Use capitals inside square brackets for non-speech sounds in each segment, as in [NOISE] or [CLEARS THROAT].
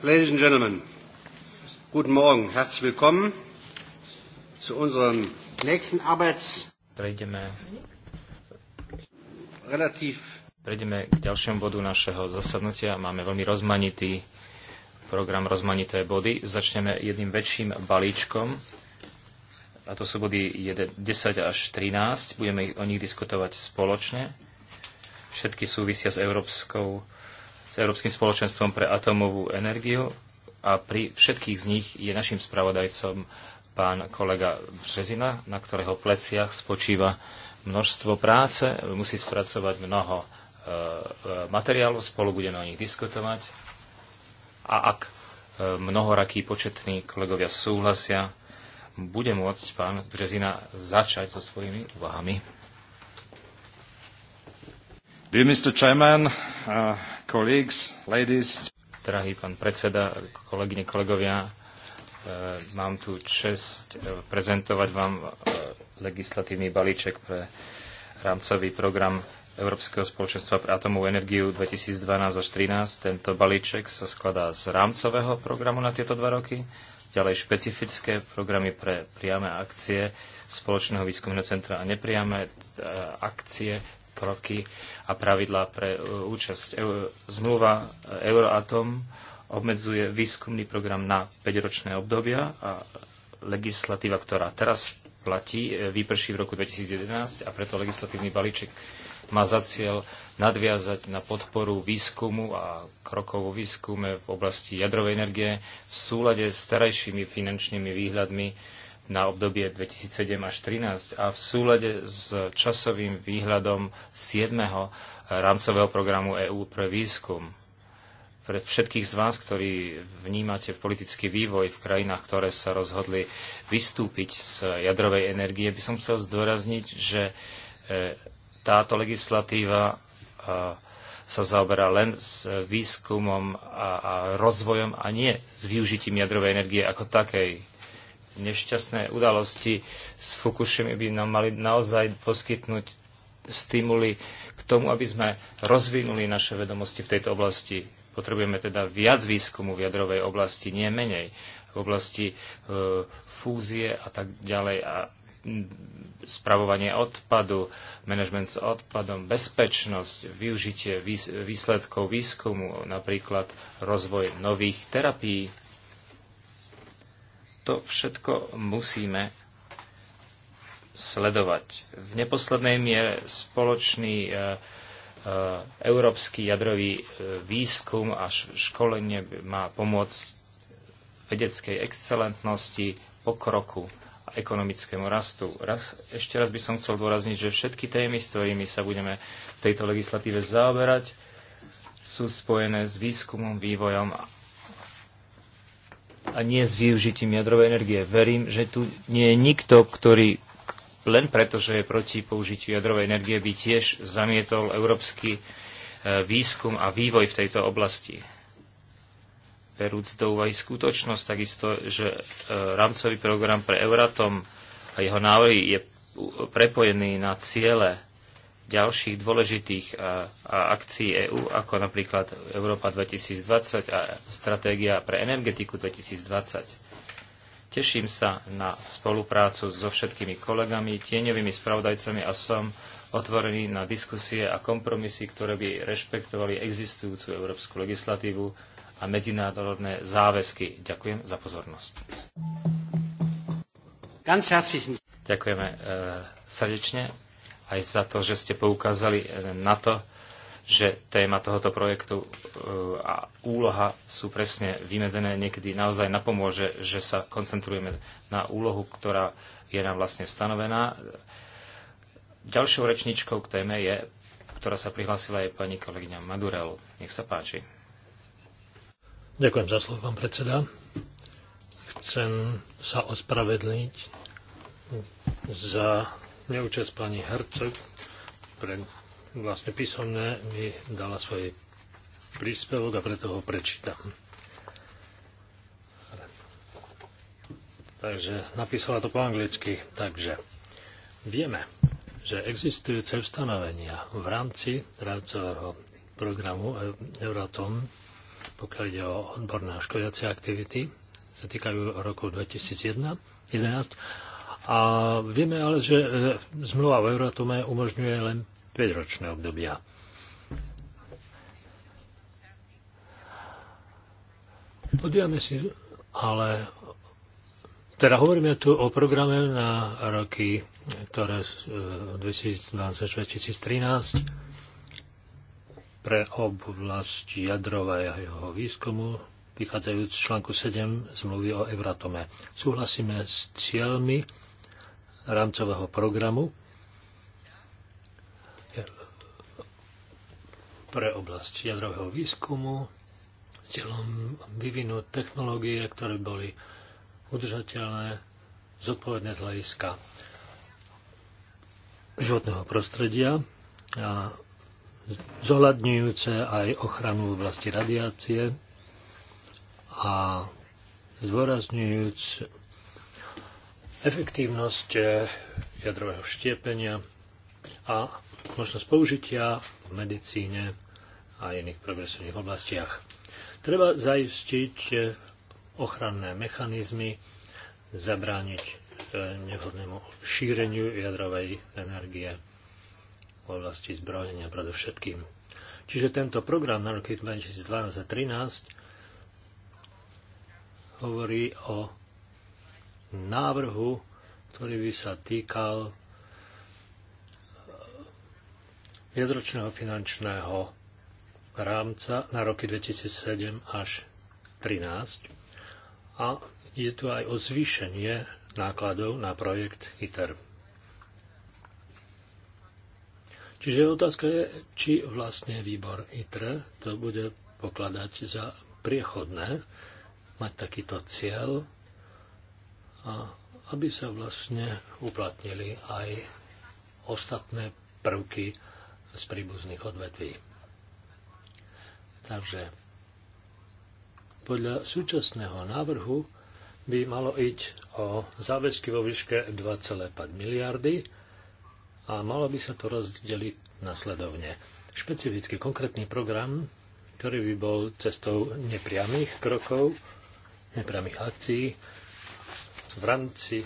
Ladies and Gentlemen, guten Morgen, herzlich willkommen zu unserem nächsten Arbeits... Prejdeme, relativ... Prejdeme k ďalšiemu bodu našeho zasadnutia. Máme veľmi rozmanitý program, rozmanité body. Začneme jedným väčším balíčkom, a to sú body 10 až 13. Budeme o nich diskutovať spoločne. Všetky súvisia s Európskou Európskym spoločenstvom pre atomovú energiu a pri všetkých z nich je našim spravodajcom pán kolega Březina, na ktorého pleciach spočíva množstvo práce, musí spracovať mnoho e, e materiálov, spolu budeme o nich diskutovať. A ak e, mnohoraký početní kolegovia súhlasia, bude môcť pán Březina začať so svojimi úvahami. Dear Mr. Chairman, uh colleagues, ladies. Drahý pán predseda, kolegyne, kolegovia, e, mám tu čest e, prezentovať vám e, legislatívny balíček pre rámcový program Európskeho spoločenstva pre atomovú energiu 2012 až 2013. Tento balíček sa skladá z rámcového programu na tieto dva roky, ďalej špecifické programy pre priame akcie spoločného výskumného centra a nepriame akcie kroky a pravidlá pre e, účasť. E, zmluva e, Euroatom obmedzuje výskumný program na 5-ročné obdobia a legislatíva, ktorá teraz platí, vyprší v roku 2011 a preto legislatívny balíček má za cieľ nadviazať na podporu výskumu a krokov vo výskume v oblasti jadrovej energie v súlade s terajšími finančnými výhľadmi na obdobie 2007 až 2013 a v súlade s časovým výhľadom 7. rámcového programu EÚ pre výskum. Pre všetkých z vás, ktorí vnímate politický vývoj v krajinách, ktoré sa rozhodli vystúpiť z jadrovej energie, by som chcel zdôrazniť, že e, táto legislatíva e, sa zaoberá len s výskumom a, rozvojom a nie s využitím jadrovej energie ako takej nešťastné udalosti s Fukushima by nám mali naozaj poskytnúť stimuly k tomu, aby sme rozvinuli naše vedomosti v tejto oblasti. Potrebujeme teda viac výskumu v jadrovej oblasti, nie menej v oblasti e, fúzie a tak ďalej a spravovanie odpadu, manažment s odpadom, bezpečnosť, využitie výs výsledkov výskumu, napríklad rozvoj nových terapií, to všetko musíme sledovať. V neposlednej miere spoločný e, e, európsky jadrový e, výskum a školenie má pomôcť vedeckej excelentnosti, pokroku a ekonomickému rastu. Raz, ešte raz by som chcel dôrazniť, že všetky témy, s ktorými sa budeme v tejto legislatíve zaoberať, sú spojené s výskumom, vývojom a nie s využitím jadrovej energie. Verím, že tu nie je nikto, ktorý len preto, že je proti použitiu jadrovej energie, by tiež zamietol európsky e, výskum a vývoj v tejto oblasti. Perúc do úvahy skutočnosť takisto, že e, rámcový program pre Euratom a jeho návrhy je prepojený na ciele ďalších dôležitých akcií EÚ, ako napríklad Európa 2020 a stratégia pre energetiku 2020. Teším sa na spoluprácu so všetkými kolegami, tieňovými spravodajcami a som otvorený na diskusie a kompromisy, ktoré by rešpektovali existujúcu európsku legislatívu a medzinárodné záväzky. Ďakujem za pozornosť. Ďakujeme e, srdečne aj za to, že ste poukázali eh, na to, že téma tohoto projektu eh, a úloha sú presne vymedzené, niekedy naozaj napomôže, že sa koncentrujeme na úlohu, ktorá je nám vlastne stanovená. Ďalšou rečničkou k téme je, ktorá sa prihlásila, je pani kolegyňa Madurel. Nech sa páči. Ďakujem za slovo, pán predseda. Chcem sa ospravedliť za neúčasť pani Herceg pre vlastne písomné mi dala svoj príspevok a preto ho prečítam. Takže napísala to po anglicky. Takže vieme, že existujúce ustanovenia v rámci rámcového programu e- Euratom, pokiaľ ide o odborné a školiace aktivity, sa týkajú roku 2011. A vieme ale, že e, zmluva v Euratome umožňuje len 5-ročné obdobia. Podívame si, ale teda hovoríme tu o programe na roky, ktoré 2012-2013 e, pre oblasť jadrového výskumu vychádzajúc z článku 7 zmluvy o Euratome. Súhlasíme s cieľmi rámcového programu pre oblasť jadrového výskumu s cieľom vyvinúť technológie, ktoré boli udržateľné, zodpovedné z hľadiska životného prostredia a zohľadňujúce aj ochranu v oblasti radiácie a zdôrazňujúc efektívnosť eh, jadrového štiepenia a možnosť použitia v medicíne a iných progresívnych oblastiach. Treba zajistiť eh, ochranné mechanizmy, zabrániť eh, nevhodnému šíreniu jadrovej energie v oblasti zbrojenia predovšetkým. Čiže tento program na roky 2012 2013 hovorí o návrhu, ktorý by sa týkal e, viedročného finančného rámca na roky 2007 až 2013 a je tu aj o zvýšenie nákladov na projekt ITER. Čiže otázka je, či vlastne výbor iter to bude pokladať za priechodné, mať takýto cieľ a aby sa vlastne uplatnili aj ostatné prvky z príbuzných odvetví. Takže podľa súčasného návrhu by malo ísť o záväzky vo výške 2,5 miliardy a malo by sa to rozdeliť nasledovne. Špecifický konkrétny program, ktorý by bol cestou nepriamých krokov, nepriamých akcií, v rámci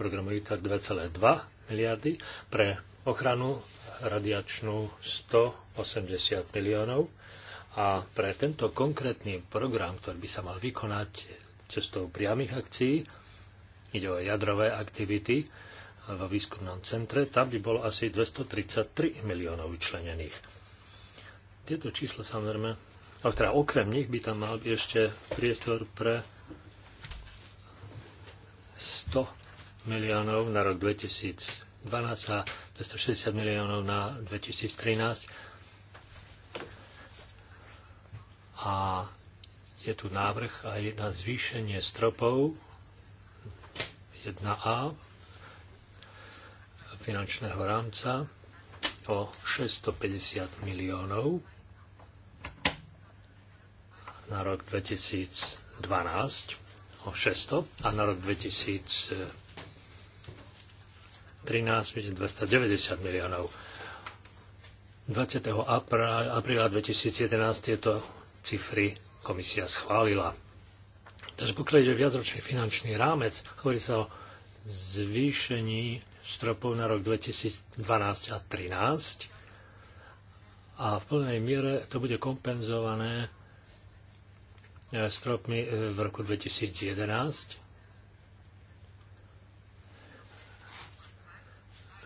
programu ITAR 2,2 miliardy pre ochranu radiačnú 180 miliónov a pre tento konkrétny program, ktorý by sa mal vykonať cestou priamých akcií, ide o jadrové aktivity vo výskumnom centre, tam by bolo asi 233 miliónov vyčlenených. Tieto čísla samozrejme, ale teda okrem nich by tam mal byť ešte priestor pre 100 miliónov na rok 2012 a 260 miliónov na 2013. A je tu návrh aj na zvýšenie stropov 1A finančného rámca o 650 miliónov na rok 2012 o 600 a na rok 2013 bude 290 miliónov. 20. apríla 2011 tieto cifry komisia schválila. Takže pokiaľ ide viacročný finančný rámec, hovorí sa o zvýšení stropov na rok 2012 a 2013 a v plnej miere to bude kompenzované E, stropmi e, v roku 2011.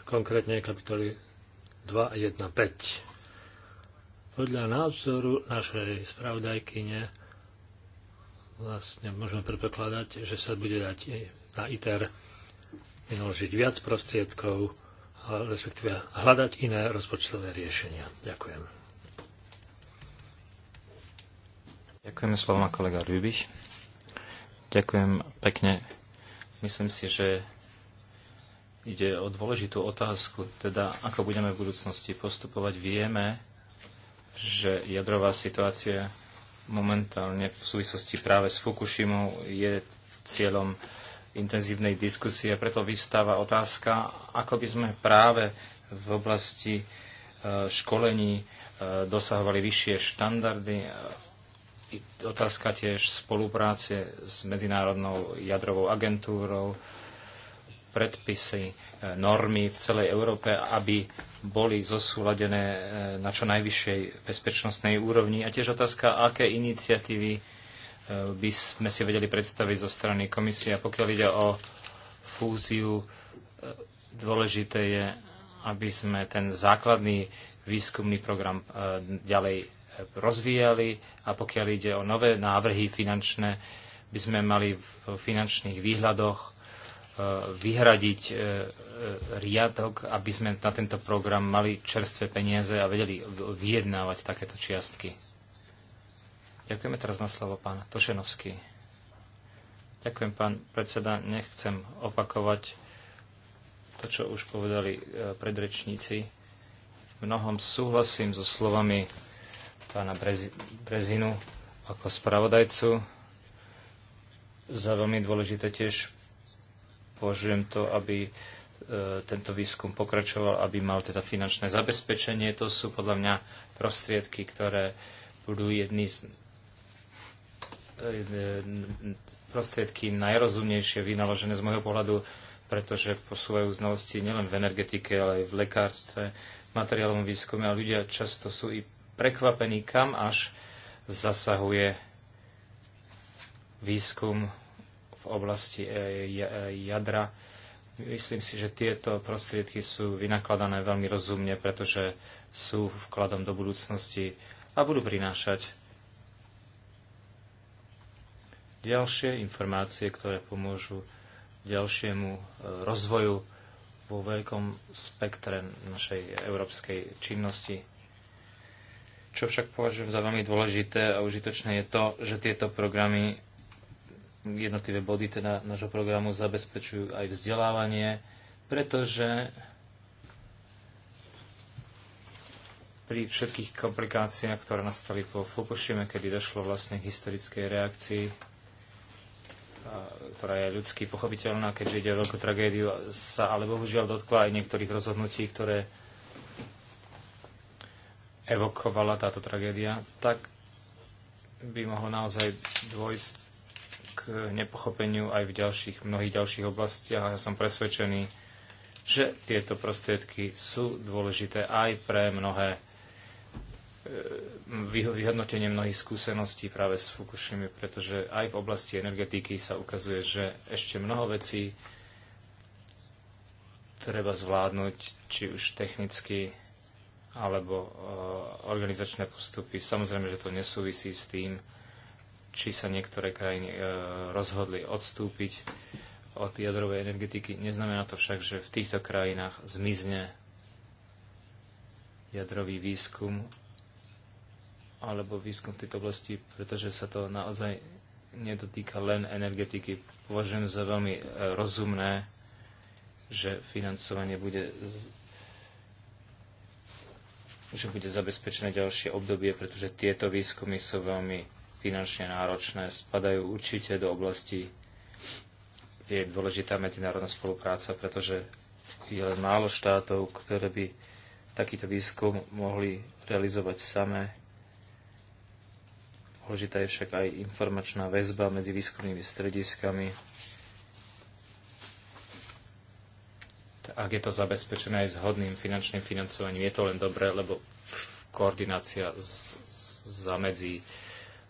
Konkrétne kapitoly 2, 1, 5. Podľa názoru našej spravodajkyne vlastne môžeme predpokladať, že sa bude dať na ITER vynaložiť viac prostriedkov, respektíve hľadať iné rozpočtové riešenia. Ďakujem. Ďakujeme slovo na kolega Rubich. Ďakujem pekne. Myslím si, že ide o dôležitú otázku, teda ako budeme v budúcnosti postupovať. Vieme, že jadrová situácia momentálne v súvislosti práve s Fukushimou je cieľom intenzívnej diskusie, preto vyvstáva otázka, ako by sme práve v oblasti e, školení e, dosahovali vyššie štandardy otázka tiež spolupráce s Medzinárodnou jadrovou agentúrou, predpisy, e, normy v celej Európe, aby boli zosúladené e, na čo najvyššej bezpečnostnej úrovni. A tiež otázka, aké iniciatívy e, by sme si vedeli predstaviť zo strany komisie. A pokiaľ ide o fúziu, dôležité je, aby sme ten základný výskumný program ďalej rozvíjali a pokiaľ ide o nové návrhy finančné, by sme mali v finančných výhľadoch e, vyhradiť e, e, riadok, aby sme na tento program mali čerstvé peniaze a vedeli vyjednávať takéto čiastky. Ďakujeme teraz na slovo pán Tošenovský. Ďakujem, pán predseda. Nechcem opakovať to, čo už povedali predrečníci. V mnohom súhlasím so slovami pána Brezinu ako spravodajcu. Za veľmi dôležité tiež požujem to, aby e, tento výskum pokračoval, aby mal teda finančné zabezpečenie. To sú podľa mňa prostriedky, ktoré budú jedny z e, prostriedky najrozumnejšie vynaložené z môjho pohľadu, pretože posúvajú znalosti nielen v energetike, ale aj v lekárstve, materiálovom výskume a ľudia často sú i prekvapený, kam až zasahuje výskum v oblasti e, e, jadra. Myslím si, že tieto prostriedky sú vynakladané veľmi rozumne, pretože sú vkladom do budúcnosti a budú prinášať ďalšie informácie, ktoré pomôžu ďalšiemu e, rozvoju vo veľkom spektre našej európskej činnosti. Čo však považujem za veľmi dôležité a užitočné je to, že tieto programy, jednotlivé body teda nášho programu zabezpečujú aj vzdelávanie, pretože pri všetkých komplikáciách, ktoré nastali po Fukushime, kedy došlo vlastne k historickej reakcii, ktorá je ľudsky pochopiteľná, keďže ide o veľkú tragédiu, sa ale bohužiaľ dotkla aj niektorých rozhodnutí, ktoré evokovala táto tragédia, tak by mohlo naozaj dôjsť k nepochopeniu aj v ďalších, mnohých ďalších oblastiach. A ja som presvedčený, že tieto prostriedky sú dôležité aj pre mnohé e, vyhodnotenie mnohých skúseností práve s Fukushimi, pretože aj v oblasti energetiky sa ukazuje, že ešte mnoho vecí treba zvládnuť, či už technicky, alebo e, organizačné postupy. Samozrejme, že to nesúvisí s tým, či sa niektoré krajiny e, rozhodli odstúpiť od jadrovej energetiky. Neznamená to však, že v týchto krajinách zmizne jadrový výskum alebo výskum v tejto oblasti, pretože sa to naozaj nedotýka len energetiky. Považujem za veľmi e, rozumné, že financovanie bude že bude zabezpečené ďalšie obdobie, pretože tieto výskumy sú veľmi finančne náročné, spadajú určite do oblasti, kde je dôležitá medzinárodná spolupráca, pretože je len málo štátov, ktoré by takýto výskum mohli realizovať samé. Dôležitá je však aj informačná väzba medzi výskumnými strediskami, ak je to zabezpečené aj s hodným finančným financovaním, je to len dobré, lebo koordinácia zamedzí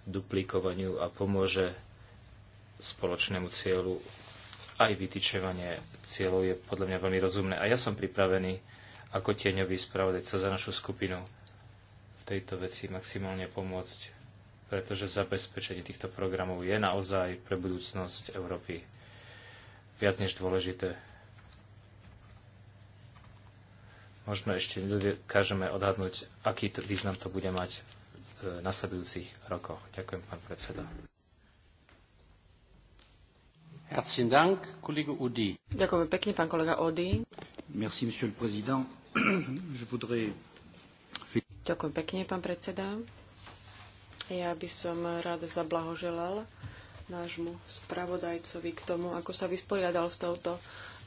duplikovaniu a pomôže spoločnému cieľu. Aj vytýčovanie cieľov je podľa mňa veľmi rozumné. A ja som pripravený ako tieňový spravodajca za našu skupinu v tejto veci maximálne pomôcť, pretože zabezpečenie týchto programov je naozaj pre budúcnosť Európy viac než dôležité Možno ešte nedokážeme odhadnúť, aký to význam to bude mať e, v nasledujúcich rokoch. Ďakujem, pán predseda. Herzlichen Dank, kolega Udi. Ďakujem pekne, pán kolega Odi. Merci, monsieur le président. [CLEARS THROAT] Je voudrais... Ďakujem pekne, pán predseda. Ja by som rád zablahoželal nášmu spravodajcovi k tomu, ako sa vysporiadal s touto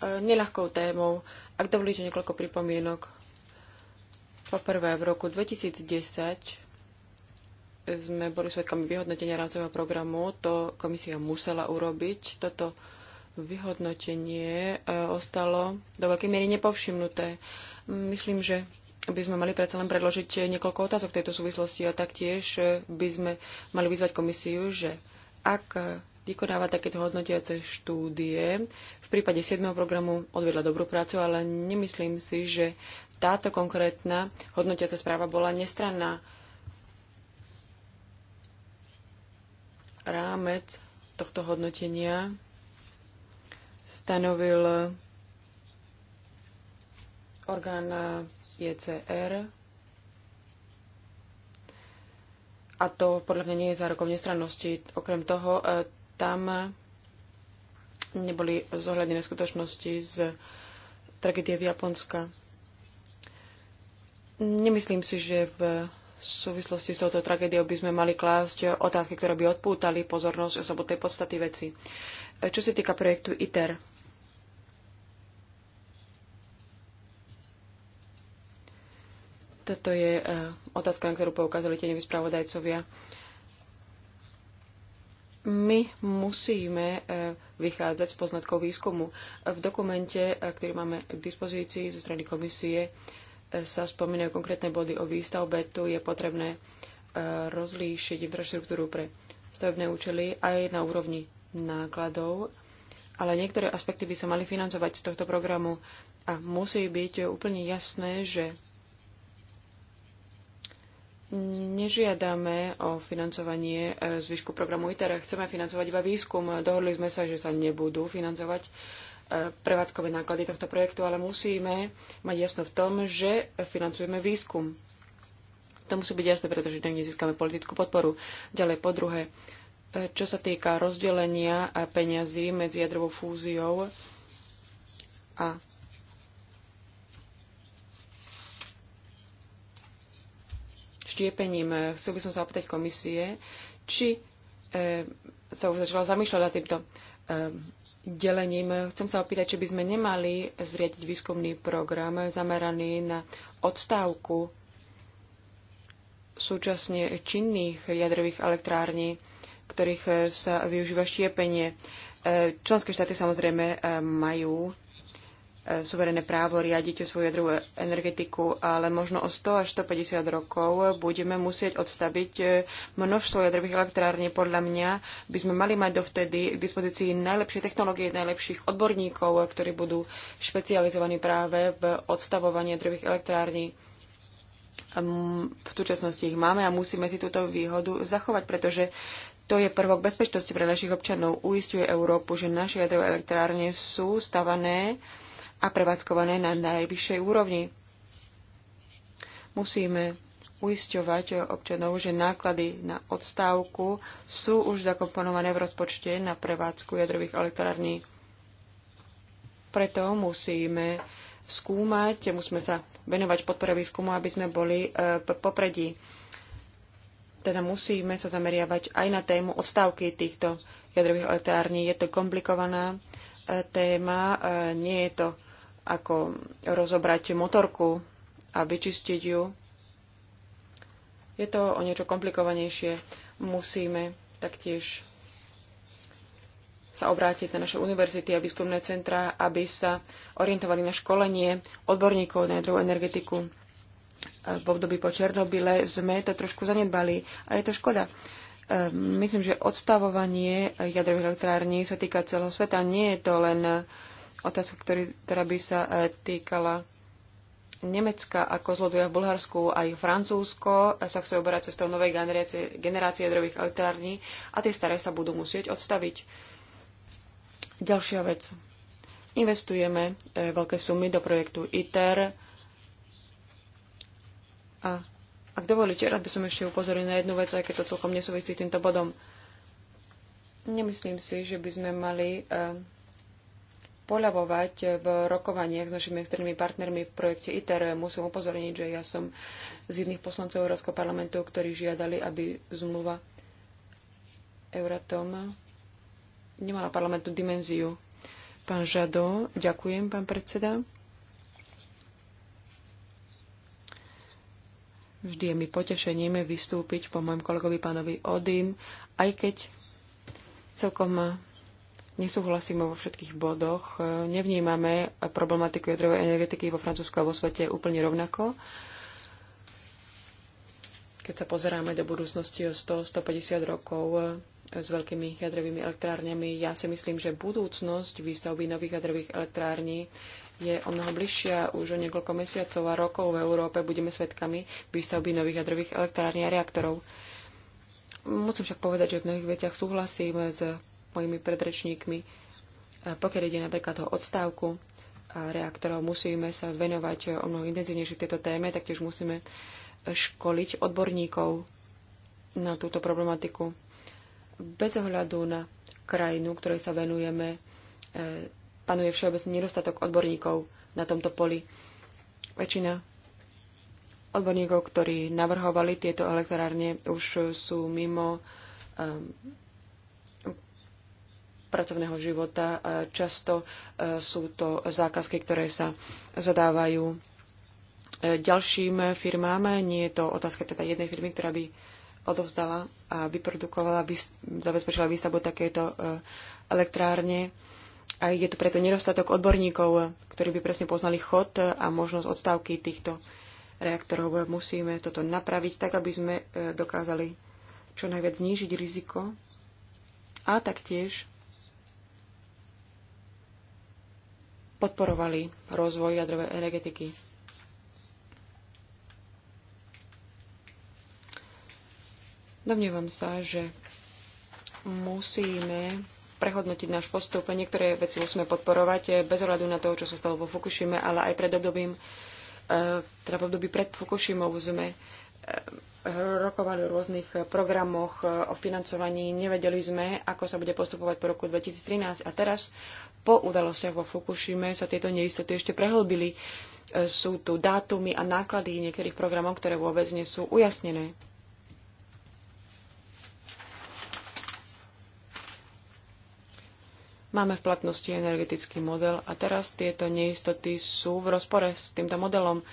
neľahkou témou. Ak dovolíte niekoľko pripomienok. Poprvé, v roku 2010 sme boli svetkami vyhodnotenia rámcového programu. To komisia musela urobiť. Toto vyhodnotenie e, ostalo do veľkej miery nepovšimnuté. Myslím, že by sme mali predsa len predložiť niekoľko otázok v tejto súvislosti a taktiež e, by sme mali vyzvať komisiu, že ak vykonáva takéto hodnotiace štúdie. V prípade 7. programu odvedla dobrú prácu, ale nemyslím si, že táto konkrétna hodnotiaca správa bola nestranná. Rámec tohto hodnotenia stanovil orgán ECR a to podľa mňa nie je zárokov nestrannosti. Okrem toho, e, tam neboli zohľadnené skutočnosti z tragédie v Japonska. Nemyslím si, že v súvislosti s touto tragédiou by sme mali klásť otázky, ktoré by odpútali pozornosť tej podstaty veci. Čo sa týka projektu ITER, toto je eh, otázka, na ktorú poukázali tie nevyspravodajcovia my musíme e, vychádzať z poznatkov výskumu. V dokumente, e, ktorý máme k dispozícii zo strany komisie, e, sa spomínajú konkrétne body o výstavbe. Tu je potrebné rozlíšiť infraštruktúru pre stavebné účely aj na úrovni nákladov, ale niektoré aspekty by sa mali financovať z tohto programu a musí byť úplne jasné, že Nežiadame o financovanie e, zvyšku programu ITER. Chceme financovať iba výskum. Dohodli sme sa, že sa nebudú financovať e, prevádzkové náklady tohto projektu, ale musíme mať jasno v tom, že financujeme výskum. To musí byť jasné, pretože inak nezískame politickú podporu. Ďalej po druhé, e, čo sa týka rozdelenia peňazí medzi jadrovou fúziou a štiepením. Chcel by som sa opýtať komisie, či eh, sa už začala zamýšľať nad týmto eh, delením. Chcem sa opýtať, či by sme nemali zriadiť výskumný program zameraný na odstávku súčasne činných jadrových elektrární, ktorých eh, sa využíva štiepenie. Členské štáty samozrejme majú suverené právo riadiť svoju jadrovú energetiku, ale možno o 100 až 150 rokov budeme musieť odstaviť e, množstvo jadrových elektrární. Podľa mňa by sme mali mať dovtedy k dispozícii najlepšie technológie, najlepších odborníkov, ktorí budú špecializovaní práve v odstavovaní jadrových elektrární. V súčasnosti ich máme a musíme si túto výhodu zachovať, pretože to je prvok bezpečnosti pre našich občanov. Uistuje Európu, že naše jadrové elektrárne sú stavané a prevádzkované na najvyššej úrovni. Musíme uisťovať občanov, že náklady na odstávku sú už zakomponované v rozpočte na prevádzku jadrových elektrární. Preto musíme skúmať, musíme sa venovať podpore výskumu, aby sme boli v e, popredí. Teda musíme sa zameriavať aj na tému odstávky týchto jadrových elektrární. Je to komplikovaná téma. E, nie je to ako rozobrať motorku a vyčistiť ju. Je to o niečo komplikovanejšie. Musíme taktiež sa obrátiť na naše univerzity a výskumné centra, aby sa orientovali na školenie odborníkov na jadrovú energetiku. E, v období po Černobyle sme to trošku zanedbali a je to škoda. Ehm, myslím, že odstavovanie jadrových elektrární sa týka celého sveta. Nie je to len eh, otázka, ktorý, ktorá by sa eh, týkala Nemecka ako zloduja v Bulharsku, aj Francúzsko eh, sa chce oberať cestou novej generácie, generácie jadrových elektrární a tie staré sa budú musieť odstaviť. Ďalšia vec. Investujeme veľké sumy do projektu ITER a ak dovolíte, rád by som ešte upozoril na jednu vec, aj keď to celkom nesúvisí s týmto bodom. Nemyslím si, že by sme mali e, poľavovať v rokovaniach s našimi externými partnermi v projekte ITER. Musím upozorniť, že ja som z jedných poslancov Európskeho parlamentu, ktorí žiadali, aby zmluva Euratom nemala parlamentnú dimenziu. Pán Žado, ďakujem, pán predseda. Vždy je mi potešením vystúpiť po môjom kolegovi pánovi Odym, aj keď celkom nesúhlasím vo všetkých bodoch. Nevnímame problematiku jadrovej energetiky vo Francúzsku a vo svete úplne rovnako. Keď sa pozeráme do budúcnosti o 100-150 rokov e, s veľkými jadrovými elektrárňami, ja si myslím, že budúcnosť výstavby nových jadrových elektrární je o mnoho bližšia. Už o niekoľko mesiacov a rokov v Európe budeme svedkami výstavby nových jadrových elektrární a reaktorov. Musím však povedať, že v mnohých veciach súhlasím s mojimi predrečníkmi. Pokiaľ ide napríklad o odstávku reaktorov, musíme sa venovať o mnoho intenzívnejšie tejto téme, taktiež musíme školiť odborníkov na túto problematiku. Bez ohľadu na krajinu, ktorej sa venujeme, panuje všeobecný nedostatok odborníkov na tomto poli. Väčšina odborníkov, ktorí navrhovali tieto elektrárne, už sú mimo um, pracovného života. Často uh, sú to zákazky, ktoré sa zadávajú e, ďalším firmám. Nie je to otázka teda jednej firmy, ktorá by odovzdala a vyprodukovala, vys- zabezpečila výstavbu takéto e, elektrárne. A je tu preto nedostatok odborníkov, ktorí by presne poznali chod a možnosť odstávky týchto reaktorov. Musíme toto napraviť tak, aby sme e, dokázali čo najviac znížiť riziko a taktiež podporovali rozvoj jadrovej energetiky. Domnievam sa, že musíme prehodnotiť náš postup. Niektoré veci musíme podporovať eh, bez ohľadu na to, čo sa stalo vo Fukushime, ale aj pred obdobím, eh, teda v období pred Fukushimou sme eh, rokovali o rôznych programoch, o financovaní. Nevedeli sme, ako sa bude postupovať po roku 2013. A teraz, po udalostiach vo Fukushime, sa tieto neistoty ešte prehlbili. Sú tu dátumy a náklady niektorých programov, ktoré vôbec nie sú ujasnené. Máme v platnosti energetický model a teraz tieto neistoty sú v rozpore s týmto modelom.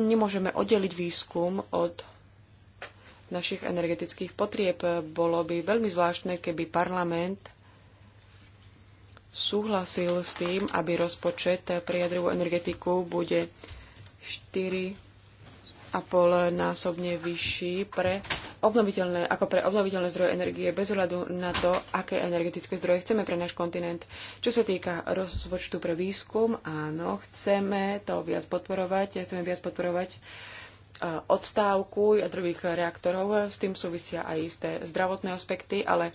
Nemôžeme oddeliť výskum od našich energetických potrieb. Bolo by veľmi zvláštne, keby parlament súhlasil s tým, aby rozpočet pre jadrovú energetiku bude 4,5 násobne vyšší pre obnoviteľné, ako pre obnoviteľné zdroje energie bez ohľadu na to, aké energetické zdroje chceme pre náš kontinent. Čo sa týka rozpočtu pre výskum, áno, chceme to viac podporovať, chceme viac podporovať eh, odstávku jadrových reaktorov, s tým súvisia aj isté zdravotné aspekty, ale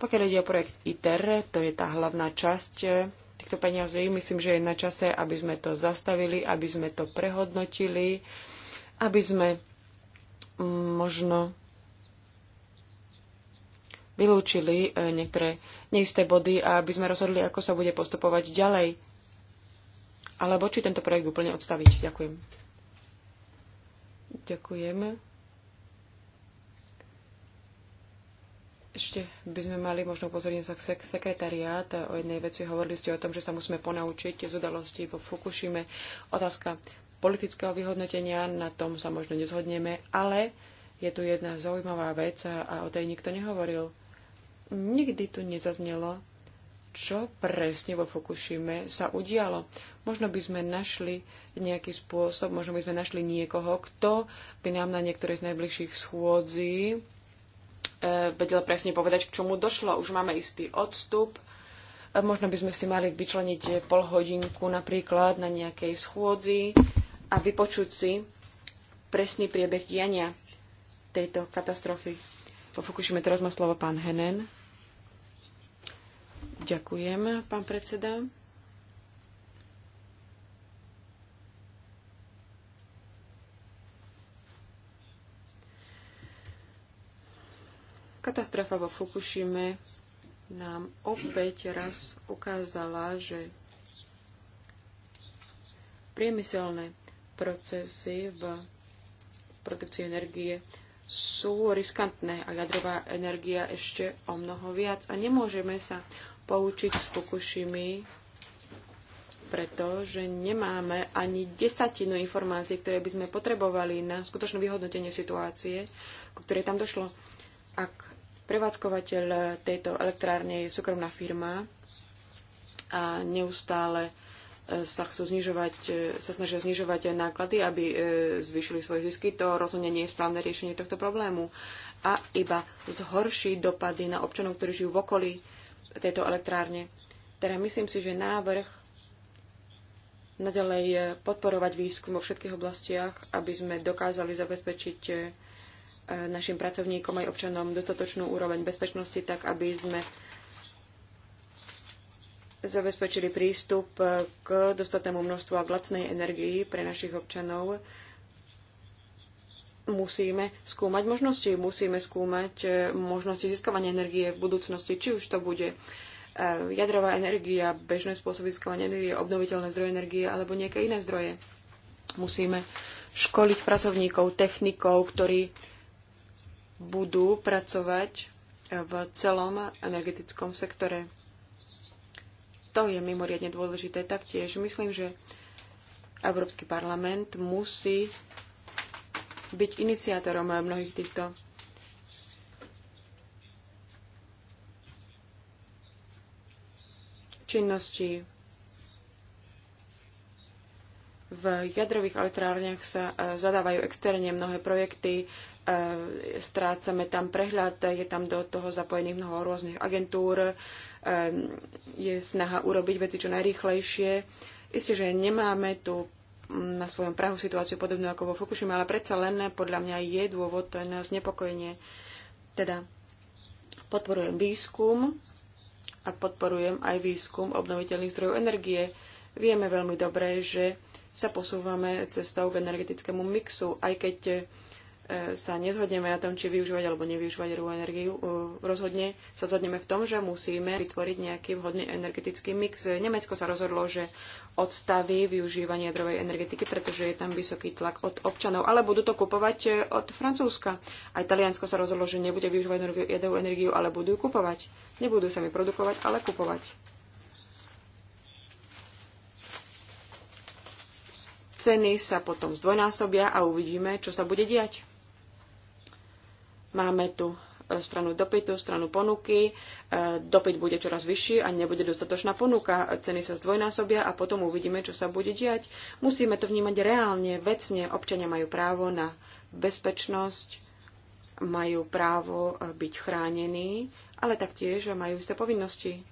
pokiaľ ide o projekt ITER, to je tá hlavná časť eh, týchto peňazí, myslím, že je na čase, aby sme to zastavili, aby sme to prehodnotili, aby sme mm, možno vylúčili e, niektoré neisté body a aby sme rozhodli, ako sa bude postupovať ďalej. Alebo či tento projekt úplne odstaviť. Ďakujem. Ďakujem. Ešte by sme mali možno upozorniť sa k sekretariát. O jednej veci hovorili ste o tom, že sa musíme ponaučiť z udalostí vo Fukushime. Otázka politického vyhodnotenia, na tom sa možno nezhodneme, ale je tu jedna zaujímavá vec a o tej nikto nehovoril nikdy tu nezaznelo, čo presne vo Fukushime sa udialo. Možno by sme našli nejaký spôsob, možno by sme našli niekoho, kto by nám na niektorej z najbližších schôdzí e, vedel presne povedať, k čomu došlo. Už máme istý odstup. E, možno by sme si mali vyčleniť pol hodinku napríklad na nejakej schôdzi a vypočuť si presný priebeh diania tejto katastrofy. Po Fukushime teraz má slovo pán Henen. Ďakujem, pán predseda. Katastrofa vo Fukushime nám opäť raz ukázala, že priemyselné procesy v produkcii energie sú riskantné a jadrová energia ešte o mnoho viac a nemôžeme sa poučiť z Fukushimy, pretože nemáme ani desatinu informácií, ktoré by sme potrebovali na skutočné vyhodnotenie situácie, ku ktorej tam došlo. Ak prevádzkovateľ tejto elektrárne je súkromná firma a neustále e, sa chcú znižovať, e, sa snažia znižovať náklady, aby e, zvýšili svoje zisky. To rozhodne nie je správne riešenie tohto problému. A iba zhorší dopady na občanov, ktorí žijú v okolí tejto elektrárne. Teda myslím si, že návrh nadalej e, podporovať výskum vo všetkých oblastiach, aby sme dokázali zabezpečiť e, našim pracovníkom aj občanom dostatočnú úroveň bezpečnosti, tak aby sme zabezpečili prístup e, k dostatnému množstvu a k lacnej energii pre našich občanov musíme skúmať možnosti. Musíme skúmať e, možnosti získavania energie v budúcnosti, či už to bude e, jadrová energia, bežné spôsoby získavania energie, obnoviteľné zdroje energie alebo nejaké iné zdroje. Musíme školiť pracovníkov, technikov, ktorí budú pracovať e, v celom energetickom sektore. To je mimoriadne dôležité taktiež. Myslím, že Európsky parlament musí byť iniciátorom mnohých týchto činností. V jadrových elektrárniach sa e, zadávajú externe mnohé projekty, e, strácame tam prehľad, je tam do toho zapojených mnoho rôznych agentúr, e, je snaha urobiť veci čo najrýchlejšie. Isté, že nemáme tu na svojom prahu situáciu podobnú ako vo Fukushima, ale predsa len podľa mňa je dôvod na znepokojenie. Teda podporujem výskum a podporujem aj výskum obnoviteľných zdrojov energie. Vieme veľmi dobre, že sa posúvame cestou k energetickému mixu, aj keď E, sa nezhodneme na tom, či využívať alebo nevyužívať rú energiu. E, rozhodne sa zhodneme v tom, že musíme vytvoriť nejaký vhodný energetický mix. Nemecko sa rozhodlo, že odstaví využívanie jadrovej energetiky, pretože je tam vysoký tlak od občanov, ale budú to kupovať e, od Francúzska. Aj Taliansko sa rozhodlo, že nebude využívať jadrovú energiu, ale budú ju kupovať. Nebudú sami produkovať, ale kupovať. Ceny sa potom zdvojnásobia a uvidíme, čo sa bude diať. Máme tu e, stranu dopytu, stranu ponuky. E, dopyt bude čoraz vyšší a nebude dostatočná ponuka. Ceny sa zdvojnásobia a potom uvidíme, čo sa bude diať. Musíme to vnímať reálne, vecne. Občania majú právo na bezpečnosť, majú právo e, byť chránení, ale taktiež majú isté povinnosti.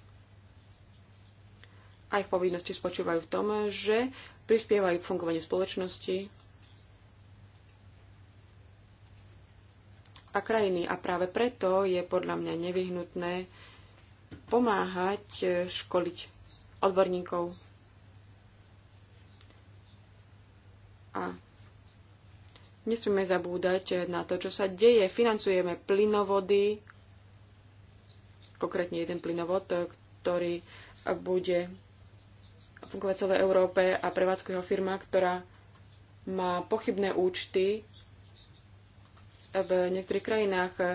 A ich povinnosti spočívajú v tom, že prispievajú k fungovaniu spoločnosti, a krajiny. A práve preto je podľa mňa nevyhnutné pomáhať e, školiť odborníkov. A nesmieme zabúdať na to, čo sa deje. Financujeme plynovody, konkrétne jeden plynovod, e, ktorý bude fungovať celé Európe a prevádzku jeho firma, ktorá má pochybné účty v niektorých krajinách. E,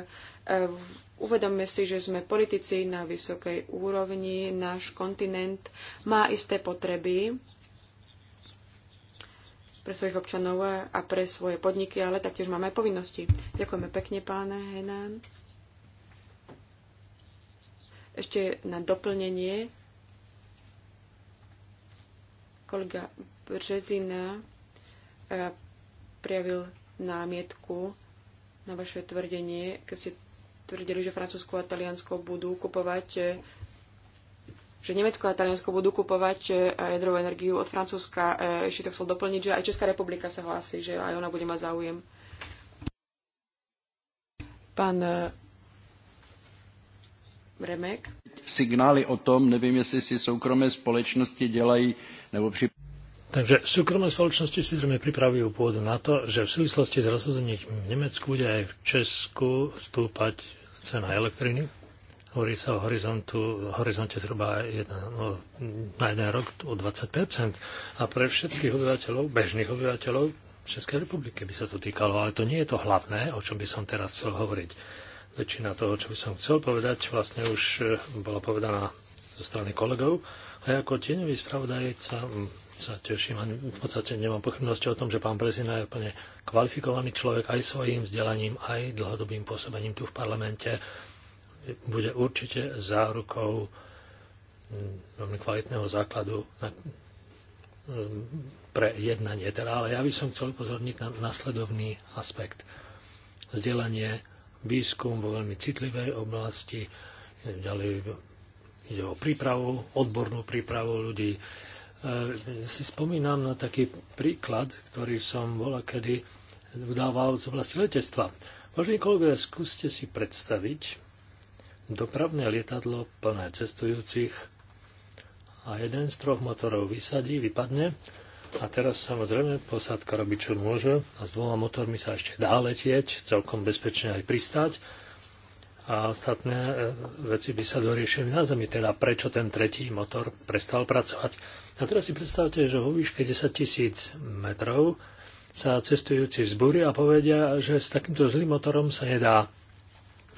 uvedomme si, že sme politici na vysokej úrovni, náš kontinent má isté potreby pre svojich občanov a pre svoje podniky, ale taktiež máme aj povinnosti. Ďakujeme pekne, páne Henan. Ešte na doplnenie kolega Březina e, prijavil námietku na vaše tvrdenie, keď ste tvrdili, že Francúzsko a Taliansko budú kupovať že Nemecko a Taliansko budú kupovať eh, jadrovú energiu od Francúzska. Eh, ešte to chcel doplniť, že aj Česká republika sa hlási, že aj ona bude mať záujem. Pán eh, Remek. Signály o tom, nevím, jestli si soukromé společnosti dělají nebo při... Takže súkromné spoločnosti si zrejme pripravujú pôdu na to, že v súvislosti s rozhodnutím v Nemecku bude aj v Česku stúpať cena elektriny. Hovorí sa o horizontu, horizonte zhruba jedna, no, na jeden rok o 20 A pre všetkých obyvateľov, bežných obyvateľov Českej republiky by sa to týkalo. Ale to nie je to hlavné, o čom by som teraz chcel hovoriť. Väčšina toho, čo by som chcel povedať, vlastne už eh, bola povedaná zo strany kolegov. A ako tieňový spravodajca sa teším a v podstate nemám pochybnosti o tom, že pán Brezina je úplne kvalifikovaný človek aj svojím vzdelaním, aj dlhodobým pôsobením tu v parlamente. Bude určite zárukou mm, veľmi kvalitného základu na, mm, pre jednanie. Teda, ale ja by som chcel upozorniť na nasledovný aspekt. Vzdelanie, výskum vo veľmi citlivej oblasti, ďalej ide o prípravu, odbornú prípravu ľudí, E, si spomínam na taký príklad, ktorý som bola kedy udával z oblasti letectva. Vážení kolegovia, skúste si predstaviť dopravné lietadlo plné cestujúcich a jeden z troch motorov vysadí, vypadne a teraz samozrejme posádka robí čo môže a s dvoma motormi sa ešte dá letieť, celkom bezpečne aj pristať a ostatné e, veci by sa doriešili na zemi, teda prečo ten tretí motor prestal pracovať. A teraz si predstavte, že vo výške 10 tisíc metrov sa cestujúci vzbúri a povedia, že s takýmto zlým motorom sa nedá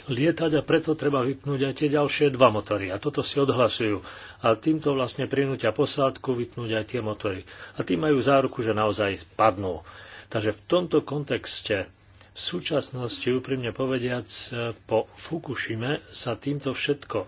lietať a preto treba vypnúť aj tie ďalšie dva motory. A toto si odhlasujú. A týmto vlastne prinútia posádku vypnúť aj tie motory. A tým majú záruku, že naozaj padnú. Takže v tomto kontexte v súčasnosti, úprimne povediac, po Fukushime sa týmto všetko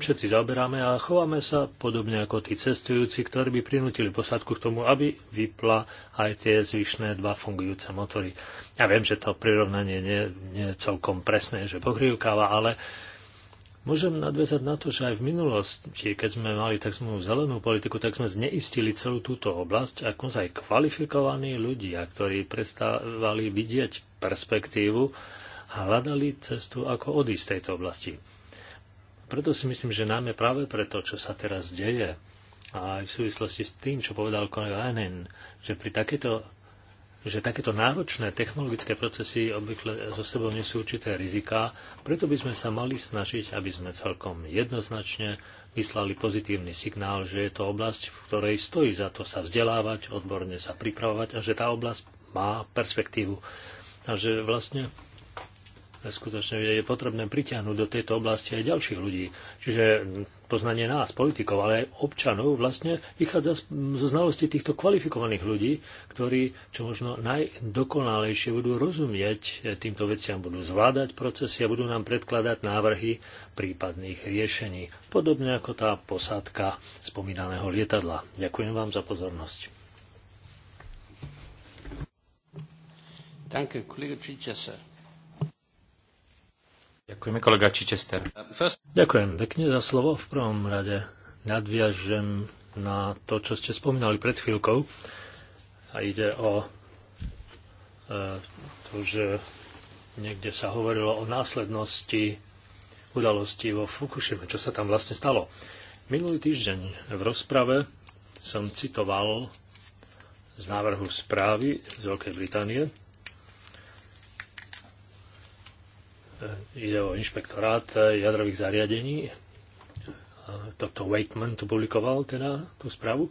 všetci zaoberáme a chováme sa podobne ako tí cestujúci, ktorí by prinútili posádku k tomu, aby vypla aj tie zvyšné dva fungujúce motory. Ja viem, že to prirovnanie nie, nie je celkom presné, že pokrývkáva, ale Môžem nadviazať na to, že aj v minulosti, keď sme mali tzv. zelenú politiku, tak sme zneistili celú túto oblasť ako aj kvalifikovaní ľudia, ktorí prestávali vidieť perspektívu a hľadali cestu, ako odísť z tejto oblasti. Preto si myslím, že najmä práve preto, čo sa teraz deje, a aj v súvislosti s tým, čo povedal kolega Anen, že pri takéto že takéto náročné technologické procesy obvykle so sebou nesú určité riziká, preto by sme sa mali snažiť, aby sme celkom jednoznačne vyslali pozitívny signál, že je to oblasť, v ktorej stojí za to sa vzdelávať, odborne sa pripravovať a že tá oblasť má perspektívu. Takže vlastne skutočne je potrebné pritiahnuť do tejto oblasti aj ďalších ľudí. Čiže poznanie nás, politikov, ale aj občanov vlastne vychádza zo znalosti týchto kvalifikovaných ľudí, ktorí čo možno najdokonalejšie budú rozumieť týmto veciam, budú zvládať procesy a budú nám predkladať návrhy prípadných riešení. Podobne ako tá posádka spomínaného lietadla. Ďakujem vám za pozornosť. Danke, kolega Chichester. Ďakujeme, kolega Chichester. Ďakujem pekne za slovo. V prvom rade nadviažem na to, čo ste spomínali pred chvíľkou. A ide o e, to, že niekde sa hovorilo o následnosti udalosti vo Fukushime, čo sa tam vlastne stalo. Minulý týždeň v rozprave som citoval z návrhu správy z Veľkej Británie ide o inšpektorát e, jadrových zariadení. E, Toto Wakeman tu publikoval teda tú správu.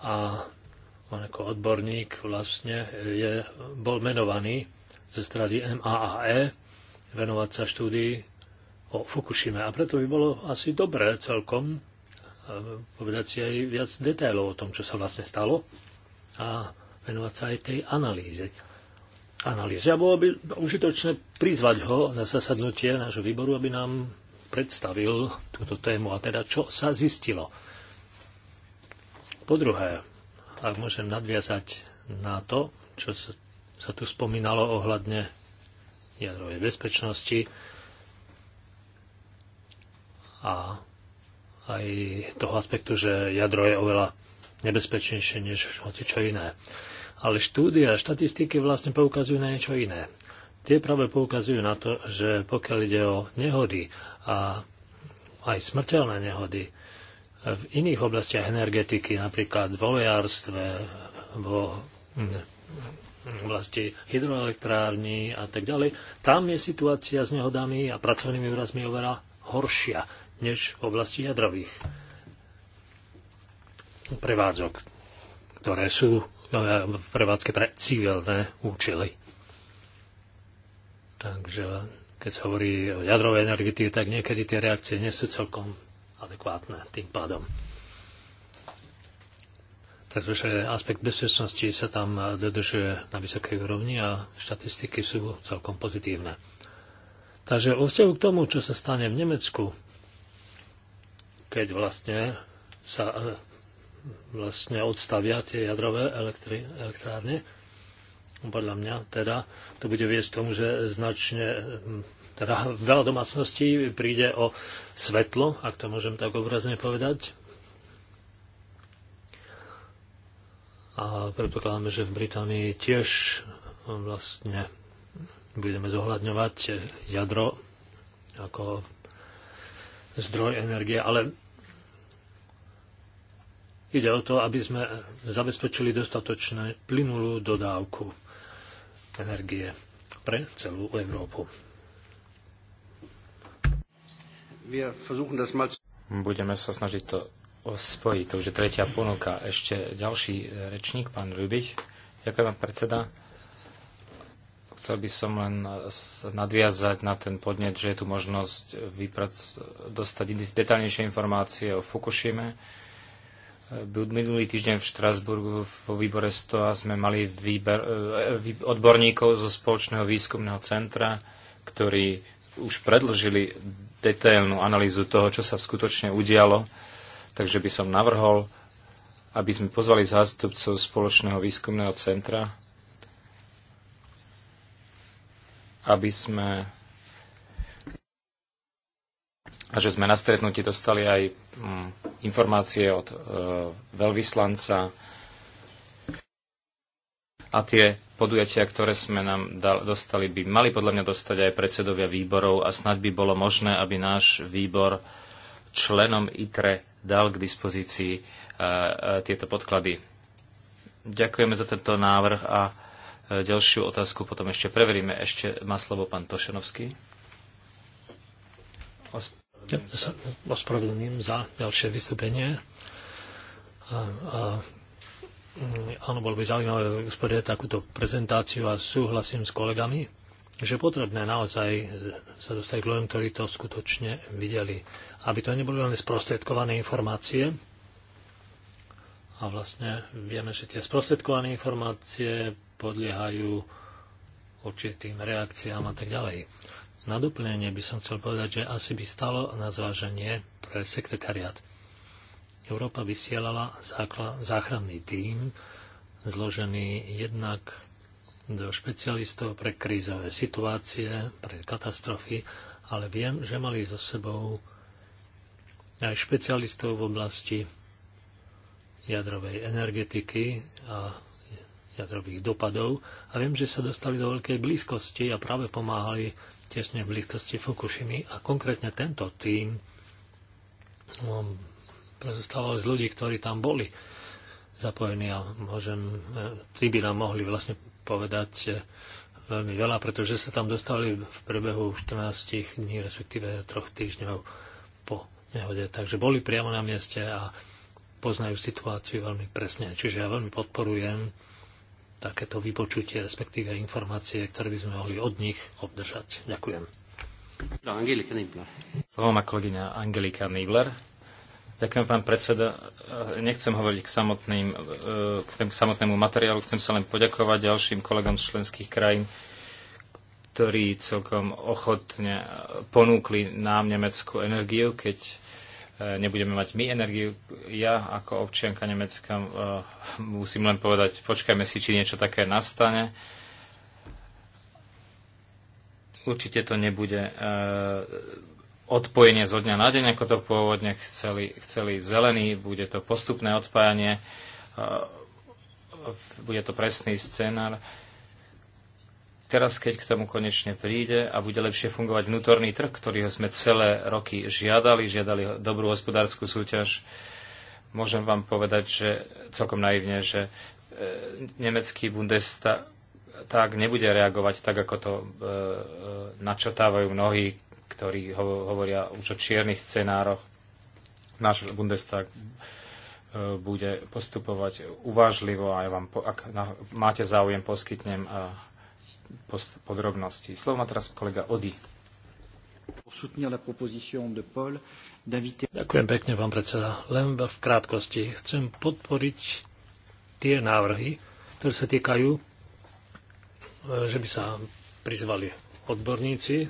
A on ako odborník vlastne e, je, bol menovaný ze strany MAAE venovať sa štúdii o Fukushime. A preto by bolo asi dobré celkom povedať si aj viac detailov o tom, čo sa vlastne stalo a venovať sa aj tej analýze analýzy. A bolo by užitočné prizvať ho na zasadnutie nášho výboru, aby nám predstavil túto tému a teda čo sa zistilo. Po druhé, ak môžem nadviazať na to, čo sa tu spomínalo ohľadne jadrovej bezpečnosti a aj toho aspektu, že jadro je oveľa nebezpečnejšie než hoci čo iné. Ale štúdie a štatistiky vlastne poukazujú na niečo iné. Tie práve poukazujú na to, že pokiaľ ide o nehody a aj smrteľné nehody v iných oblastiach energetiky, napríklad v vojárstve, vo hm, oblasti hydroelektrární a tak ďalej, tam je situácia s nehodami a pracovnými úrazmi oveľa horšia než v oblasti jadrových prevádzok, ktoré sú No, v prevádzke pre civilné účely. Takže keď sa hovorí o jadrovej energetike, tak niekedy tie reakcie nie sú celkom adekvátne tým pádom. Pretože aspekt bezpečnosti sa tam dodržuje na vysokej úrovni a štatistiky sú celkom pozitívne. Takže o vzťahu k tomu, čo sa stane v Nemecku, keď vlastne sa vlastne odstavia tie jadrové elektri- elektrárne. Podľa mňa teda to bude viesť k tomu, že značne hm, teda veľa domácností príde o svetlo, ak to môžem tak obrazne povedať. A predpokladáme, že v Británii tiež hm, vlastne budeme zohľadňovať jadro ako zdroj energie, ale Ide o to, aby sme zabezpečili dostatočné plynulú dodávku energie pre celú Európu. Budeme sa snažiť to ospojiť, To už je tretia ponuka. Ešte ďalší e, rečník, pán Rubich. Ďakujem, pán predseda. Chcel by som len e, nadviazať na ten podnet, že je tu možnosť vyprac- dostať detaľnejšie informácie o Fukushime Minulý týždeň v Štrasburgu vo výbore 100 sme mali výber, e, odborníkov zo spoločného výskumného centra, ktorí už predložili detailnú analýzu toho, čo sa skutočne udialo. Takže by som navrhol, aby sme pozvali zástupcov spoločného výskumného centra, aby sme a že sme na stretnutí dostali aj Mm. informácie od e, veľvyslanca a tie podujatia, ktoré sme nám dostali, by mali podľa mňa dostať aj predsedovia výborov a snad by bolo možné, aby náš výbor členom ITRE dal k dispozícii e, e, tieto podklady. Ďakujeme za tento návrh a ďalšiu otázku potom ešte preveríme. Ešte má slovo pán Tošenovský ja sa ospravedlňujem za ďalšie vystúpenie. A, a, mm, áno, bolo by zaujímavé usporiadať takúto prezentáciu a súhlasím s kolegami, že potrebné naozaj e, sa dostať k ľuďom, ktorí to skutočne videli. Aby to neboli len sprostredkované informácie, a vlastne vieme, že tie sprostredkované informácie podliehajú určitým reakciám a tak ďalej. Na doplnenie by som chcel povedať, že asi by stalo na zváženie pre sekretariat. Európa vysielala záchranný tím, zložený jednak do špecialistov pre krízové situácie, pre katastrofy, ale viem, že mali so sebou aj špecialistov v oblasti jadrovej energetiky a jadrových dopadov a viem, že sa dostali do veľkej blízkosti a práve pomáhali tesne v blízkosti Fukushimi a konkrétne tento tým no, um, pozostával z ľudí, ktorí tam boli zapojení a môžem, e, tí by nám mohli vlastne povedať e, veľmi veľa, pretože sa tam dostali v priebehu 14 dní, respektíve 3 týždňov po nehode. Takže boli priamo na mieste a poznajú situáciu veľmi presne. Čiže ja veľmi podporujem takéto vypočutie, respektíve informácie, ktoré by sme mohli od nich obdržať. Ďakujem. No, Slovo má kolegyňa Angelika Nibler. Ďakujem, pán predseda. Nechcem hovoriť k, samotným, eh, k tému, samotnému materiálu, chcem sa len poďakovať ďalším kolegom z členských krajín, ktorí celkom ochotne ponúkli nám nemeckú energiu, keď nebudeme mať my energiu. Ja ako občianka Nemecka e, musím len povedať, počkajme si, či niečo také nastane. Určite to nebude e, odpojenie zo dňa na deň, ako to pôvodne chceli, chceli zelení, bude to postupné odpájanie, e, bude to presný scenár Teraz, keď k tomu konečne príde a bude lepšie fungovať vnútorný trh, ktorý sme celé roky žiadali, žiadali dobrú hospodárskú súťaž, môžem vám povedať, že celkom naivne, že e, nemecký Bundestag tak nebude reagovať tak, ako to e, e, načrtávajú mnohí, ktorí ho, hovoria už o čiernych scenároch. Náš Bundestag e, bude postupovať uvážlivo a ja vám, ak máte záujem, poskytnem podrobnosti. Slovo má teraz kolega Ody. Ďakujem pekne, pán predseda. Len v krátkosti chcem podporiť tie návrhy, ktoré sa týkajú, e, že by sa prizvali odborníci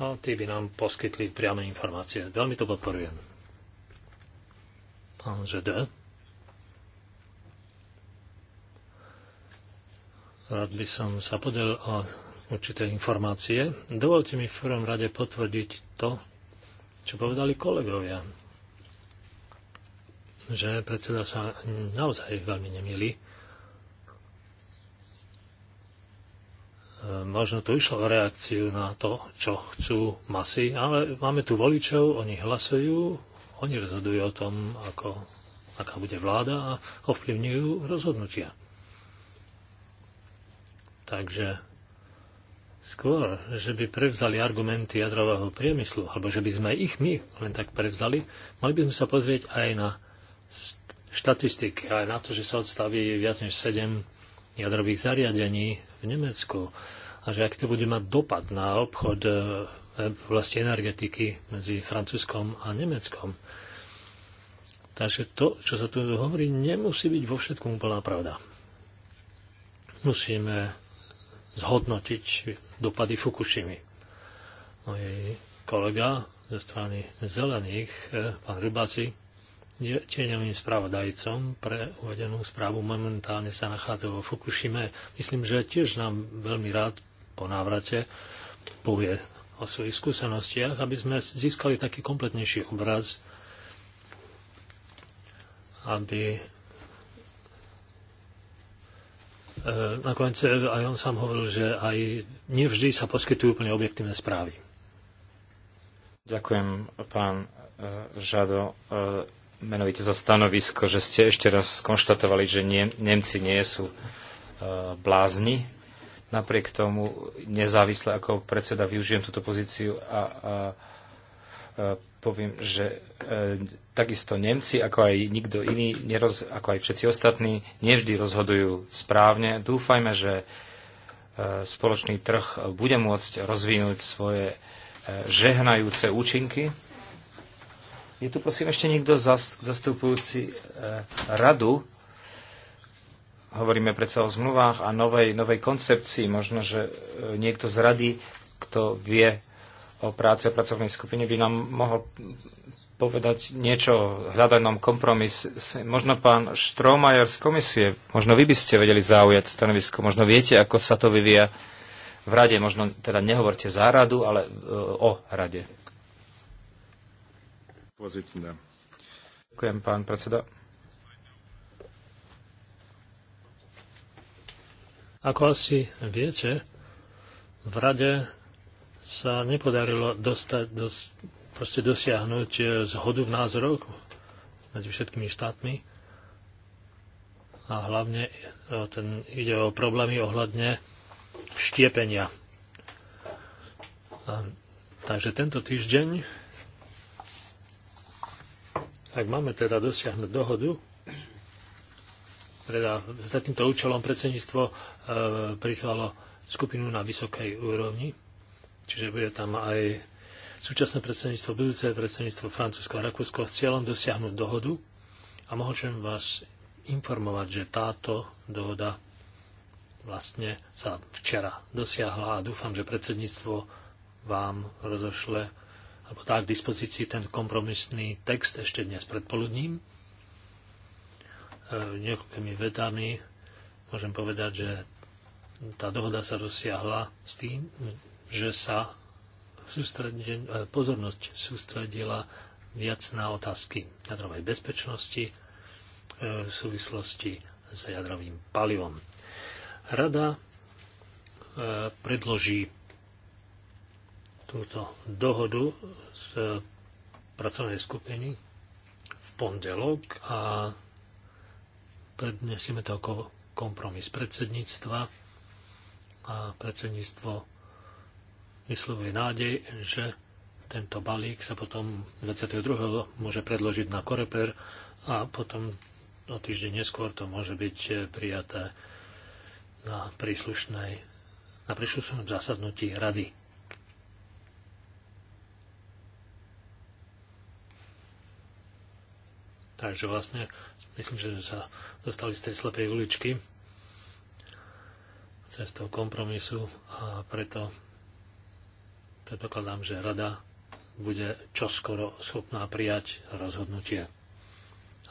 a tí by nám poskytli priame informácie. Veľmi to podporujem. Pán Žede. Rád by som sa podelil o určité informácie. Dovolte mi v prvom rade potvrdiť to, čo povedali kolegovia. Že predseda sa naozaj veľmi nemýli. E, možno tu išlo o reakciu na to, čo chcú masy, ale máme tu voličov, oni hlasujú, oni rozhodujú o tom, ako, aká bude vláda a ovplyvňujú rozhodnutia. Takže skôr, že by prevzali argumenty jadrového priemyslu, alebo že by sme ich my len tak prevzali, mali by sme sa pozrieť aj na štatistiky, aj na to, že sa odstaví viac než 7 jadrových zariadení v Nemecku a že ak to bude mať dopad na obchod e, v oblasti energetiky medzi Francúzskom a Nemeckom. Takže to, čo sa tu hovorí, nemusí byť vo všetkom úplná pravda. Musíme zhodnotiť dopady Fukushimy. Môj kolega ze strany zelených, eh, pán Rybasi, je tieňovým spravodajcom pre uvedenú správu. Momentálne sa nachádza vo Fukushime. Myslím, že tiež nám veľmi rád po návrate povie o svojich skúsenostiach, aby sme získali taký kompletnejší obraz, aby Eh, nakoniec eh, aj on sám hovoril, že aj nevždy sa poskytujú úplne objektívne správy. Ďakujem, pán eh, Žado, menovite za stanovisko, že ste ešte raz skonštatovali, že nie, Nemci nie sú blázni. Napriek tomu, nezávisle ako predseda, využijem túto pozíciu a, a E, poviem, že e, takisto Nemci, ako aj nikto iný, neroz, ako aj všetci ostatní, nevždy rozhodujú správne. Dúfajme, že e, spoločný trh bude môcť rozvinúť svoje žehnajúce účinky. Je tu prosím ešte niekto zastupujúci radu. Hovoríme predsa o zmluvách a novej, novej koncepcii. Možno, že niekto z rady, kto vie o práce pracovnej skupiny by nám mohol povedať niečo o hľadanom kompromis. Možno pán Štromajer z komisie, možno vy by ste vedeli zaujať stanovisko, možno viete, ako sa to vyvíja v rade. Možno teda nehovorte za radu, ale e, o rade. Ďakujem, pán predseda. Ako asi viete, v rade sa nepodarilo dostať, dos, proste dosiahnuť e, zhodu v názoroch medzi všetkými štátmi. A hlavne e, ten, ide o problémy ohľadne štiepenia. A, takže tento týždeň, ak máme teda dosiahnuť dohodu, teda za týmto účelom predsedníctvo e, prizvalo skupinu na vysokej úrovni Čiže bude tam aj súčasné predsedníctvo, budúce predsedníctvo Francúzsko a Rakúsko s cieľom dosiahnuť dohodu. A môžem vás informovať, že táto dohoda vlastne sa včera dosiahla a dúfam, že predsedníctvo vám rozošle alebo dá k dispozícii ten kompromisný text ešte dnes predpoludním. E, niekoľkými vedami môžem povedať, že tá dohoda sa dosiahla s tým, že sa e, pozornosť sústredila viac na otázky jadrovej bezpečnosti e, v súvislosti s jadrovým palivom. Rada e, predloží túto dohodu z pracovnej skupiny v pondelok a prednesieme to ako kompromis predsedníctva a predsedníctvo vyslovuje nádej, že tento balík sa potom 22. môže predložiť na Koreper a potom o týždeň neskôr to môže byť eh, prijaté na, príslušnej, na príslušnom zasadnutí rady. Takže vlastne myslím, že sme sa dostali z tej slepej uličky cestou kompromisu a preto Predpokladám, že rada bude čoskoro schopná prijať rozhodnutie.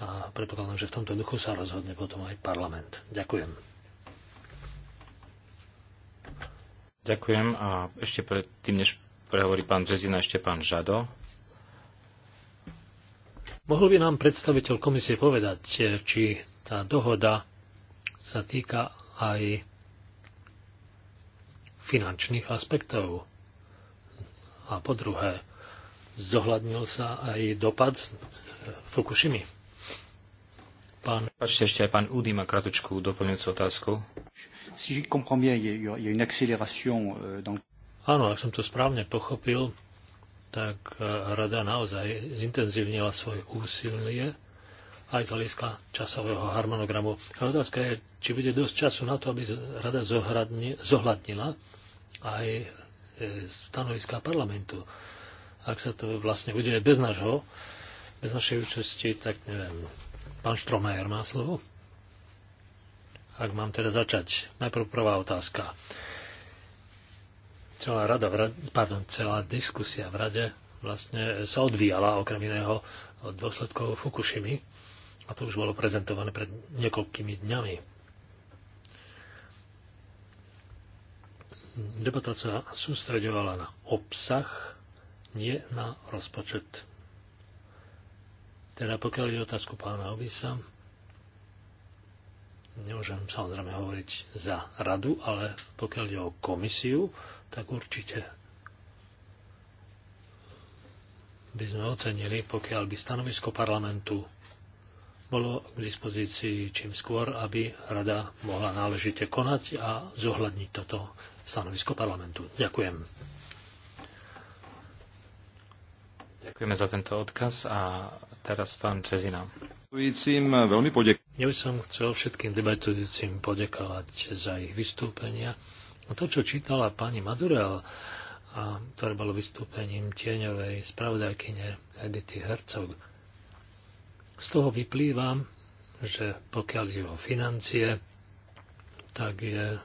A predpokladám, že v tomto duchu sa rozhodne potom aj parlament. Ďakujem. Ďakujem a ešte predtým, než prehovorí pán Březina, ešte pán Žado. Mohol by nám predstaviteľ komisie povedať, či tá dohoda sa týka aj finančných aspektov a po druhé, zohľadnil sa aj dopad Fukushimi. Pán... Pačte ešte aj pán Udy má kratučku doplňujúcu otázku. Si je, je a, une accélération euh, dans... Áno, ak som to správne pochopil, tak eh, rada naozaj zintenzívnila svoje úsilie aj z hľadiska časového harmonogramu. Ale otázka je, či bude dosť času na to, aby rada zohľadnila aj E, stanoviská parlamentu. Ak sa to vlastne bude bez nášho, bez našej účasti, tak neviem. Pán Štromajer má slovo? Ak mám teda začať, najprv prvá otázka. Celá, rada v rade, pardon, celá diskusia v rade vlastne sa odvíjala okrem iného od dôsledkov Fukushimi a to už bolo prezentované pred niekoľkými dňami. debata sa sústreďovala na obsah, nie na rozpočet. Teda pokiaľ je otázku pána Obisa, nemôžem samozrejme hovoriť za radu, ale pokiaľ je o komisiu, tak určite by sme ocenili, pokiaľ by stanovisko parlamentu bolo k dispozícii čím skôr, aby rada mohla náležite konať a zohľadniť toto stanovisko parlamentu. Ďakujem. Ďakujeme za tento odkaz a teraz pán Čezina. Veľmi ja by som chcel všetkým debatujúcim podekovať za ich vystúpenia. A to, čo čítala pani Madurel, a ktoré bolo vystúpením tieňovej spravodajkyne Edity Hercog. Z toho vyplývam, že pokiaľ je o financie, tak je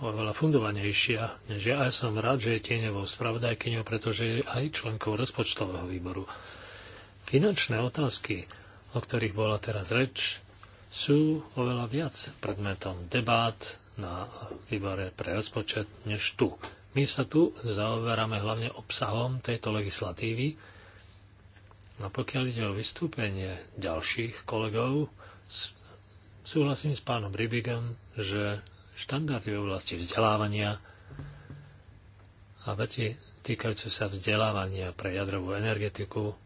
oveľa fundovanejšia, než ja. Ja som rád, že je tieňovou spravodajkyňou, pretože je aj členkou rozpočtového výboru. Finančné otázky, o ktorých bola teraz reč, sú oveľa viac predmetom debát na výbore pre rozpočet než tu. My sa tu zaoberáme hlavne obsahom tejto legislatívy a no pokiaľ ide o vystúpenie ďalších kolegov, súhlasím s pánom Rybigom, že štandardy v oblasti vzdelávania a veci týkajúce sa vzdelávania pre jadrovú energetiku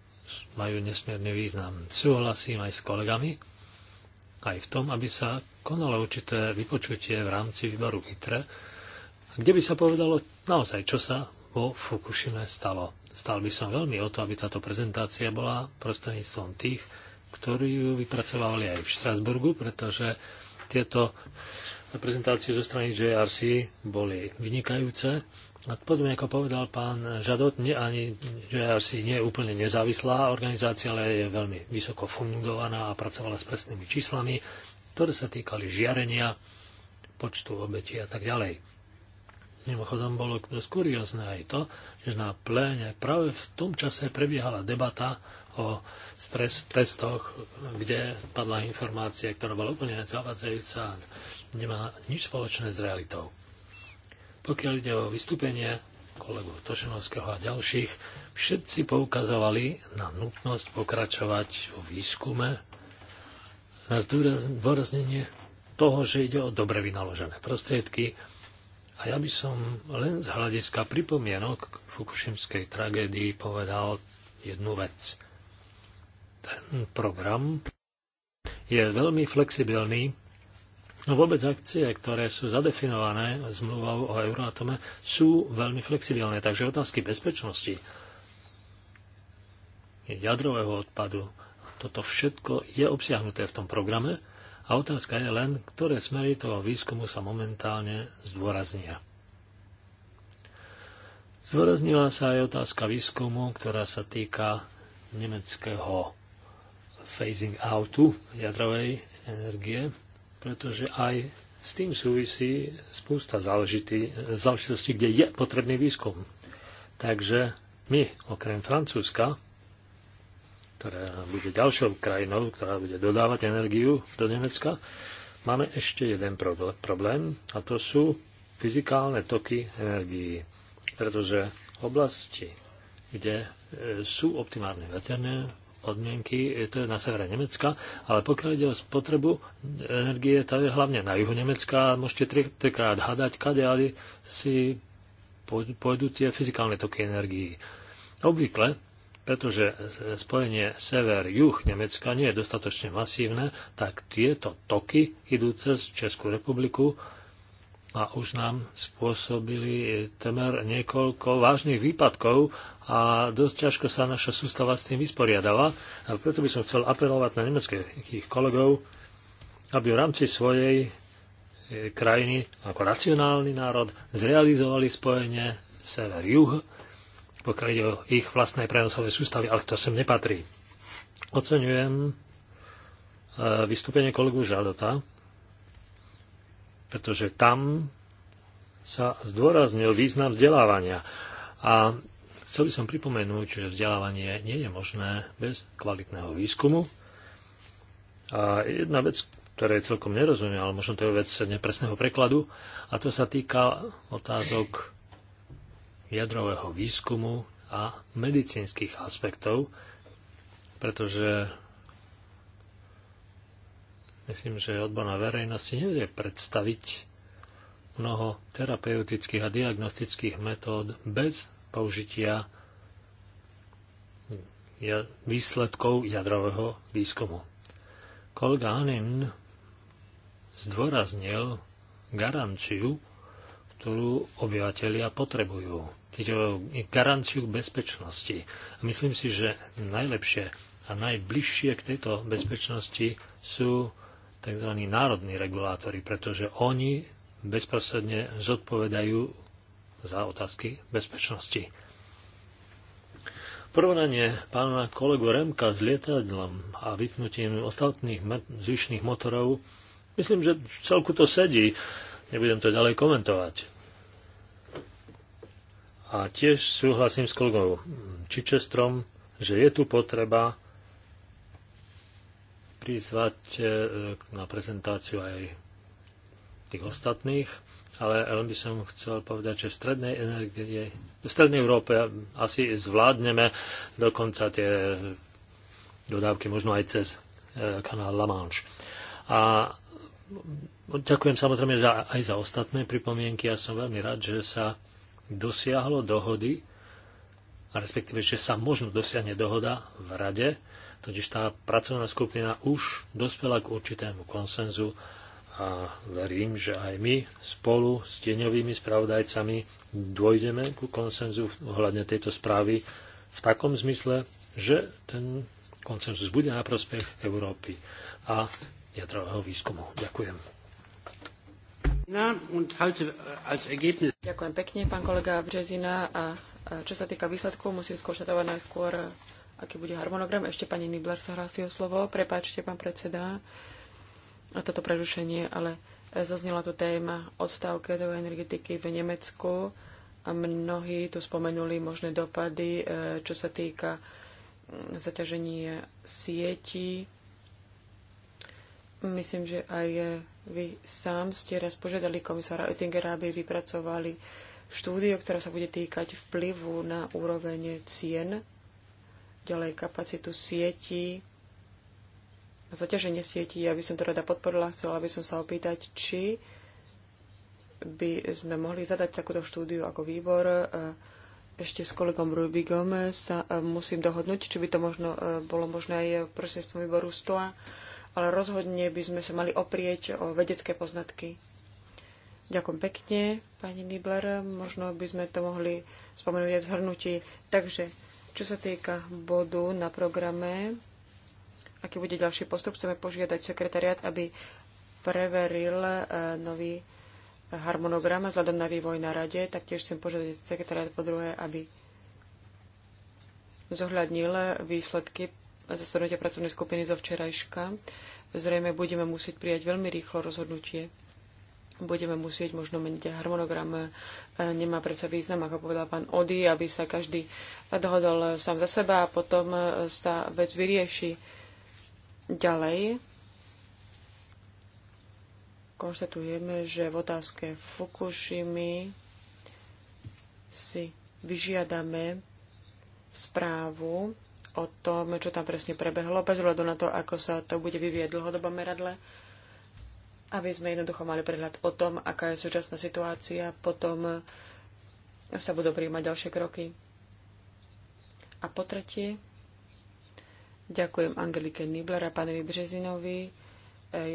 majú nesmierny význam. Súhlasím aj s kolegami, aj v tom, aby sa konalo určité vypočutie v rámci výboru Vitre, kde by sa povedalo naozaj, čo sa vo Fukushime stalo. Stal by som veľmi o to, aby táto prezentácia bola prostredníctvom tých, ktorí ju vypracovali aj v Štrasburgu, pretože tieto prezentácie zo strany JRC boli vynikajúce. A podobne ako povedal pán Žadot, nie, ani JRC nie je úplne nezávislá organizácia, ale je veľmi vysoko fundovaná a pracovala s presnými číslami, ktoré sa týkali žiarenia, počtu obetí a tak ďalej. Mimochodom bolo dosť kuriózne aj to, že na pléne práve v tom čase prebiehala debata o stres testoch, kde padla informácia, ktorá bola úplne zavadzajúca nemá nič spoločné s realitou. Pokiaľ ide o vystúpenie kolegu Tošenovského a ďalších, všetci poukazovali na nutnosť pokračovať o výskume na zdôraznenie toho, že ide o dobre vynaložené prostriedky. A ja by som len z hľadiska pripomienok k fukušimskej tragédii povedal jednu vec. Ten program je veľmi flexibilný No vôbec akcie, ktoré sú zadefinované zmluvou o euroatome, sú veľmi flexibilné, takže otázky bezpečnosti jadrového odpadu, toto všetko je obsiahnuté v tom programe a otázka je len, ktoré smery toho výskumu sa momentálne zdôraznia. Zdôraznila sa aj otázka výskumu, ktorá sa týka nemeckého phasing outu jadrovej energie pretože aj s tým súvisí spústa záležitostí, kde je potrebný výskum. Takže my, okrem Francúzska, ktorá bude ďalšou krajinou, ktorá bude dodávať energiu do Nemecka, máme ešte jeden problém a to sú fyzikálne toky energií. Pretože oblasti, kde e, sú optimálne veterné podmienky, e, to je na severe Nemecka, ale pokiaľ ide o spotrebu energie, to je hlavne na juhu Nemecka, môžete trikrát hadať, kade, ale si pôjdu tie fyzikálne toky energií. Obvykle, pretože spojenie sever-juh Nemecka nie je dostatočne masívne, tak tieto toky idú cez Českú republiku a už nám spôsobili temer niekoľko vážnych výpadkov a dosť ťažko sa naša sústava s tým vysporiadala. A preto by som chcel apelovať na nemeckých kolegov, aby v rámci svojej e, krajiny ako racionálny národ zrealizovali spojenie sever-juh, pokiaľ ide o ich vlastné prenosové sústavy, ale to sem nepatrí. Oceňujem e, vystúpenie kolegu Žadota, pretože tam sa zdôraznil význam vzdelávania. A chcel by som pripomenúť, že vzdelávanie nie je možné bez kvalitného výskumu. A jedna vec, ktorej celkom nerozumiem, ale možno to je vec nepresného prekladu, a to sa týka otázok jadrového výskumu a medicínskych aspektov, pretože Myslím, že odborná verejnosť si nevie predstaviť mnoho terapeutických a diagnostických metód bez použitia výsledkov jadrového výskumu. Kolega Anin zdôraznil garanciu, ktorú obyvateľia potrebujú. garanciu bezpečnosti. Myslím si, že najlepšie a najbližšie k tejto bezpečnosti sú tzv. národní regulátori, pretože oni bezprostredne zodpovedajú za otázky bezpečnosti. Porovnanie pána kolegu Remka s lietadlom a vypnutím ostatných zvyšných motorov, myslím, že v celku to sedí. Nebudem to ďalej komentovať. A tiež súhlasím s kolegou Čičestrom, že je tu potreba prizvať e, na prezentáciu aj tých ostatných, ale len by som chcel povedať, že v strednej, energie, v strednej Európe asi zvládneme dokonca tie dodávky možno aj cez e, kanál La Manche. A ďakujem samozrejme za, aj za ostatné pripomienky. Ja som veľmi rád, že sa dosiahlo dohody, a respektíve, že sa možno dosiahne dohoda v Rade Totiž tá pracovná skupina už dospela k určitému konsenzu a verím, že aj my spolu s tieňovými spravodajcami dôjdeme ku konsenzu ohľadne tejto správy v takom zmysle, že ten konsenzus bude na prospech Európy a jadrového výskumu. Ďakujem. Ďakujem pekne, pán kolega Březina. A čo sa týka výsledkov, musím skonštatovať najskôr aký bude harmonogram. Ešte pani Nibler sa hlási o slovo. Prepáčte, pán predseda, a toto prerušenie, ale e, zaznela to téma odstavky do energetiky v Nemecku a mnohí tu spomenuli možné dopady, e, čo sa týka mm, zaťaženie sietí. Myslím, že aj e, vy sám ste raz požiadali komisára Oettingera, aby vypracovali štúdiu, ktorá sa bude týkať vplyvu na úroveň cien ďalej kapacitu sieti, a zaťaženie sieti. Ja by som to rada podporila, chcela by som sa opýtať, či by sme mohli zadať takúto štúdiu ako výbor. E, ešte s kolegom Rubigom sa e, musím dohodnúť, či by to možno e, bolo možné aj prostredstvom výboru STOA, ale rozhodne by sme sa mali oprieť o vedecké poznatky. Ďakujem pekne, pani Nibler. Možno by sme to mohli spomenúť aj v zhrnutí. Takže čo sa týka bodu na programe, aký bude ďalší postup, chceme požiadať sekretariat, aby preveril e, nový harmonogram vzhľadom na vývoj na rade. Taktiež chcem požiadať sekretariat po druhé, aby zohľadnil výsledky zasadnutia pracovnej skupiny zo včerajška. Zrejme budeme musieť prijať veľmi rýchlo rozhodnutie budeme musieť možno meniť harmonogram. E, nemá predsa význam, ako povedal pán Ody, aby sa každý dohodol sám za seba a potom e, sa vec vyrieši ďalej. Konštatujeme, že v otázke Fukushimi si vyžiadame správu o tom, čo tam presne prebehlo, bez hľadu na to, ako sa to bude vyvieť dlhodobom meradle aby sme jednoducho mali prehľad o tom, aká je súčasná situácia, potom sa budú príjmať ďalšie kroky. A po tretie, ďakujem Angelike Nibler a pánovi Březinovi. E,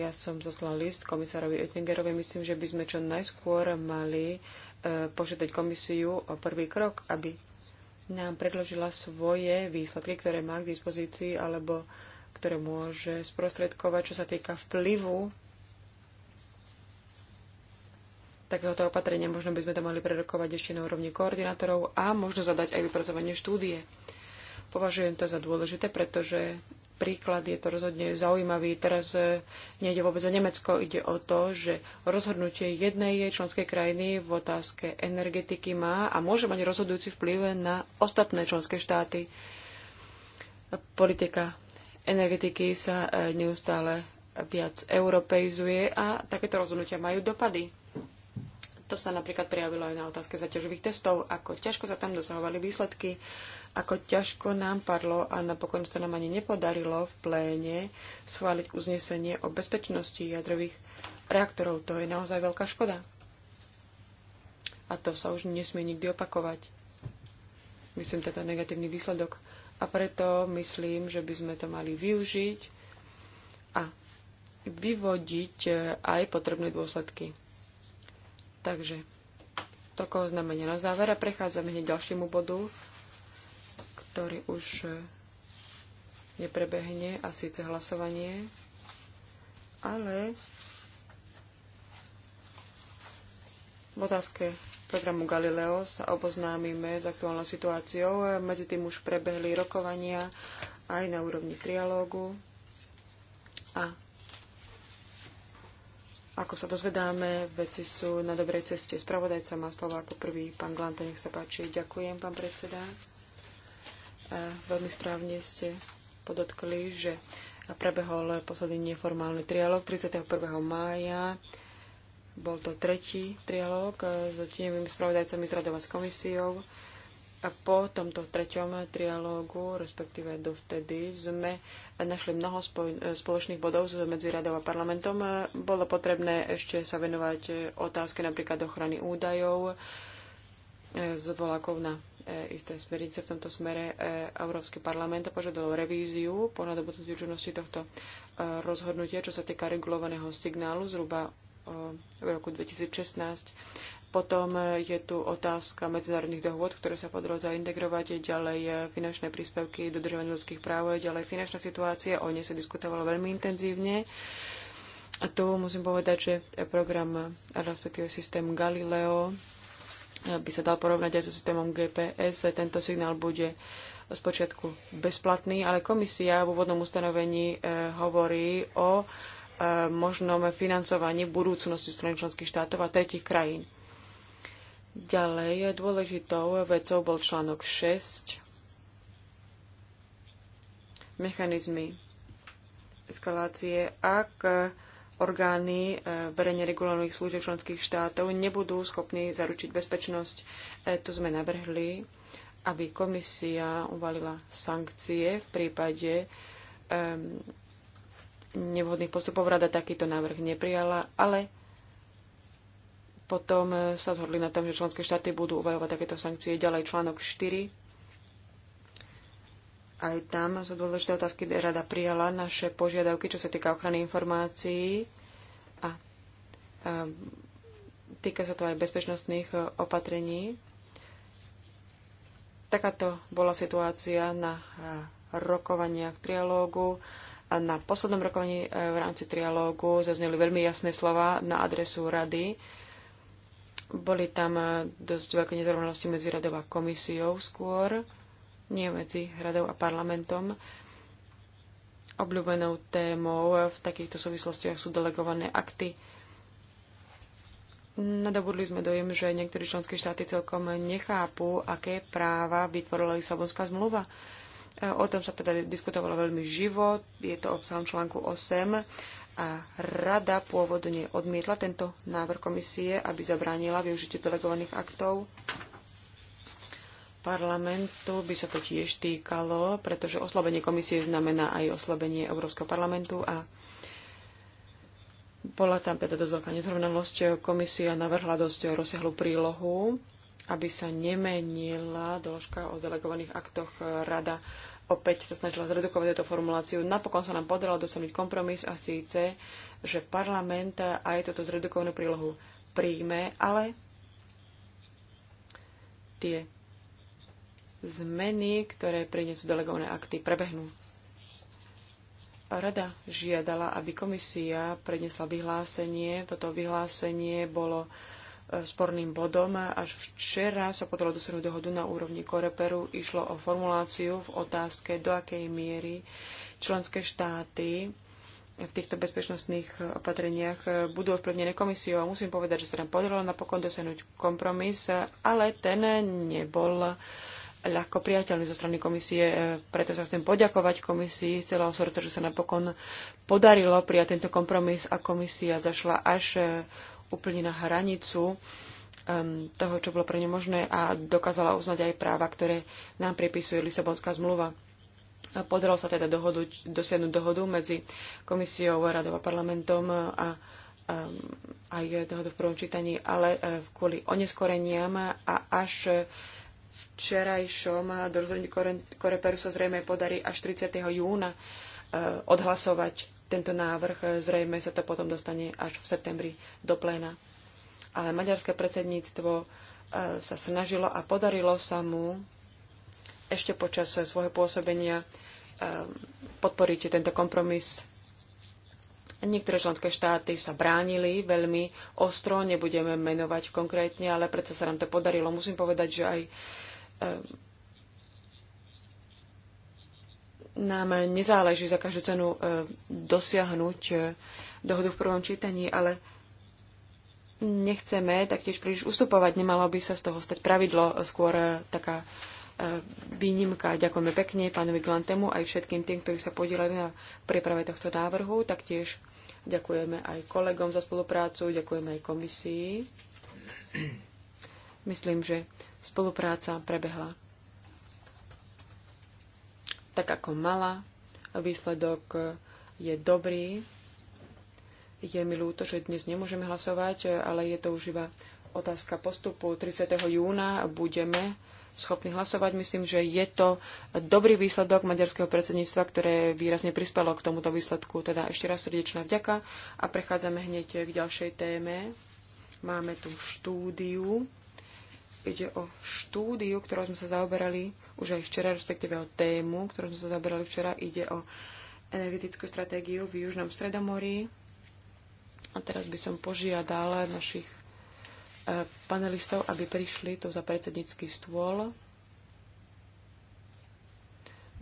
ja som zaslal list komisárovi Oettingerovi. Myslím, že by sme čo najskôr mali e, požiadať komisiu o prvý krok, aby nám predložila svoje výsledky, ktoré má k dispozícii alebo ktoré môže sprostredkovať, čo sa týka vplyvu takéhoto opatrenia. Možno by sme to mohli prerokovať ešte na úrovni koordinátorov a možno zadať aj vypracovanie štúdie. Považujem to za dôležité, pretože príklad je to rozhodne zaujímavý. Teraz eh, nejde vôbec o Nemecko, ide o to, že rozhodnutie jednej členskej krajiny v otázke energetiky má a môže mať rozhodujúci vplyv na ostatné členské štáty. Politika energetiky sa eh, neustále viac europeizuje a takéto rozhodnutia majú dopady. To sa napríklad prijavilo aj na otázke zaťažových testov, ako ťažko sa tam dosahovali výsledky, ako ťažko nám padlo a napokon sa nám ani nepodarilo v pléne schváliť uznesenie o bezpečnosti jadrových reaktorov. To je naozaj veľká škoda. A to sa už nesmie nikdy opakovať. Myslím teda negatívny výsledok. A preto myslím, že by sme to mali využiť a vyvodiť eh, aj potrebné dôsledky. Takže toľko znamenia na záver a prechádzame hneď ďalšiemu bodu, ktorý už e, neprebehne a síce hlasovanie, ale v otázke programu Galileo sa oboznámime s aktuálnou situáciou. E, medzi tým už prebehli rokovania aj na úrovni trialógu a ako sa dozvedáme, veci sú na dobrej ceste. Spravodajca má slovo ako prvý. Pán Glante, nech sa páči. Ďakujem, pán predseda. A veľmi správne ste podotkli, že prebehol posledný neformálny trialog 31. mája. Bol to tretí trialog s tieňovými spravodajcami z Radova s komisiou. A po tomto treťom trialógu, respektíve dovtedy, sme našli mnoho spoločných bodov medzi radou a parlamentom. Bolo potrebné ešte sa venovať otázke napríklad ochrany údajov e, z volákov na e, isté smerice, v tomto smere. E, Európsky parlament požiadal revíziu po nadobudnutí účinnosti tohto rozhodnutia, čo sa týka regulovaného signálu zhruba v roku 2016. Potom e, je tu otázka medzinárodných dohôd, ktoré sa podarilo zaintegrovať, ďalej e, finančné príspevky, dodržovanie ľudských práv, ďalej finančná situácia, o nej sa diskutovalo veľmi intenzívne. A tu musím povedať, že program, respektíve systém Galileo, e, by sa dal porovnať aj so systémom GPS. Tento signál bude zpočiatku bezplatný, ale komisia v úvodnom ustanovení hovorí o možnom financovaní budúcnosti strany členských štátov a tretich krajín. Ďalej dôležitou vecou bol článok 6. Mechanizmy eskalácie. Ak orgány eh, verejne regulovaných služieb členských štátov nebudú schopní zaručiť bezpečnosť, eh, to sme navrhli, aby komisia uvalila sankcie v prípade um, nevhodných postupov. Rada takýto návrh neprijala, ale potom e, sa zhodli na tom, že členské štáty budú uvajovať takéto sankcie. Ďalej článok 4. Aj tam sú dôležité otázky. Rada prijala naše požiadavky, čo sa týka ochrany informácií. A, a e, týka sa to aj bezpečnostných e, opatrení. Takáto bola situácia na rokovaniach trialógu. A na poslednom rokovaní v rámci trialógu zazneli veľmi jasné slova na adresu rady boli tam eh, dosť veľké nezrovnalosti medzi radou a komisiou skôr, nie medzi radou a parlamentom. Obľúbenou témou eh, v takýchto súvislostiach sú delegované akty. Nadobudli sme dojem, že niektorí členské štáty celkom nechápu, aké práva vytvorila Lisabonská zmluva. Eh, o tom sa teda diskutovalo veľmi živo, je to obsahom článku 8 a rada pôvodne odmietla tento návrh komisie, aby zabránila využitiu delegovaných aktov. Parlamentu by sa to tiež týkalo, pretože oslabenie komisie znamená aj oslabenie Európskeho parlamentu a bola tam teda dosť veľká nezrovnalosť. Komisia navrhla dosť rozsiahlu prílohu, aby sa nemenila doložka o delegovaných aktoch. Rada opäť sa snažila zredukovať túto formuláciu. Napokon sa nám podarilo dosiahnuť kompromis a síce, že parlament aj túto zredukovanú prílohu príjme, ale tie zmeny, ktoré prinesú delegované akty, prebehnú. Rada žiadala, aby komisia prednesla vyhlásenie. Toto vyhlásenie bolo sporným bodom. Až včera sa podalo dosiahnuť dohodu na úrovni Koreperu. Išlo o formuláciu v otázke, do akej miery členské štáty v týchto bezpečnostných opatreniach budú ovplyvnené komisiou. Musím povedať, že sa nám podarilo napokon dosiahnuť kompromis, ale ten nebol ľahko priateľný zo strany komisie. Preto sa chcem poďakovať komisii z celého srdca, že sa napokon podarilo prijať tento kompromis a komisia zašla až úplne na hranicu um, toho, čo bolo pre ňu možné a dokázala uznať aj práva, ktoré nám pripisuje Lisabonská zmluva. Podarilo sa teda dohodu, dosiahnuť dohodu medzi komisiou, radou a parlamentom a um, aj dohodu v prvom čítaní, ale uh, kvôli oneskoreniam a až včerajšom do rozhodnutí Koreperu sa zrejme podarí až 30. júna uh, odhlasovať tento návrh. E, zrejme sa to potom dostane až v septembri do pléna. Ale maďarské predsedníctvo e, sa snažilo a podarilo sa mu ešte počas svojho pôsobenia e, podporiť tento kompromis. Niektoré členské štáty sa bránili veľmi ostro, nebudeme menovať konkrétne, ale predsa sa nám to podarilo. Musím povedať, že aj nám nezáleží za každú cenu e, dosiahnuť e, dohodu v prvom čítaní, ale nechceme taktiež príliš ustupovať. Nemalo by sa z toho stať pravidlo, e, skôr taká výnimka. Ďakujeme pekne pánovi Glantemu aj všetkým tým, ktorí sa podielali na príprave tohto návrhu. Taktiež ďakujeme aj kolegom za spoluprácu, ďakujeme aj komisii. Myslím, že spolupráca prebehla tak ako mala. Výsledok je dobrý. Je mi ľúto, že dnes nemôžeme hlasovať, ale je to už iba otázka postupu. 30. júna budeme schopní hlasovať. Myslím, že je to dobrý výsledok maďarského predsedníctva, ktoré výrazne prispelo k tomuto výsledku. Teda ešte raz srdečná vďaka a prechádzame hneď k ďalšej téme. Máme tu štúdiu Ide o štúdiu, ktorou sme sa zaoberali už aj včera, respektíve o tému, ktorú sme sa zaoberali včera. Ide o energetickú stratégiu v Južnom Stredomorí. A teraz by som požiadala našich e, panelistov, aby prišli tu za predsednícky stôl.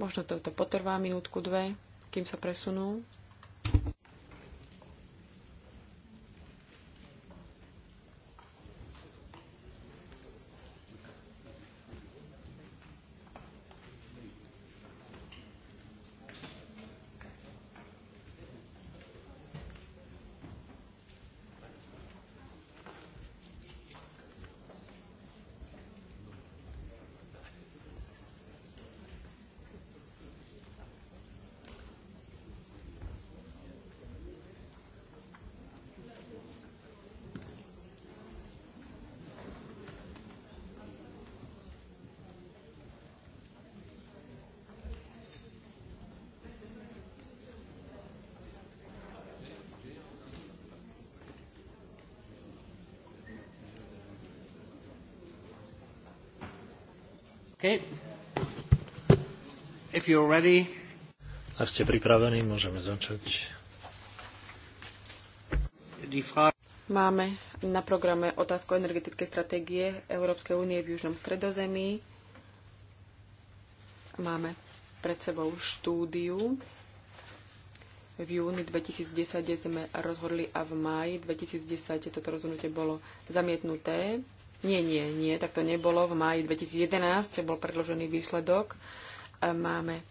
Možno toto potrvá minútku, dve, kým sa presunú. you're ready. Ak ste pripravení, môžeme začať. Máme na programe otázku energetické stratégie Európskej únie v Južnom stredozemí. Máme pred sebou štúdiu. V júni 2010 sme rozhodli a v máji 2010 toto rozhodnutie bolo zamietnuté. Nie, nie, nie, tak to nebolo. V máji 2011 bol predložený výsledok Máme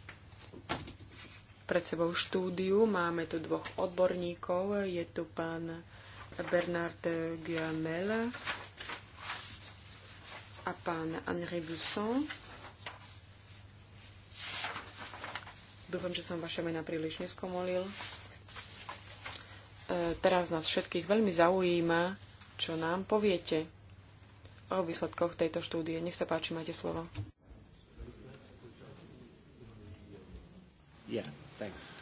pred sebou štúdiu, máme tu dvoch odborníkov, je tu pán Bernard Guamel a pán Henri Busson. Dúfam, že som vaše mena príliš neskomolil. E, teraz nás všetkých veľmi zaujíma, čo nám poviete o výsledkoch tejto štúdie. Nech sa páči, máte slovo. Yeah, thanks.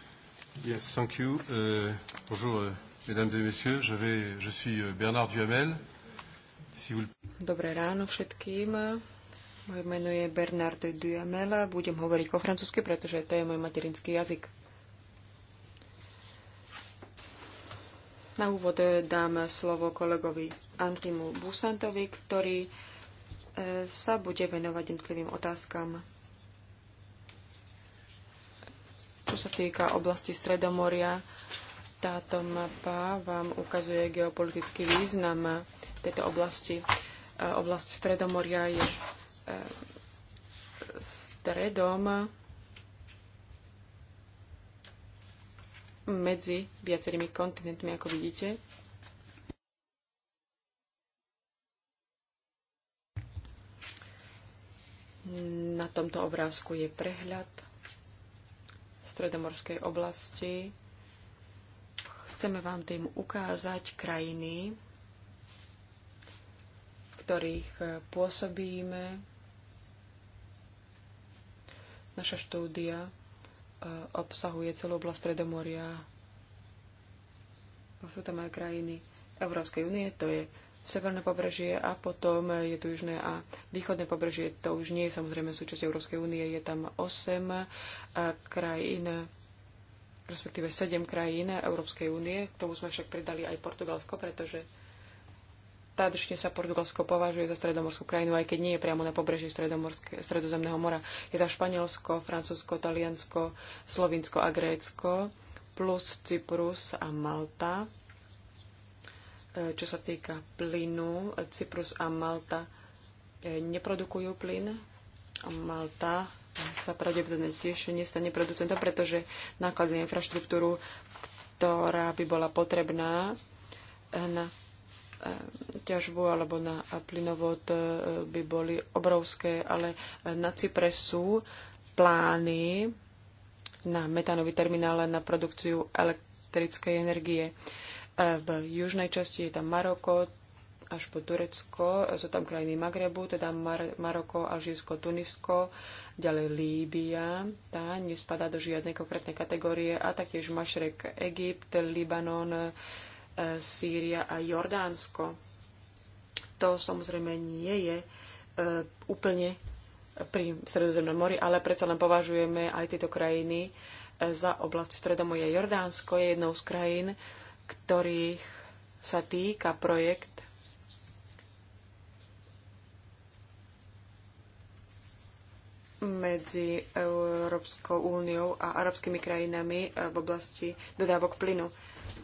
Yes, thank you. Euh, bonjour, euh, mesdames et messieurs. Je, vais, je suis uh, Bernard Duhamel. Si vous... Dobré ráno všetkým. Moje meno je Bernard Duhamel. Budem hovoriť po francúzsky, pretože to je môj materinský jazyk. Na úvod eh, dám slovo kolegovi Antimu Busantovi, ktorý eh, sa bude venovať jednotlivým otázkam Čo sa týka oblasti Stredomoria, táto mapa vám ukazuje geopolitický význam tejto oblasti. E, Oblasť Stredomoria je e, stredom medzi viacerými kontinentmi, ako vidíte. Na tomto obrázku je prehľad stredomorskej oblasti. Chceme vám tým ukázať krajiny, v ktorých eh, pôsobíme. Naša štúdia eh, obsahuje celú oblasť Stredomoria. Sú tam aj krajiny Európskej únie, to je severné pobrežie a potom je tu južné a východné pobrežie. To už nie je samozrejme súčasť Európskej únie. Je tam 8 eh, krajín, respektíve 7 krajín Európskej únie. K tomu sme však pridali aj Portugalsko, pretože tradične sa Portugalsko považuje za stredomorskú krajinu, aj keď nie je priamo na pobreží Stredozemného mora. Je tam Španielsko, Francúzsko, Taliansko, Slovinsko a Grécko, plus Cyprus a Malta E, čo sa týka plynu, Cyprus a Malta e, neprodukujú plyn. A Malta sa pravdepodobne tiež nestane producentom, pretože náklady na infraštruktúru, ktorá by bola potrebná e, na ťažbu alebo na plynovod by boli obrovské, ale na Cypre sú plány na metánový terminál na produkciu elektrickej energie. V južnej časti je tam Maroko, až po Turecko, sú tam krajiny Magrebu, teda Mar- Maroko, Alžírsko, Tunisko, ďalej Líbia, tá nespadá do žiadnej konkrétnej kategórie a taktiež Mašrek, Egypt, Libanon, e, Sýria a Jordánsko. To samozrejme nie je e, úplne pri Sredozemnom mori, ale predsa len považujeme aj tieto krajiny e, za oblasť Stredomoria. Jordánsko je jednou z krajín, ktorých sa týka projekt medzi Európskou úniou a arabskými krajinami eh, v oblasti dodávok plynu.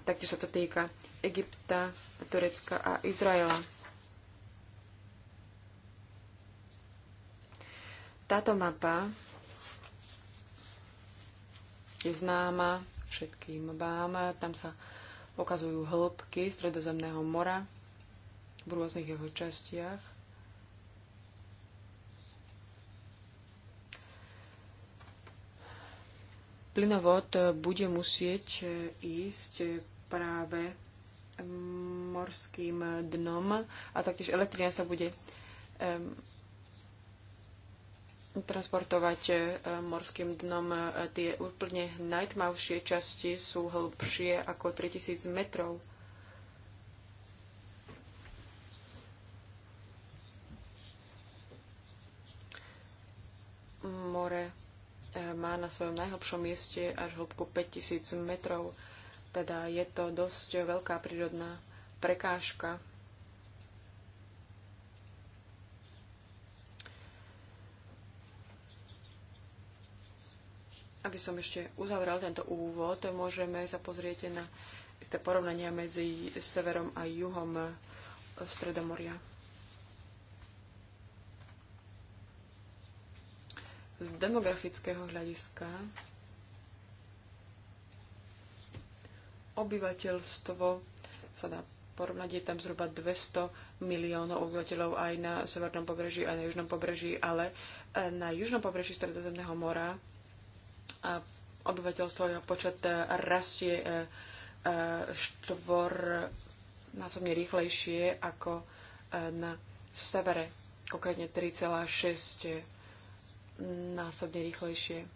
Taktiež sa to týka Egypta, Turecka a Izraela. Táto mapa je známa všetkým vám. Tam sa ukazujú hĺbky Stredozemného mora v rôznych jeho častiach. Plynovod bude musieť ísť práve morským dnom a taktiež elektrina sa bude transportovať e, morským dnom. E, tie úplne najtmavšie časti sú hĺbšie ako 3000 metrov. More e, má na svojom najhlbšom mieste až hĺbku 5000 metrov, teda je to dosť veľká prírodná prekážka aby som ešte uzavrel tento úvod, môžeme sa pozrieť na isté porovnania medzi severom a juhom eh, Stredomoria. Z demografického hľadiska obyvateľstvo sa dá porovnať, je tam zhruba 200 miliónov obyvateľov aj na severnom pobreží, aj na južnom pobreží, ale eh, na južnom pobreží Stredozemného mora a obyvateľstvo, jeho počet e, rastie e, e, štvor mne rýchlejšie ako na severe, konkrétne 3,6 násobne rýchlejšie.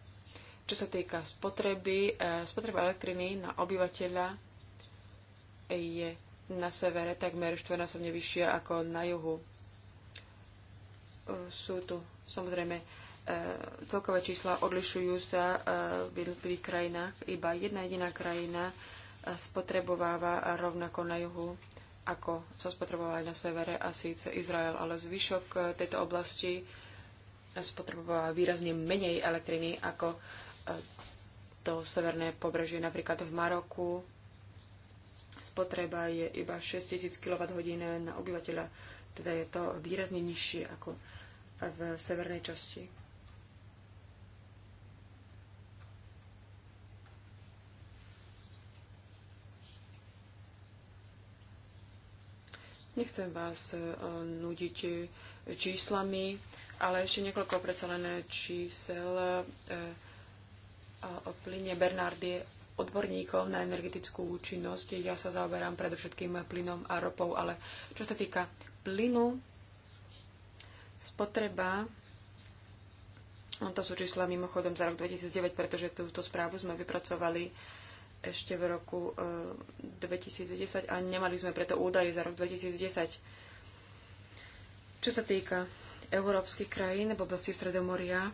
Čo sa týka spotreby, spotreba elektriny na obyvateľa je na severe takmer štvornásobne vyššia ako na juhu. Sú tu samozrejme E, celkové čísla odlišujú sa e, v jednotlivých krajinách. Iba jedna jediná krajina e, spotrebováva rovnako na juhu, ako sa spotrebováva na severe, a síce Izrael. Ale zvyšok tejto oblasti spotrebováva výrazne menej elektriny ako to severné pobrežie. Napríklad v Maroku spotreba je iba 6000 kWh na obyvateľa, teda je to výrazne nižšie ako v severnej časti Nechcem vás e, nudiť e, číslami, ale ešte niekoľko predsa čísel e, o plyne. Bernard je odborníkom na energetickú účinnosť. Ja sa zaoberám predovšetkým plynom a ropou, ale čo sa týka plynu, spotreba, no to sú čísla mimochodom za rok 2009, pretože túto správu sme vypracovali ešte v roku 2010 eh, a nemali sme preto údaje za rok 2010. Čo sa týka európskych krajín v oblasti Stredomoria,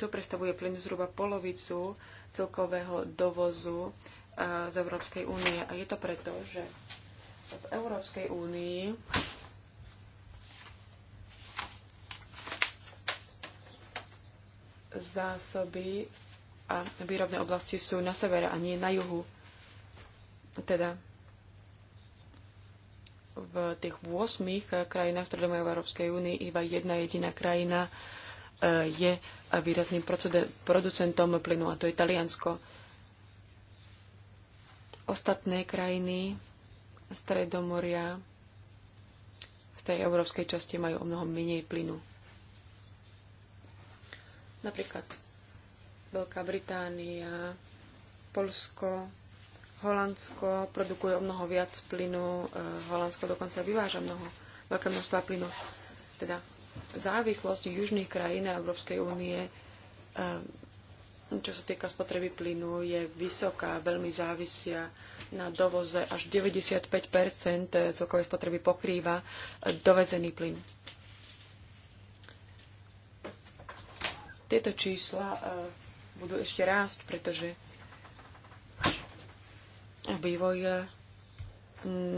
to predstavuje plyn zhruba polovicu celkového dovozu eh, z Európskej únie. A je to preto, že v Európskej únii zásoby a výrobné oblasti sú na severe a nie na juhu. Teda v tých 8 krajinách Stredomej Európskej únie iba jedna jediná krajina e, je výrazným producentom plynu a to je Taliansko. Ostatné krajiny Stredomoria z tej európskej časti majú o mnoho menej plynu. Napríklad Veľká Británia, Polsko, Holandsko produkuje o mnoho viac plynu, e, Holandsko dokonca vyváža mnoho, veľké množstva plynu. Teda závislosť južných krajín a Európskej únie, e, čo sa týka spotreby plynu, je vysoká, veľmi závisia na dovoze. Až 95 celkovej spotreby pokrýva dovezený plyn. Tieto čísla e, budú ešte rásť, pretože vývoj e,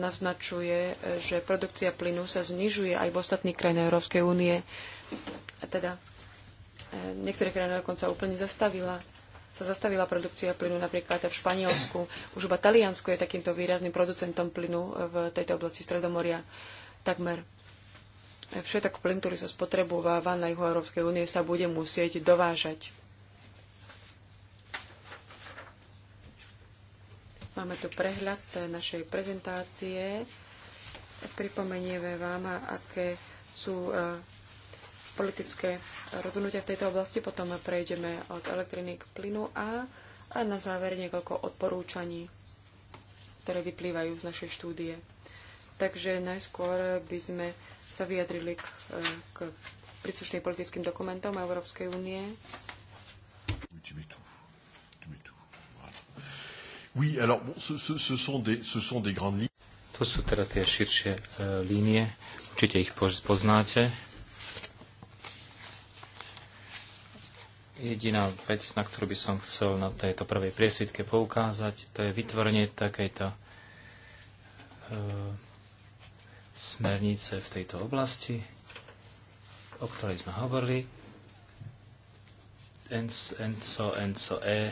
naznačuje, e, že produkcia plynu sa znižuje aj v ostatných krajinách Európskej únie. A teda e, niektoré krajiny dokonca úplne zastavila sa zastavila produkcia plynu napríklad v Španielsku. Už iba Taliansko je takýmto výrazným producentom plynu v tejto oblasti Stredomoria takmer. Všetok plyn, ktorý sa spotrebováva na juhu Európskej únie, sa bude musieť dovážať. Máme tu prehľad našej prezentácie. Pripomenieme vám, aké sú e, politické rozhodnutia v tejto oblasti. Potom prejdeme od elektriny k plynu a, a na záver niekoľko odporúčaní, ktoré vyplývajú z našej štúdie. Takže najskôr by sme sa vyjadrili k, e, k príslušným politickým dokumentom Európskej únie. Ďakujem. Oui, alors bon, ce, ce, ce, sont des, ce sont des grandes lignes. To sú teda tie širšie e, línie, určite ich poznáte. Jediná vec, na ktorú by som chcel na tejto prvej priesvitke poukázať, to je vytvorenie takejto e, smernice v tejto oblasti, o ktorej sme hovorili. ENCO, ENCO, E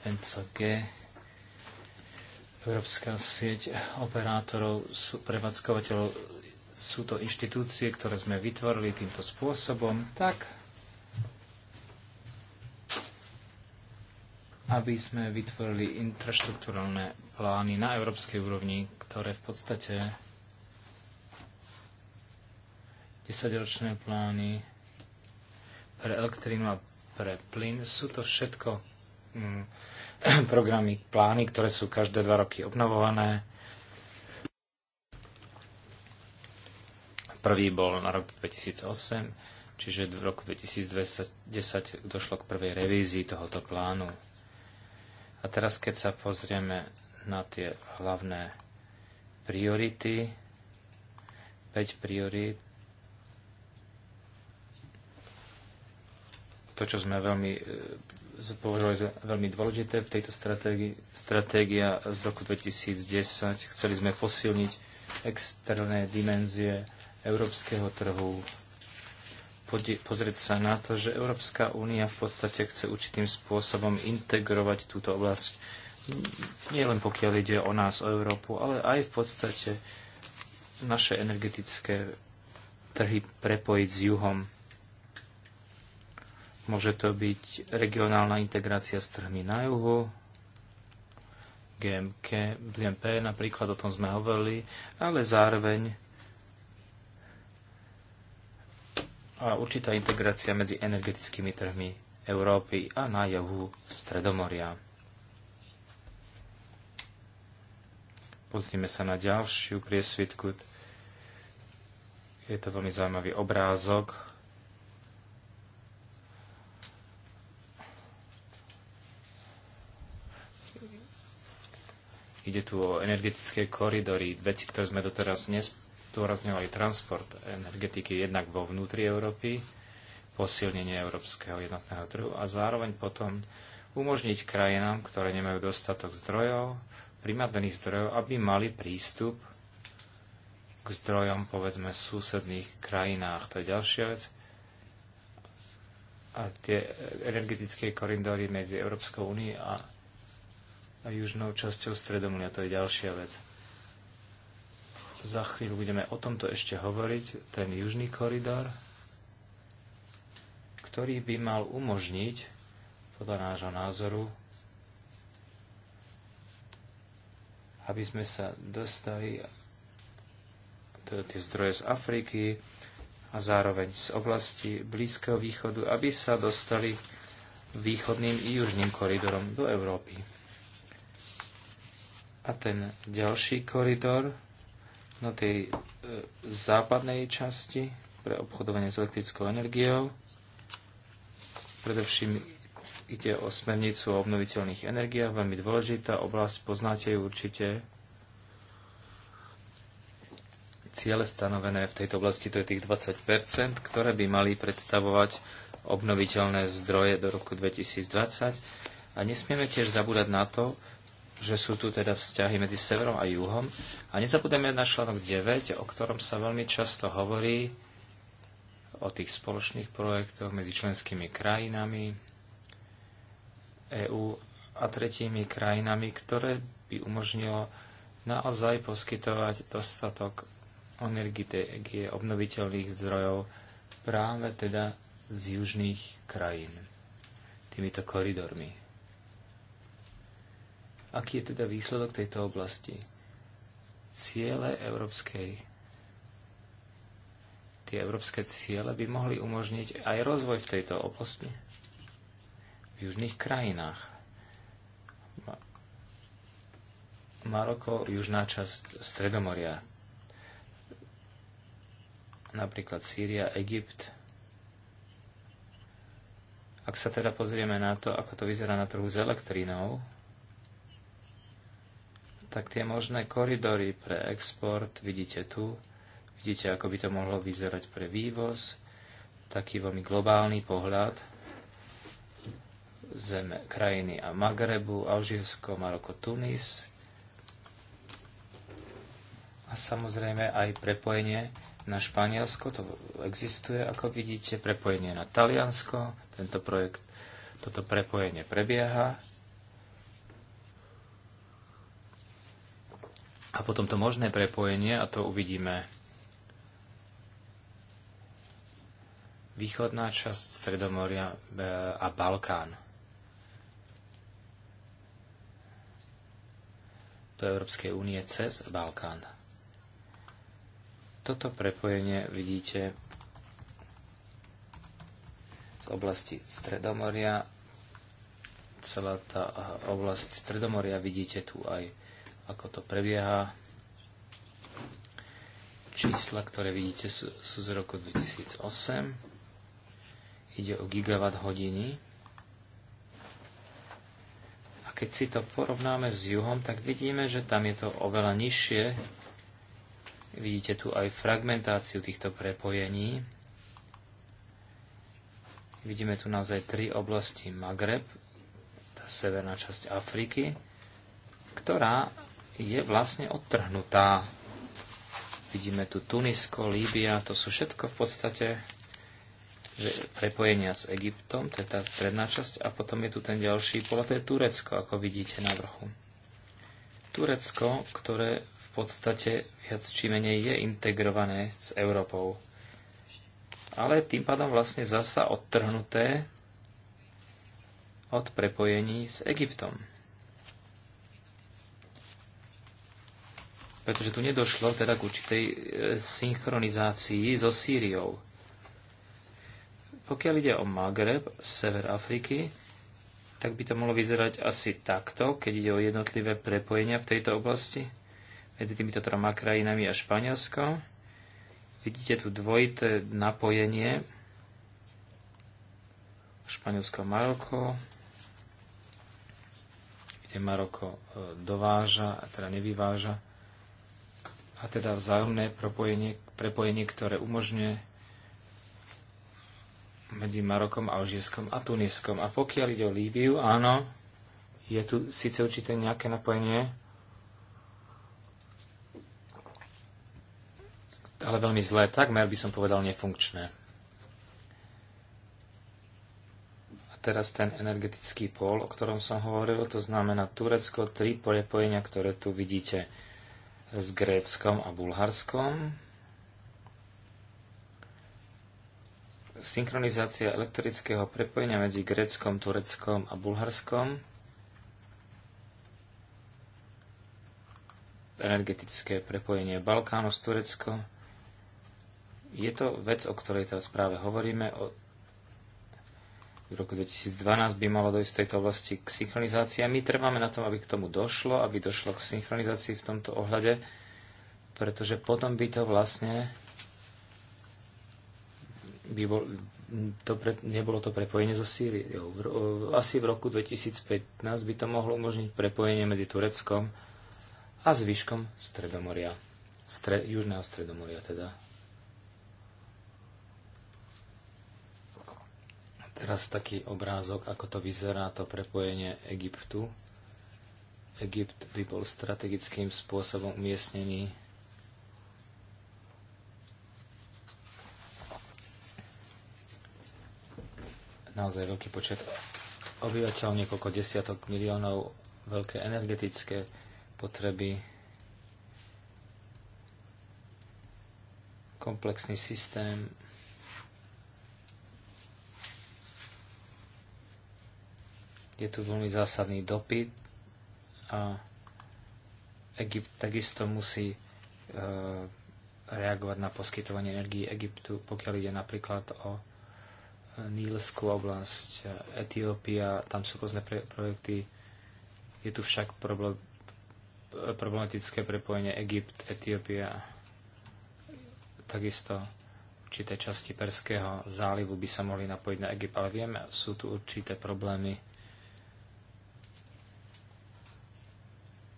NCG, Európska sieť operátorov, sú, prevádzkovateľov, sú to inštitúcie, ktoré sme vytvorili týmto spôsobom, tak aby sme vytvorili infraštruktúralne plány na európskej úrovni, ktoré v podstate desaťročné plány pre elektrínu a pre plyn sú to všetko Mm. [CLEARS THROAT] programy, plány, ktoré sú každé dva roky obnovované. Prvý bol na rok 2008, čiže v roku 2010 došlo k prvej revízii tohoto plánu. A teraz, keď sa pozrieme na tie hlavné priority, 5 priorít, to, čo sme veľmi e, považovali za veľmi dôležité v tejto stratégii. Stratégia z roku 2010. Chceli sme posilniť externé dimenzie európskeho trhu, pozrieť sa na to, že Európska únia v podstate chce určitým spôsobom integrovať túto oblasť. Nie len pokiaľ ide o nás, o Európu, ale aj v podstate naše energetické trhy prepojiť s juhom Môže to byť regionálna integrácia s trhmi na juhu, GMK, BMP napríklad, o tom sme hovorili, ale zároveň a určitá integrácia medzi energetickými trhmi Európy a na juhu Stredomoria. Pozrime sa na ďalšiu priesvitku. Je to veľmi zaujímavý obrázok Ide tu o energetické koridory, veci, ktoré sme doteraz nestôrazňovali, transport energetiky jednak vo vnútri Európy, posilnenie európskeho jednotného trhu a zároveň potom umožniť krajinám, ktoré nemajú dostatok zdrojov, primárnych zdrojov, aby mali prístup k zdrojom, povedzme, v susedných krajinách. To je ďalšia vec. A tie energetické koridory medzi Európskou úniou a a južnou časťou Stredomlia. To je ďalšia vec. Za chvíľu budeme o tomto ešte hovoriť, ten južný koridor, ktorý by mal umožniť, podľa nášho názoru, aby sme sa dostali tie zdroje z Afriky a zároveň z oblasti Blízkeho východu, aby sa dostali východným i južným koridorom do Európy. A ten ďalší koridor na no tej e, západnej časti pre obchodovanie s elektrickou energiou. Predovším ide o smernicu o obnoviteľných energiách, veľmi dôležitá oblasť, poznáte ju určite. Ciele stanovené v tejto oblasti to je tých 20 ktoré by mali predstavovať obnoviteľné zdroje do roku 2020. A nesmieme tiež zabúdať na to, že sú tu teda vzťahy medzi severom a juhom. A nezabudeme na článok 9, o ktorom sa veľmi často hovorí o tých spoločných projektoch medzi členskými krajinami EÚ a tretími krajinami, ktoré by umožnilo naozaj poskytovať dostatok energie obnoviteľných zdrojov práve teda z južných krajín týmito koridormi. Aký je teda výsledok tejto oblasti? Ciele európskej tie európske ciele by mohli umožniť aj rozvoj v tejto oblasti v južných krajinách. Maroko, južná časť Stredomoria, napríklad Sýria, Egypt. Ak sa teda pozrieme na to, ako to vyzerá na trhu s elektrínou, tak tie možné koridory pre export vidíte tu. Vidíte, ako by to mohlo vyzerať pre vývoz. Taký veľmi globálny pohľad zeme, krajiny a Magrebu, Alžírsko, Maroko, Tunis. A samozrejme aj prepojenie na Španielsko, to existuje, ako vidíte, prepojenie na Taliansko, tento projekt, toto prepojenie prebieha. A potom to možné prepojenie, a to uvidíme východná časť Stredomoria e, a Balkán. Do Európskej únie cez Balkán. Toto prepojenie vidíte z oblasti Stredomoria. Celá tá oblasť Stredomoria vidíte tu aj ako to prebieha. Čísla, ktoré vidíte, sú, sú z roku 2008. Ide o gigawatt hodiny. A keď si to porovnáme s juhom, tak vidíme, že tam je to oveľa nižšie. Vidíte tu aj fragmentáciu týchto prepojení. Vidíme tu naozaj tri oblasti Magreb, tá severná časť Afriky, ktorá je vlastne odtrhnutá. Vidíme tu Tunisko, Líbia, to sú všetko v podstate že prepojenia s Egyptom, to je tá stredná časť, a potom je tu ten ďalší pola, to je Turecko, ako vidíte na vrchu. Turecko, ktoré v podstate viac či menej je integrované s Európou. Ale tým pádom vlastne zasa odtrhnuté od prepojení s Egyptom. pretože tu nedošlo teda k určitej e, synchronizácii so Sýriou. Pokiaľ ide o Magreb, sever Afriky, tak by to mohlo vyzerať asi takto, keď ide o jednotlivé prepojenia v tejto oblasti medzi týmito troma krajinami a Španielskom. Vidíte tu dvojité napojenie Španielsko-Maroko, kde Maroko e, dováža, a teda nevyváža a teda vzájomné propojenie, prepojenie, ktoré umožňuje medzi Marokom, Alžírskom a Tuniskom. A pokiaľ ide o Líbiu, áno, je tu síce určité nejaké napojenie, ale veľmi zlé, takmer by som povedal nefunkčné. A teraz ten energetický pól, o ktorom som hovoril, to znamená Turecko, tri prepojenia, ktoré tu vidíte s Gréckom a Bulharskom. Synchronizácia elektrického prepojenia medzi Gréckom, Tureckom a Bulharskom. Energetické prepojenie Balkánu s Tureckom. Je to vec, o ktorej teraz práve hovoríme, o v roku 2012 by malo dojsť v tejto oblasti k synchronizácii. A my trváme na tom, aby k tomu došlo, aby došlo k synchronizácii v tomto ohľade, pretože potom by to vlastne by bol, to pre, nebolo to prepojenie so Sýriou. Asi v roku 2015 by to mohlo umožniť prepojenie medzi Tureckom a zvyškom Stredomoria. Stre, Južného Stredomoria teda. Teraz taký obrázok, ako to vyzerá, to prepojenie Egyptu. Egypt by bol strategickým spôsobom umiestnený naozaj veľký počet obyvateľov, niekoľko desiatok miliónov, veľké energetické potreby, komplexný systém Je tu veľmi zásadný dopyt a Egypt takisto musí e, reagovať na poskytovanie energii Egyptu, pokiaľ ide napríklad o e, Nílskú oblasť, Etiópia, tam sú rôzne projekty. Je tu však problém, problematické prepojenie Egypt, Etiópia, takisto určité časti Perského zálivu by sa mohli napojiť na Egypt, ale vieme, sú tu určité problémy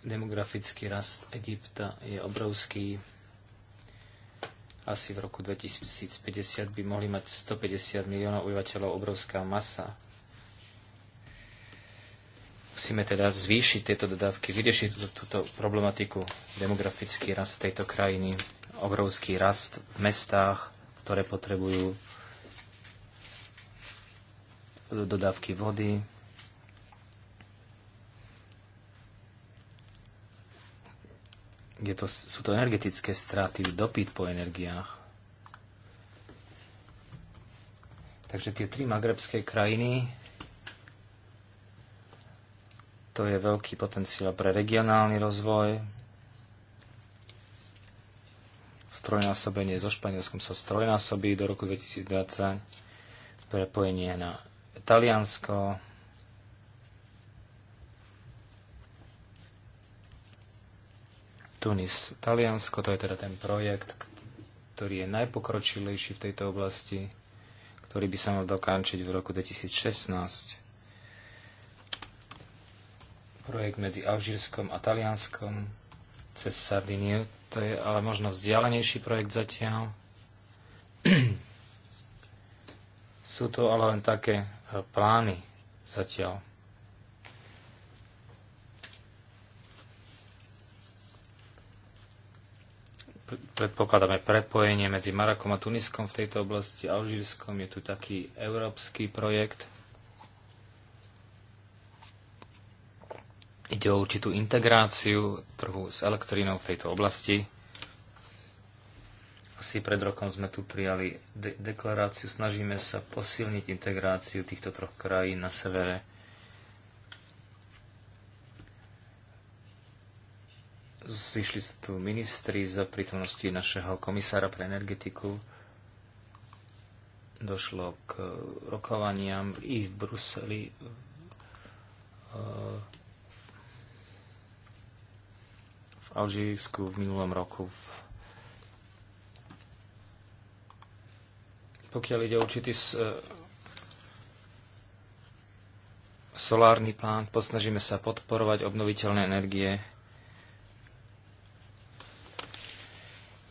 Demografický rast Egypta je obrovský. Asi v roku 2050 by mohli mať 150 miliónov obyvateľov obrovská masa. Musíme teda zvýšiť tieto dodávky, vyriešiť túto, túto problematiku. Demografický rast tejto krajiny, obrovský rast v mestách, ktoré potrebujú dodávky vody, je to, sú to energetické straty, dopyt po energiách. Takže tie tri magrebské krajiny, to je veľký potenciál pre regionálny rozvoj. Strojnásobenie so Španielskom sa strojnásobí do roku 2020. Prepojenie na Taliansko, Tunis, Taliansko, to je teda ten projekt, ktorý je najpokročilejší v tejto oblasti, ktorý by sa mal dokončiť v roku 2016. Projekt medzi Alžírskom a Talianskom cez Sardiniu, to je ale možno vzdialenejší projekt zatiaľ. [CLEARS THROAT] Sú to ale len také e, plány zatiaľ. predpokladáme prepojenie medzi Marakom a Tuniskom v tejto oblasti, Alžírskom. Je tu taký európsky projekt. Ide o určitú integráciu trhu s elektrínou v tejto oblasti. Asi pred rokom sme tu prijali de- deklaráciu. Snažíme sa posilniť integráciu týchto troch krajín na severe Zišli sa tu ministri za prítomnosti našeho komisára pre energetiku. Došlo k rokovaniam i v Bruseli. V Alžírsku v minulom roku. Pokiaľ ide určitý určitý solárny plán, posnažíme sa podporovať obnoviteľné energie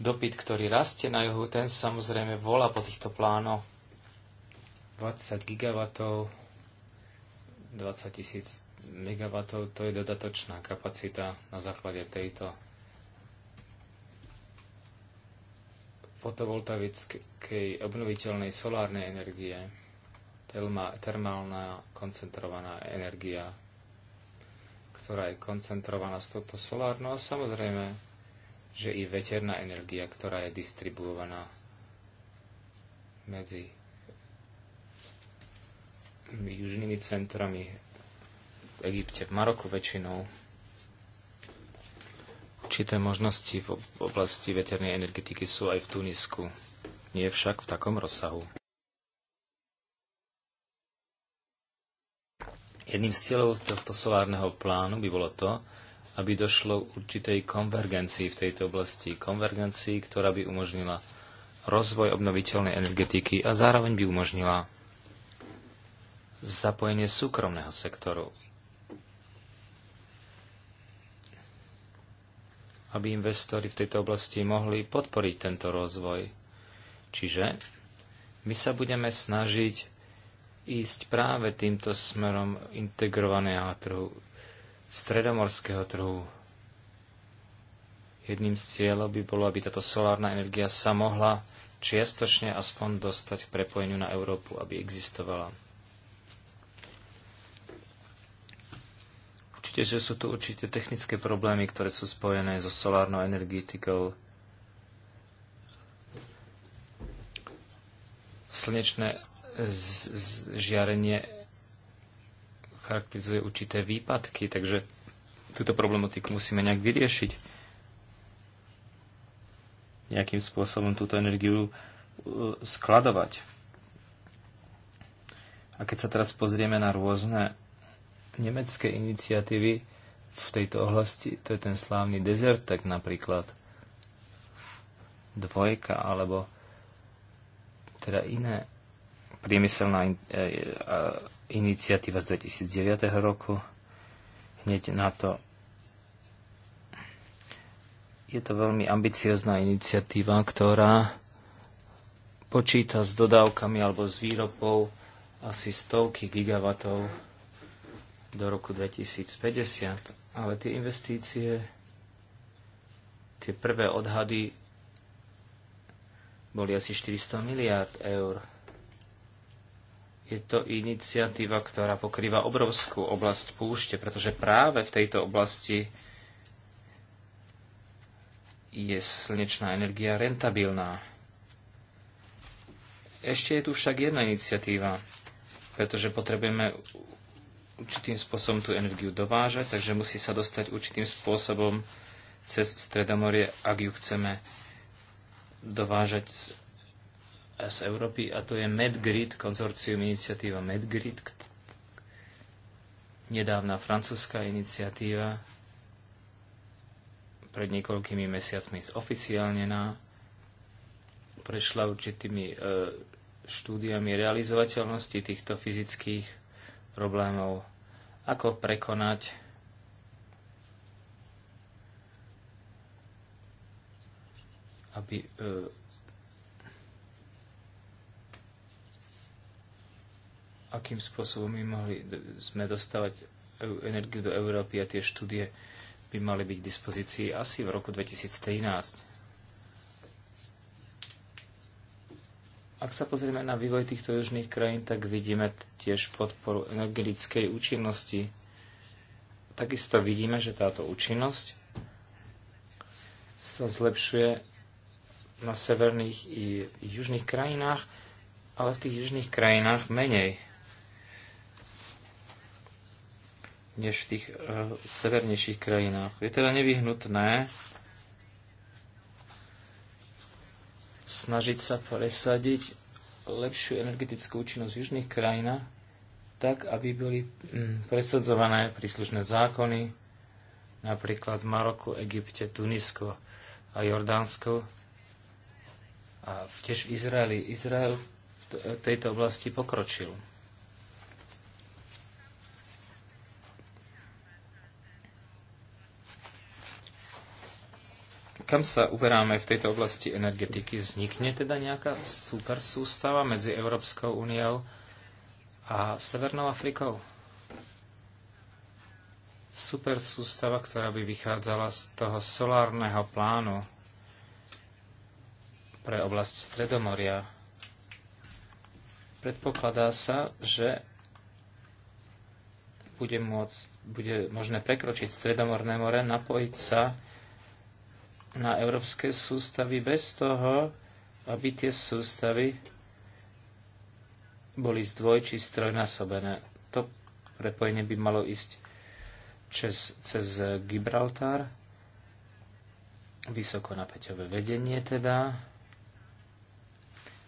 Dopyt, ktorý rastie na juhu, ten samozrejme volá po týchto plánoch. 20 gigawatov, 20 tisíc megawatov, to je dodatočná kapacita na základe tejto fotovoltaickej obnoviteľnej solárnej energie, termálna koncentrovaná energia, ktorá je koncentrovaná s touto solárno a samozrejme že i veterná energia, ktorá je distribuovaná medzi južnými centrami v Egypte, v Maroku väčšinou, určité možnosti v oblasti veternej energetiky sú aj v Tunisku, nie však v takom rozsahu. Jedným z cieľov tohto solárneho plánu by bolo to, aby došlo k určitej konvergencii v tejto oblasti. Konvergencii, ktorá by umožnila rozvoj obnoviteľnej energetiky a zároveň by umožnila zapojenie súkromného sektoru, aby investori v tejto oblasti mohli podporiť tento rozvoj. Čiže my sa budeme snažiť ísť práve týmto smerom integrovaného trhu stredomorského trhu. Jedným z cieľov by bolo, aby táto solárna energia sa mohla čiastočne aspoň dostať k prepojeniu na Európu, aby existovala. Určite, že sú tu určité technické problémy, ktoré sú spojené so solárnou energetikou. Slnečné žiarenie charakterizuje určité výpadky, takže túto problematiku musíme nejak vyriešiť. Nejakým spôsobom túto energiu uh, skladovať. A keď sa teraz pozrieme na rôzne nemecké iniciatívy v tejto oblasti, to je ten slávny desert, tak napríklad, dvojka alebo teda iné priemyselná in, e, e iniciatíva z 2009 roku. Hneď na to je to veľmi ambiciozná iniciatíva, ktorá počíta s dodávkami alebo s výrobou asi stovky gigawatov do roku 2050. Ale tie investície, tie prvé odhady boli asi 400 miliard eur. Je to iniciatíva, ktorá pokrýva obrovskú oblasť púšte, pretože práve v tejto oblasti je slnečná energia rentabilná. Ešte je tu však jedna iniciatíva, pretože potrebujeme určitým spôsobom tú energiu dovážať, takže musí sa dostať určitým spôsobom cez Stredomorie, ak ju chceme dovážať z z Európy a to je MedGrid, konzorcium iniciatíva MedGrid, nedávna francúzska iniciatíva pred niekoľkými mesiacmi zoficiálnená, prešla určitými e, štúdiami realizovateľnosti týchto fyzických problémov, ako prekonať aby e, akým spôsobom my mohli sme dostávať energiu do Európy a tie štúdie by mali byť k dispozícii asi v roku 2013. Ak sa pozrieme na vývoj týchto južných krajín, tak vidíme tiež podporu energetickej účinnosti. Takisto vidíme, že táto účinnosť sa zlepšuje na severných i južných krajinách, ale v tých južných krajinách menej. než v tých e, severnejších krajinách. Je teda nevyhnutné snažiť sa presadiť lepšiu energetickú účinnosť v južných krajinách, tak aby boli hm, presadzované príslušné zákony, napríklad v Maroku, Egypte, Tunisko a Jordánsku a tiež v Izraeli. Izrael v tejto oblasti pokročil. kam sa uberáme v tejto oblasti energetiky? Vznikne teda nejaká super sústava medzi Európskou úniou a Severnou Afrikou? Super sústava, ktorá by vychádzala z toho solárneho plánu pre oblasť Stredomoria. Predpokladá sa, že bude, môcť, bude možné prekročiť Stredomorné more, napojiť sa na európske sústavy bez toho, aby tie sústavy boli zdvoj či strojnásobené. To prepojenie by malo ísť cez, cez Gibraltar, vysokonapäťové vedenie teda,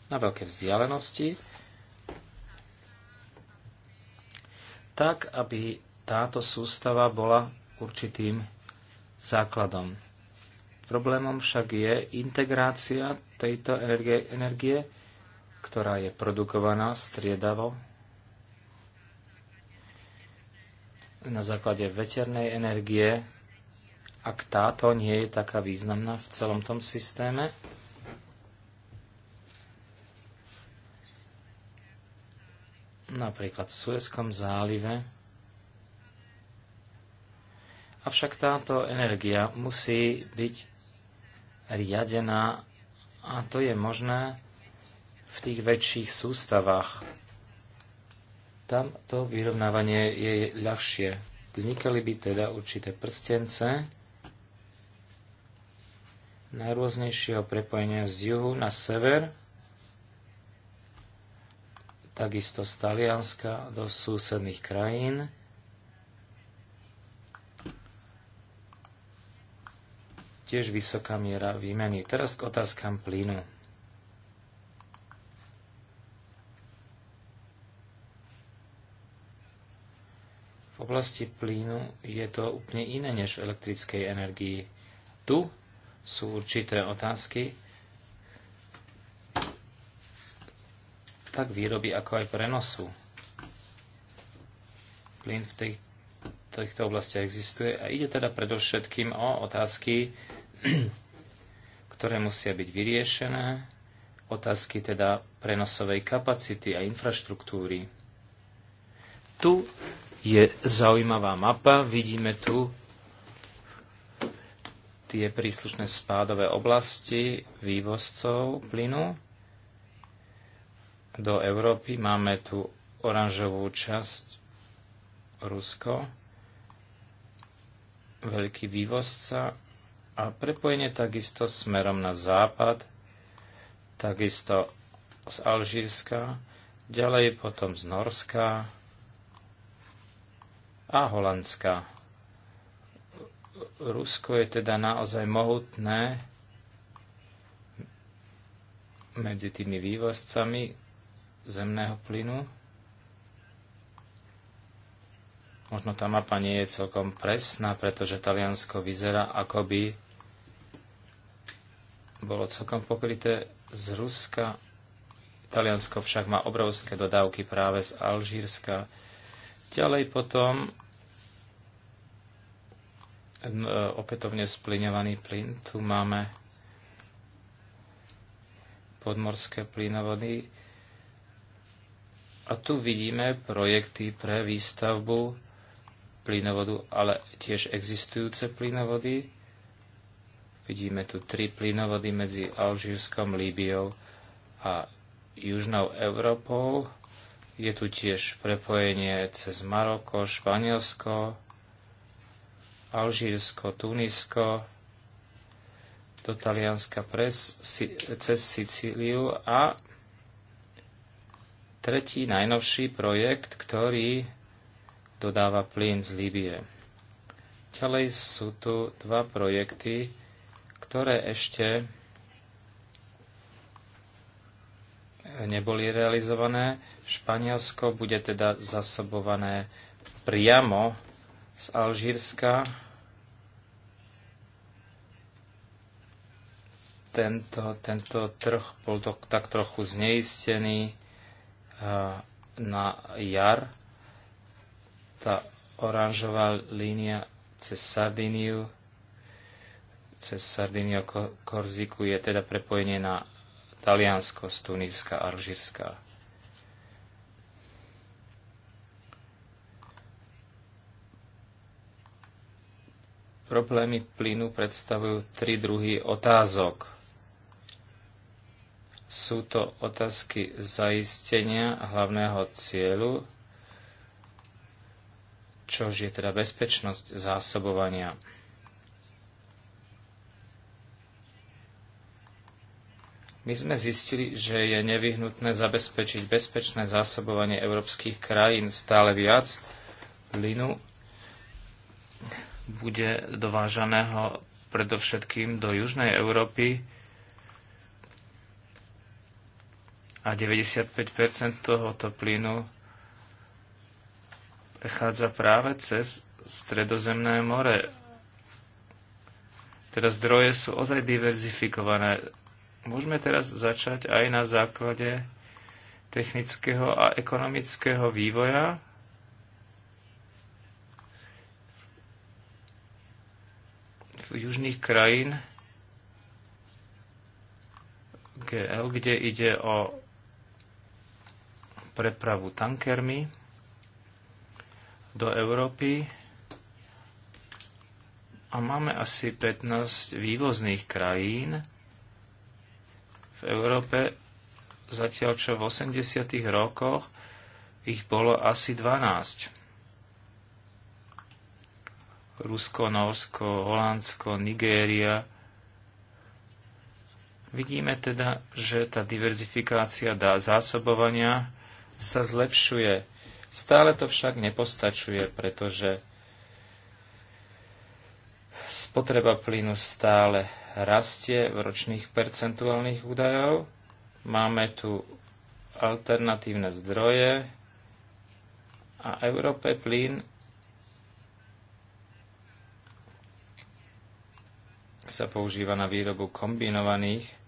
na veľké vzdialenosti, tak, aby táto sústava bola určitým základom Problémom však je integrácia tejto energie, energie ktorá je produkovaná striedavo na základe veternej energie, ak táto nie je taká významná v celom tom systéme. Napríklad v Suezkom zálive. Avšak táto energia musí byť riadená a to je možné v tých väčších sústavách. Tam to vyrovnávanie je ľahšie. Vznikali by teda určité prstence najrôznejšieho prepojenia z juhu na sever, takisto z Talianska do susedných krajín, tiež vysoká miera výmeny. Teraz k otázkam plynu. V oblasti plynu je to úplne iné než v elektrickej energii. Tu sú určité otázky, tak výroby ako aj prenosu. Plyn v tej, týchto oblastiach existuje. A ide teda predovšetkým o otázky, [CLEARS THROAT] ktoré musia byť vyriešené, otázky teda prenosovej kapacity a infraštruktúry. Tu je zaujímavá mapa, vidíme tu tie príslušné spádové oblasti vývozcov plynu do Európy. Máme tu oranžovú časť Rusko, veľký vývozca a prepojenie takisto smerom na západ, takisto z Alžírska, ďalej potom z Norska a Holandska. Rusko je teda naozaj mohutné medzi tými vývozcami zemného plynu. Možno tá mapa nie je celkom presná, pretože Taliansko vyzerá, ako by bolo celkom pokryté z Ruska. Taliansko však má obrovské dodávky práve z Alžírska. Ďalej potom e, opätovne splyňovaný plyn. Tu máme podmorské plynovody. A tu vidíme projekty pre výstavbu plynovodu, ale tiež existujúce plynovody. Vidíme tu tri plynovody medzi Alžírskom, Líbiou a Južnou Európou. Je tu tiež prepojenie cez Maroko, Španielsko, Alžírsko, Tunisko, do Talianska pres, si, cez Sicíliu a tretí najnovší projekt, ktorý dodáva plyn z Líbie. Ďalej sú tu dva projekty, ktoré ešte neboli realizované. Španielsko bude teda zasobované priamo z Alžírska. Tento, tento trh bol to, tak trochu zneistený na jar tá oranžová línia cez Sardiniu, cez Sardiniu Korziku je teda prepojenie na Taliansko z Tuniska a Alžírska. Problémy plynu predstavujú tri druhy otázok. Sú to otázky zaistenia hlavného cieľu, čož je teda bezpečnosť zásobovania. My sme zistili, že je nevyhnutné zabezpečiť bezpečné zásobovanie európskych krajín stále viac plynu bude dovážaného predovšetkým do Južnej Európy a 95 tohoto plynu prechádza práve cez Stredozemné more. Teda zdroje sú ozaj diverzifikované. Môžeme teraz začať aj na základe technického a ekonomického vývoja v južných krajín GL, kde ide o prepravu tankermi do Európy a máme asi 15 vývozných krajín v Európe, zatiaľ čo v 80. rokoch ich bolo asi 12. Rusko, Norsko, Holandsko, Nigéria. Vidíme teda, že tá diverzifikácia zásobovania sa zlepšuje Stále to však nepostačuje, pretože spotreba plynu stále rastie v ročných percentuálnych údajov. Máme tu alternatívne zdroje a Európe plyn sa používa na výrobu kombinovaných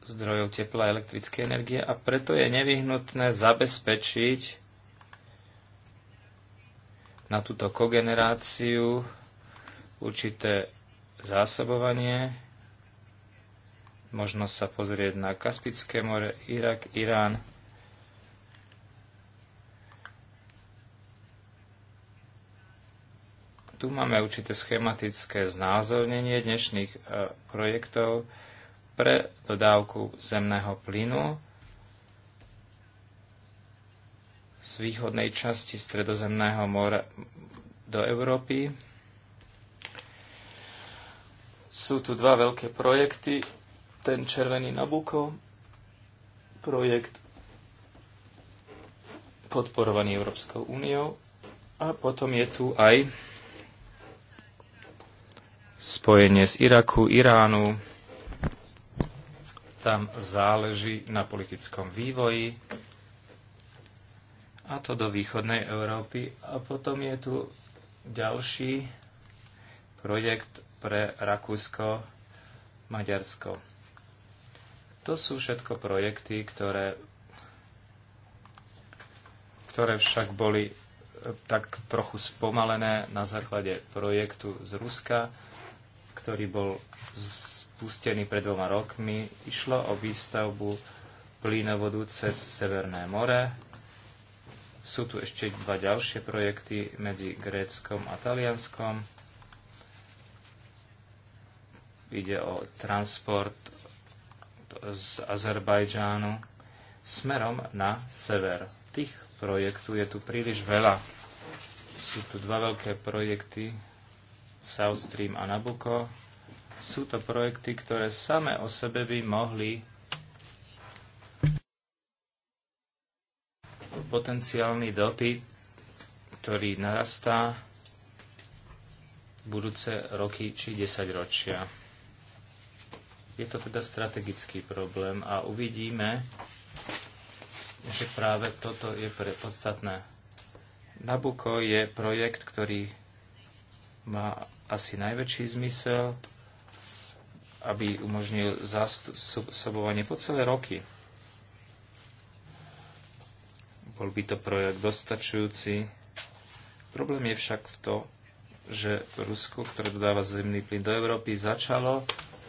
zdrojov tepla a elektrickej energie a preto je nevyhnutné zabezpečiť na túto kogeneráciu určité zásobovanie. Možno sa pozrieť na Kaspické more, Irak, Irán. Tu máme určité schematické znázornenie dnešných e, projektov pre dodávku zemného plynu z východnej časti Stredozemného mora do Európy. Sú tu dva veľké projekty. Ten červený Nabuko, projekt podporovaný Európskou úniou. A potom je tu aj spojenie z Iraku, Iránu, tam záleží na politickom vývoji, a to do východnej Európy. A potom je tu ďalší projekt pre Rakúsko, Maďarsko. To sú všetko projekty, ktoré, ktoré však boli eh, tak trochu spomalené na základe projektu z Ruska, ktorý bol spustený pred dvoma rokmi. Išlo o výstavbu plynovodu cez Severné more. Sú tu ešte dva ďalšie projekty medzi Gréckom a Talianskom. Ide o transport z Azerbajdžánu smerom na sever. Tých projektov je tu príliš veľa. Sú tu dva veľké projekty South Stream a Nabucco, sú to projekty, ktoré same o sebe by mohli potenciálny dopyt, ktorý narastá budúce roky či desaťročia. Je to teda strategický problém a uvidíme, že práve toto je podstatné. Nabucco je projekt, ktorý má asi najväčší zmysel, aby umožnil zásobovanie po celé roky. Bol by to projekt dostačujúci. Problém je však v to, že Rusko, ktoré dodáva zemný plyn do Európy, začalo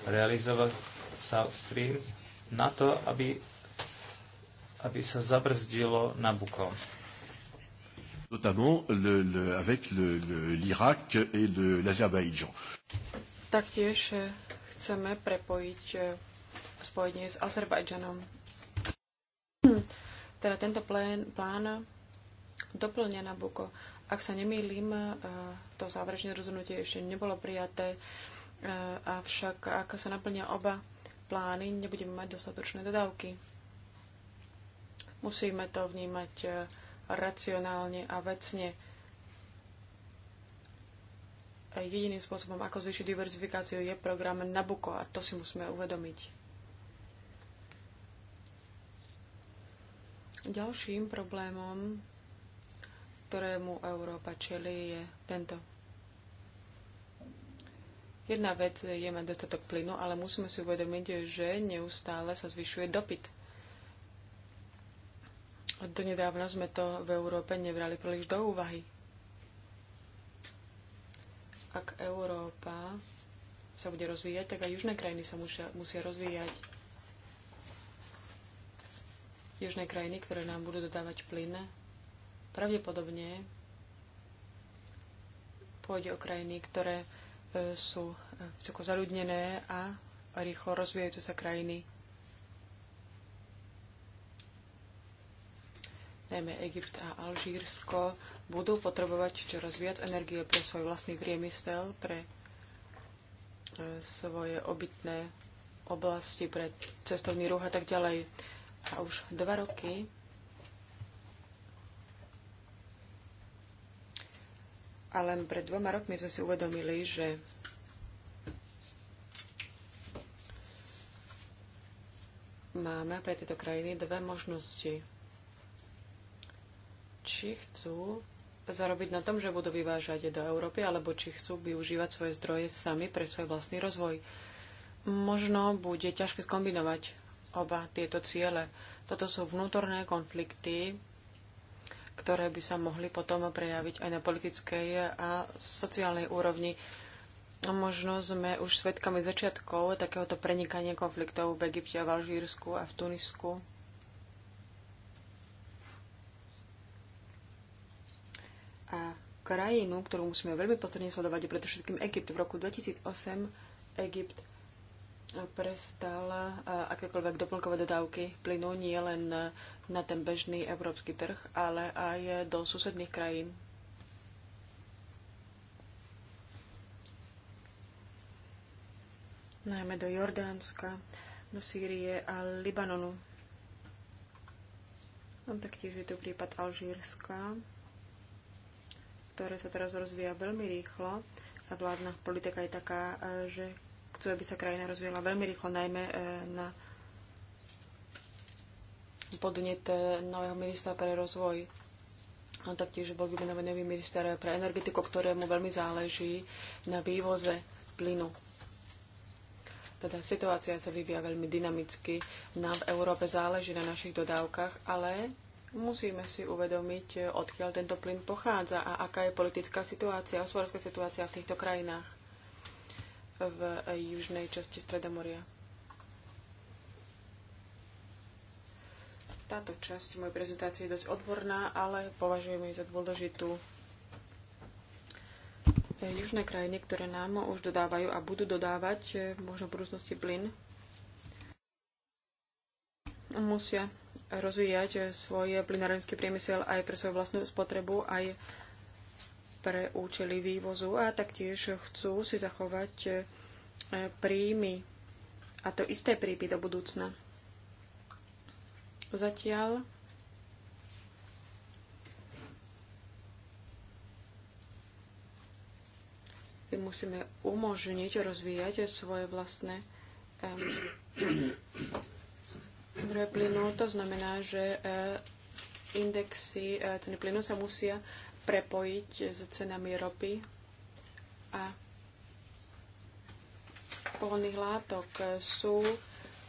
realizovať South Stream na to, aby, aby sa zabrzdilo Nabukom notamment le, le, avec l'Irak le, le, et l'Azerbaïdjan. Taktiež eh, chceme prepojiť eh, spojenie s Azerbajdžanom. [CLEARS THROAT] Teda tento plén, plán doplňa Nabuko. Ak sa nemýlim, eh, to záverečné rozhodnutie ešte nebolo prijaté, avšak ak sa naplnia oba plány, nebudeme mať dostatočné dodávky. Musíme to vnímať racionálne a vecne. Jediným spôsobom, ako zvýšiť diverzifikáciu, je program Nabuko a to si musíme uvedomiť. Ďalším problémom, ktorému Európa čeli, je tento. Jedna vec je mať dostatok plynu, ale musíme si uvedomiť, že neustále sa zvyšuje dopyt nedávna sme to v Európe nevrali príliš do úvahy. Ak Európa sa bude rozvíjať, tak aj južné krajiny sa musia, musia rozvíjať. Južné krajiny, ktoré nám budú dodávať plyn, pravdepodobne pôjde o krajiny, ktoré e, sú e, vysoko zaludnené a rýchlo rozvíjajúce sa krajiny. najmä Egypt a Alžírsko, budú potrebovať čoraz viac energie pre svoj vlastný priemysel, pre e, svoje obytné oblasti, pre cestovný ruch a tak ďalej. A už dva roky A len pred dvoma rokmi sme si uvedomili, že máme pre tieto krajiny dve možnosti či chcú zarobiť na tom, že budú vyvážať do Európy, alebo či chcú využívať svoje zdroje sami pre svoj vlastný rozvoj. Možno bude ťažké skombinovať oba tieto ciele. Toto sú vnútorné konflikty, ktoré by sa mohli potom prejaviť aj na politickej a sociálnej úrovni. Možno sme už svedkami začiatkov takéhoto prenikania konfliktov v Egypte, a v Alžírsku a v Tunisku. A krajinu, ktorú musíme veľmi pozorne sledovať, je predovšetkým Egypt. V roku 2008 Egypt eh, prestal eh, akékoľvek doplnkové dodávky plynu nie len eh, na ten bežný európsky trh, ale aj do susedných krajín. najmä do Jordánska, do Sýrie a Libanonu. Mám taktiež je tu prípad Alžírska, ktoré sa teraz rozvíja veľmi rýchlo. A vládna politika je taká, e, že chcú, aby sa krajina rozvíjala veľmi rýchlo, najmä e, na podnet e, nového ministra pre rozvoj. A taktiež bol vymenovaný nový minister pre energetiku, ktorému veľmi záleží na vývoze plynu. Teda situácia sa vyvíja veľmi dynamicky. Nám v Európe záleží na našich dodávkach, ale Musíme si uvedomiť, eh, odkiaľ tento plyn pochádza a aká je politická situácia, osvorská situácia v týchto krajinách v južnej časti Stredomoria. Táto časť mojej prezentácie je dosť odborná, ale považujem ju za dôležitú. Eh, južné krajiny, ktoré nám už dodávajú a budú dodávať eh, možno v budúcnosti plyn, musia rozvíjať svoj plinárenský priemysel aj pre svoju vlastnú spotrebu, aj pre účely vývozu a taktiež chcú si zachovať e, príjmy a to isté príjmy do budúcna. Zatiaľ musíme umožniť rozvíjať svoje vlastné zdroje plynu. To znamená, že eh, indexy eh, ceny plynu sa musia prepojiť s cenami ropy a pohodných látok eh, sú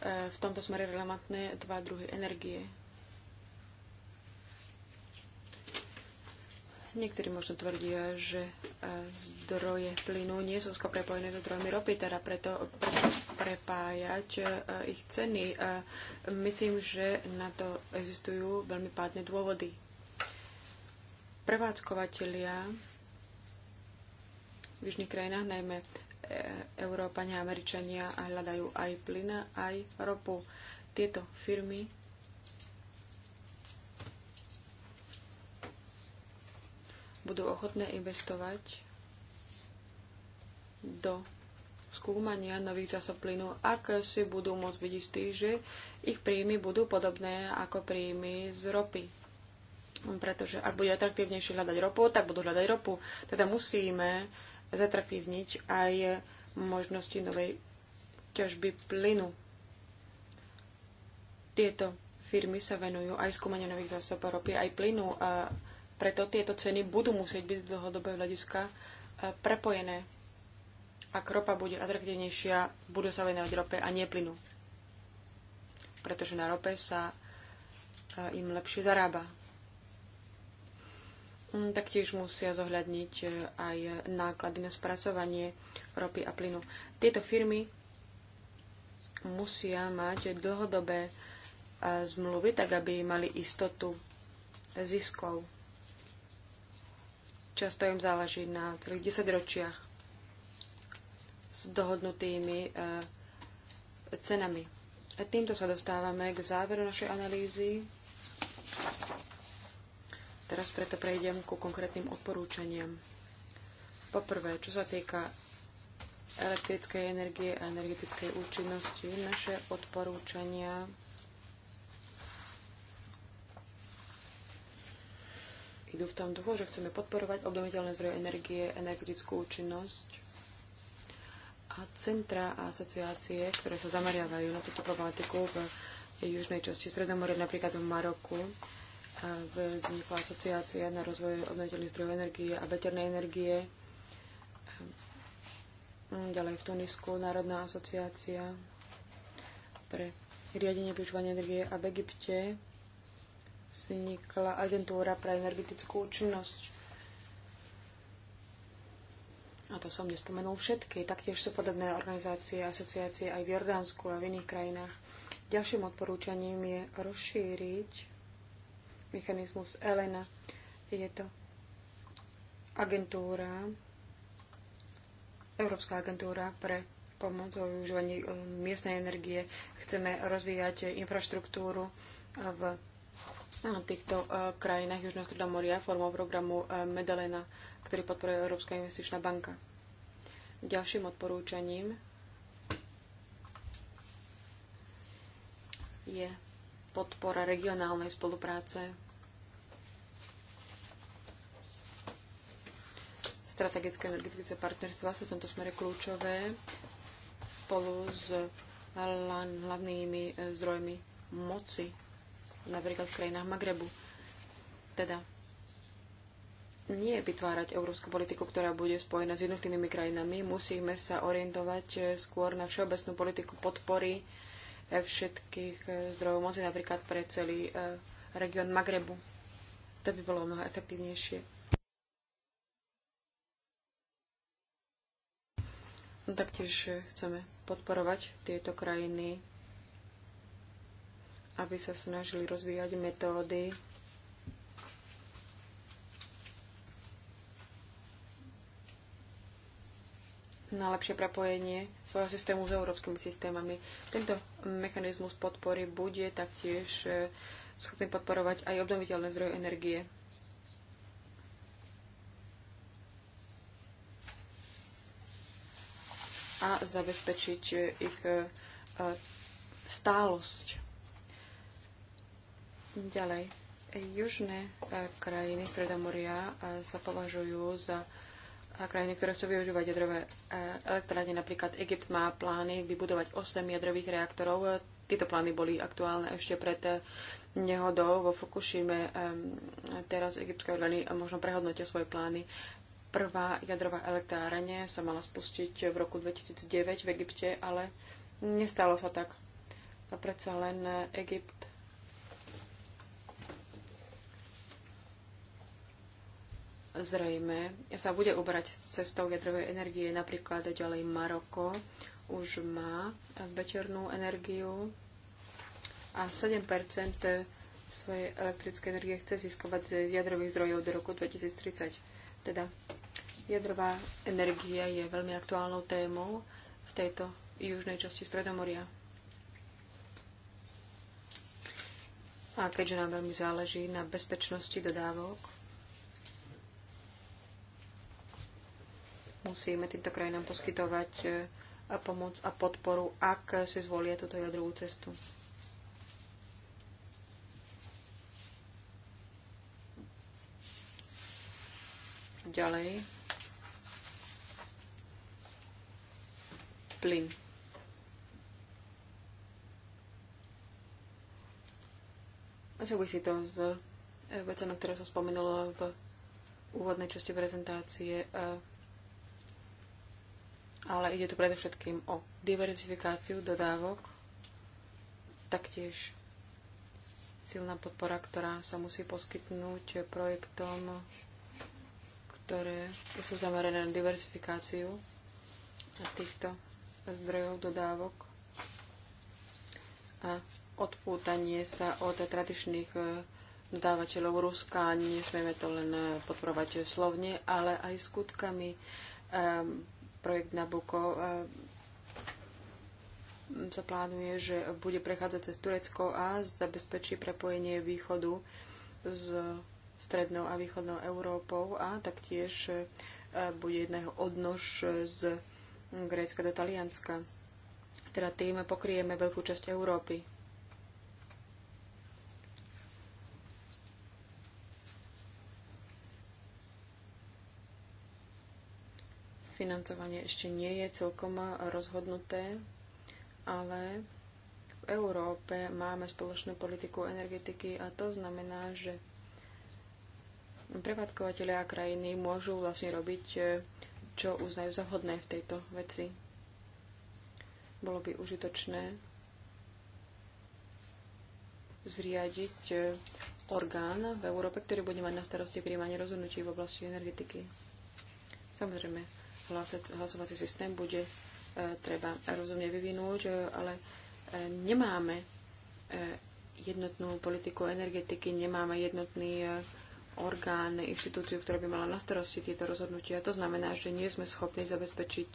v tomto smere relevantné dva druhy energie. Niektorí možno tvrdia, že zdroje plynu nie sú úzko prepojené so zdrojmi ropy, teda preto, preto prepájať e, ich ceny. E, myslím, že na to existujú veľmi pádne dôvody. Prevádzkovateľia v južných krajinách, najmä e, Európania a Američania, hľadajú aj plyn, aj ropu. Tieto firmy budú ochotné investovať do skúmania nových zásob plynu, ak si budú môcť byť istí, že ich príjmy budú podobné ako príjmy z ropy. Pretože ak bude atraktívnejšie hľadať ropu, tak budú hľadať ropu. Teda musíme zatraktívniť aj možnosti novej ťažby plynu. Tieto firmy sa venujú aj skúmaniu nových zásob ropy, aj plynu a preto tieto ceny budú musieť byť z dlhodobého hľadiska prepojené ak ropa bude atraktívnejšia, budú sa venovať rope a nie plynu. Pretože na rope sa eh, im lepšie zarába. Mm, taktiež musia zohľadniť eh, aj náklady na spracovanie ropy a plynu. Tieto firmy musia mať dlhodobé eh, zmluvy, tak aby mali istotu ziskov. Často im záleží na celých ročiach s dohodnutými e, cenami. A týmto sa dostávame k záveru našej analýzy. Teraz preto prejdem ku konkrétnym odporúčaniam. Poprvé, čo sa týka elektrickej energie a energetickej účinnosti, naše odporúčania idú v tom duchu, že chceme podporovať obnoviteľné zdroje energie, energetickú účinnosť a centra a asociácie, ktoré sa zameriavajú na túto problematiku v južnej časti Stredomoria, napríklad v Maroku, vznikla asociácia na rozvoj obnoviteľných zdrojov energie a veternej energie. Ďalej v Tunisku Národná asociácia pre riadenie využívania energie a v Egypte vznikla agentúra pre energetickú účinnosť a to som nespomenul všetky, taktiež sú podobné organizácie, asociácie aj v Jordánsku a v iných krajinách. Ďalším odporúčaním je rozšíriť mechanizmus Elena. Je to agentúra, Európska agentúra pre pomoc o využívaní miestnej energie. Chceme rozvíjať infraštruktúru v v týchto e, krajinách Južného moria formou programu e, Medelena, ktorý podporuje Európska investičná banka. Ďalším odporúčaním je podpora regionálnej spolupráce, strategické energetické partnerstva sú v tomto smere kľúčové spolu s hlavnými e, zdrojmi moci napríklad v krajinách Magrebu. Teda nie vytvárať európsku politiku, ktorá bude spojená s jednotlivými krajinami. Musíme sa orientovať eh, skôr na všeobecnú politiku podpory eh, všetkých eh, zdrojov moci, napríklad pre celý región Magrebu. To by bolo mnoho efektívnejšie. No, taktiež chceme podporovať tieto krajiny aby sa snažili rozvíjať metódy, na lepšie prepojenie svojho systému s európskymi systémami. Tento mechanizmus podpory bude taktiež e, schopný podporovať aj obnoviteľné zdroje energie. a zabezpečiť e, ich e, stálosť. Ďalej. Južné eh, krajiny Stredomoria eh, sa považujú za eh, krajiny, ktoré chcú využívať jadrové elektrárne. Napríklad Egypt má plány vybudovať 8 jadrových reaktorov. Tieto plány boli aktuálne ešte pred nehodou vo Fukushime. Teraz egyptské orgány možno prehodnotia svoje plány. Prvá jadrová elektrárne sa mala spustiť v roku 2009 v Egypte, ale nestalo sa tak. A predsa len Egypt zrejme sa bude obrať cestou jadrovej energie. Napríklad ďalej Maroko už má večernú energiu a 7 svojej elektrické energie chce získovať z jadrových zdrojov do roku 2030. Teda jadrová energia je veľmi aktuálnou témou v tejto južnej časti Stredomoria. A keďže nám veľmi záleží na bezpečnosti dodávok, Musíme týmto krajinám poskytovať e, pomoc a podporu, ak si zvolia túto jadrovú cestu. Ďalej. Plyn. Súvisí to s e, vecami, ktoré som spomenula v úvodnej časti prezentácie. A ale ide tu predovšetkým o diverzifikáciu dodávok, taktiež silná podpora, ktorá sa musí poskytnúť projektom, ktoré sú zamerané na diversifikáciu týchto zdrojov dodávok a odpútanie sa od tradičných e, dodávateľov Ruska. Nesmieme to len e, podporovať slovne, ale aj skutkami e, projekt Nabuko eh, sa plánuje, že bude prechádzať cez Turecko a zabezpečí prepojenie východu s strednou a východnou Európou a taktiež eh, bude jedného odnož eh, z Grécka do Talianska. Teda tým pokrieme veľkú časť Európy. Financovanie ešte nie je celkom rozhodnuté, ale v Európe máme spoločnú politiku energetiky a to znamená, že prevádzkovateľe a krajiny môžu vlastne robiť, e, čo uznajú za hodné v tejto veci. Bolo by užitočné zriadiť e, orgán v Európe, ktorý bude mať na starosti príjmanie rozhodnutí v oblasti energetiky. Samozrejme, hlasovací systém bude e, treba rozumne vyvinúť, e, ale e, nemáme jednotnú politiku energetiky, nemáme jednotný orgán, inštitúciu, ktorá by mala na starosti tieto rozhodnutia. To znamená, že nie sme schopní zabezpečiť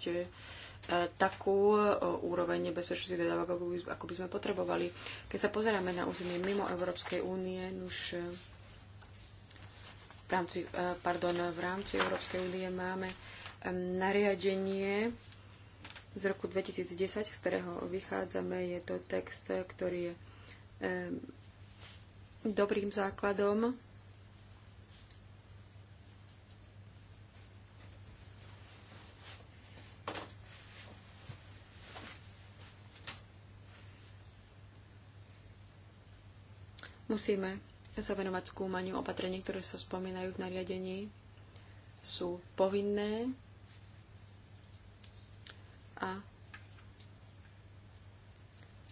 takú úroveň nebezpečnosti dodávok, ako by sme potrebovali. Keď sa pozeráme na územie mimo Európskej únie, už v rámci, pardon, v rámci Európskej únie máme nariadenie z roku 2010, z ktorého vychádzame. Je to text, eh, ktorý je dobrým základom. Musíme sa venovať skúmaniu opatrení, ktoré sa spomínajú v nariadení. Sú povinné, a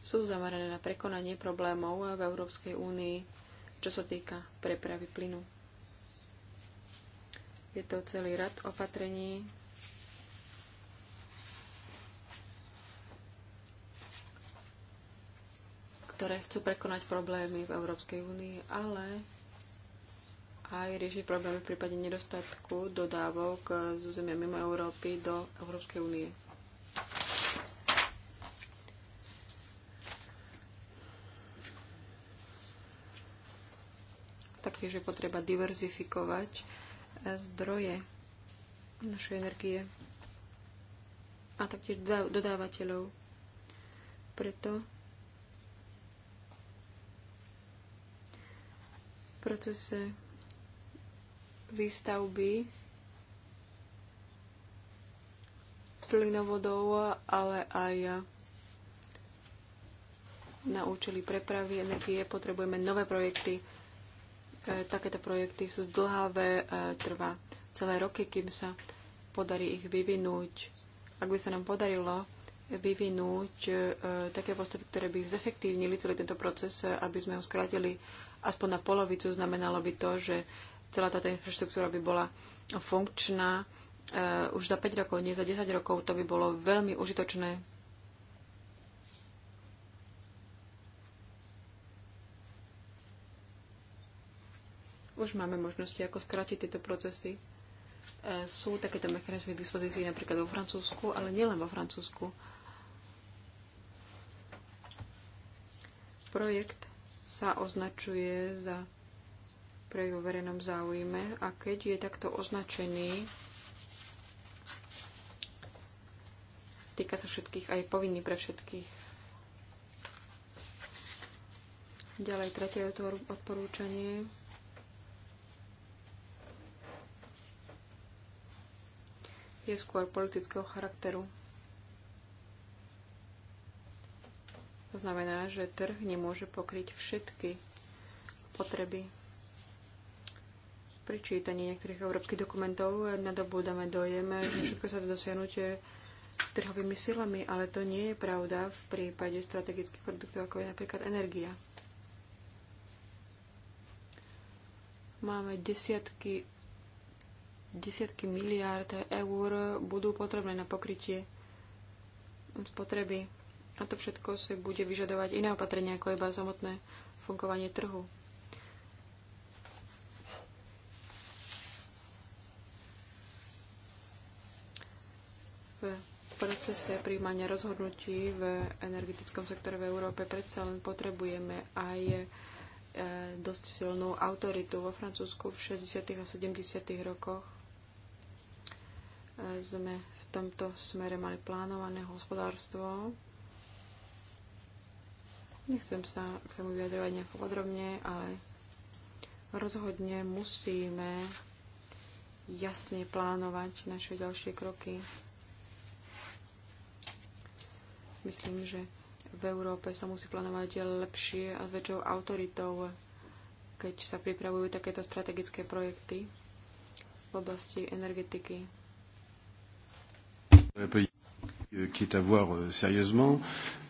sú zamerané na prekonanie problémov v Európskej únii, čo sa týka prepravy plynu. Je to celý rad opatrení, ktoré chcú prekonať problémy v Európskej únii, ale aj riešiť problémy v prípade nedostatku dodávok z územia mimo Európy do Európskej únie. taktiež je potreba diverzifikovať e, zdroje našej energie a taktiež dodávateľov. Preto v procese výstavby plynovodov, ale aj na účely prepravy energie potrebujeme nové projekty E, takéto projekty sú zdlhavé, e, trvá celé roky, kým sa podarí ich vyvinúť. Ak by sa nám podarilo vyvinúť e, také postupy, ktoré by zefektívnili celý tento proces, aby sme ho skrátili aspoň na polovicu, znamenalo by to, že celá táto infraštruktúra by bola funkčná už za 5 rokov, nie za 10 rokov. To by bolo veľmi užitočné Už máme možnosti, ako skrátiť tieto procesy. E, sú takéto mechanizmy k dispozícii napríklad vo Francúzsku, ale nielen vo Francúzsku. Projekt sa označuje za projekt vo verejnom záujme a keď je takto označený, týka sa všetkých a je povinný pre všetkých. Ďalej tretie odporúčanie. je skôr politického charakteru. To znamená, že trh nemôže pokryť všetky potreby. Pri čítaní niektorých európskych dokumentov na dobu dáme dojem, že všetko sa dosiahnutie dosiahnuť trhovými silami, ale to nie je pravda v prípade strategických produktov, ako je napríklad energia. Máme desiatky desiatky miliárd eur budú potrebné na pokrytie spotreby. A to všetko si bude vyžadovať iné opatrenia ako iba samotné fungovanie trhu. V procese príjmania rozhodnutí v energetickom sektore v Európe predsa len potrebujeme aj e, dosť silnú autoritu. Vo Francúzsku v 60. a 70. rokoch sme v tomto smere mali plánované hospodárstvo. Nechcem sa k tomu vyjadrovať nejako podrobne, ale rozhodne musíme jasne plánovať naše ďalšie kroky. Myslím, že v Európe sa musí plánovať lepšie a s väčšou autoritou, keď sa pripravujú takéto strategické projekty v oblasti energetiky. Euh, qui est à voir euh, sérieusement.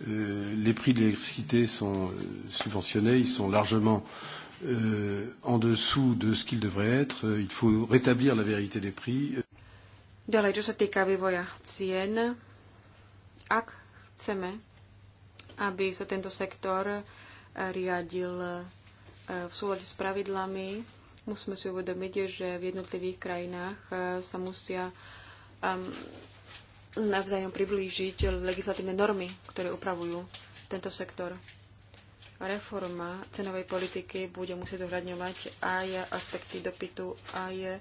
Euh, les prix de l'électricité sont subventionnés, ils sont largement en dessous de ce qu'ils devraient être. Il faut rétablir la vérité des prix. Ďalej, čo sa týka vývoja cien, ak chceme, aby sa tento sektor eh, riadil eh, v súlade s pravidlami, musíme si uvedomiť, že v jednotlivých krajinách eh, sa musia navzájom priblížiť legislatívne normy, ktoré upravujú tento sektor. Reforma cenovej politiky bude musieť zohľadňovať aj aspekty dopytu, aj e,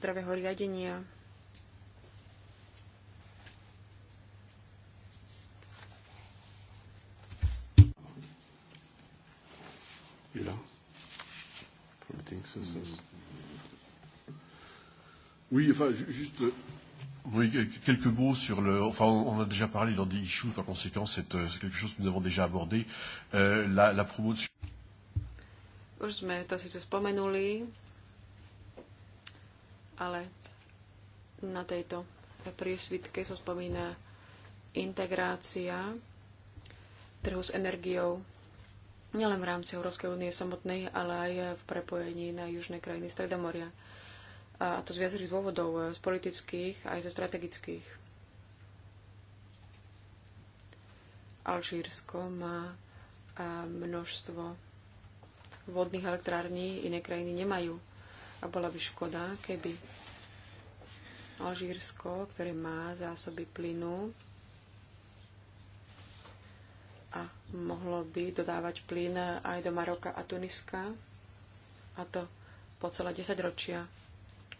zdravého riadenia. Mira. Oui, enfin, juste Oui, quelques mots sur le. Enfin, on a déjà parlé dans des issues, par conséquent, euh, c'est quelque chose que nous avons déjà abordé. Euh, la, la promotion. Už sme to síce spomenuli, ale na tejto priesvitke sa spomína integrácia trhu s energiou nielen v rámci Európskej únie samotnej, ale aj v prepojení na južné krajiny Stredomoria a to z viacerých dôvodov, e, z politických aj zo strategických. Alžírsko má e, množstvo vodných elektrární, iné krajiny nemajú. A bola by škoda, keby Alžírsko, ktoré má zásoby plynu a mohlo by dodávať plyn aj do Maroka a Tuniska, a to po celé 10 ročia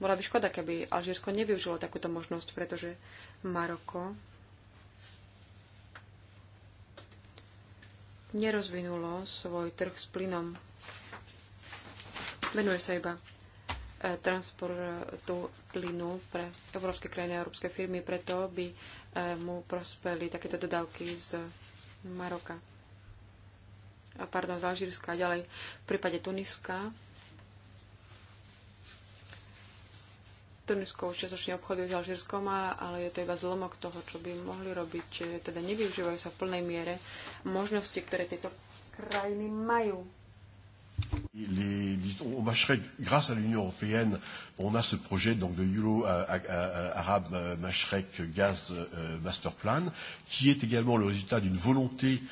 bola by škoda, keby Alžírsko nevyužilo takúto možnosť, pretože Maroko nerozvinulo svoj trh s plynom. Venuje sa iba e, transportu plynu pre európske krajiny a európske firmy, preto by e, mu prospeli takéto dodávky z Maroka. A pardon, z Alžírska a ďalej. V prípade Tuniska Tunisko už čiastočne obchoduje s Alžírskom, ale je to iba zlomok toho, čo by mohli robiť. E, teda nevyužívajú sa v plnej miere možnosti, ktoré tieto krajiny majú. Les, on marcherait grâce à l'Union européenne. On a ce projet donc de Euro euh, euh, euh, Arab Mashrek Gaz Master Plan, qui est également le résultat d'une volonté.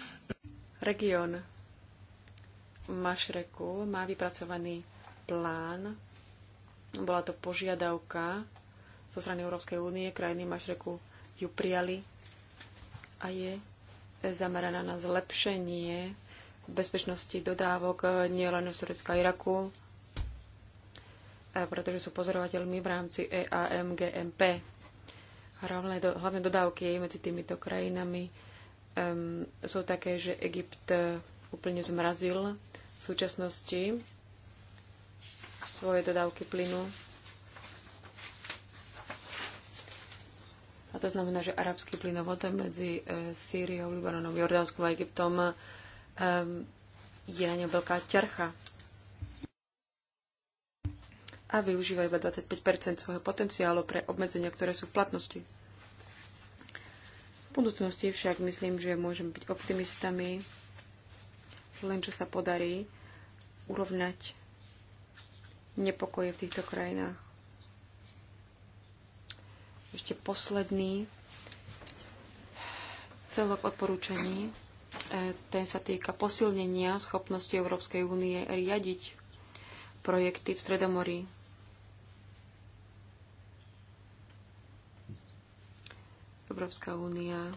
Region Mašreku má vypracovaný plan bola to požiadavka zo strany Európskej únie, krajiny Mašreku ju prijali a je zameraná na zlepšenie bezpečnosti dodávok nielen z Turecka a Iraku, eh, pretože sú pozorovateľmi v rámci EAMGMP. Hlavné, do, hlavné dodávky medzi týmito krajinami um, sú také, že Egypt eh, úplne zmrazil v súčasnosti svoje dodávky plynu. A to znamená, že arabský plynovod medzi e, Sýriou, Libanonom, Jordánskom a Egyptom e, je na ňom veľká ťarcha a využíva iba 25 svojho potenciálu pre obmedzenia, ktoré sú v platnosti. V budúcnosti však myslím, že môžeme byť optimistami, len čo sa podarí urovnať nepokoje v týchto krajinách. Ešte posledný celok odporúčaní. E, ten sa týka posilnenia schopnosti Európskej únie riadiť projekty v Stredomorí. Európska únia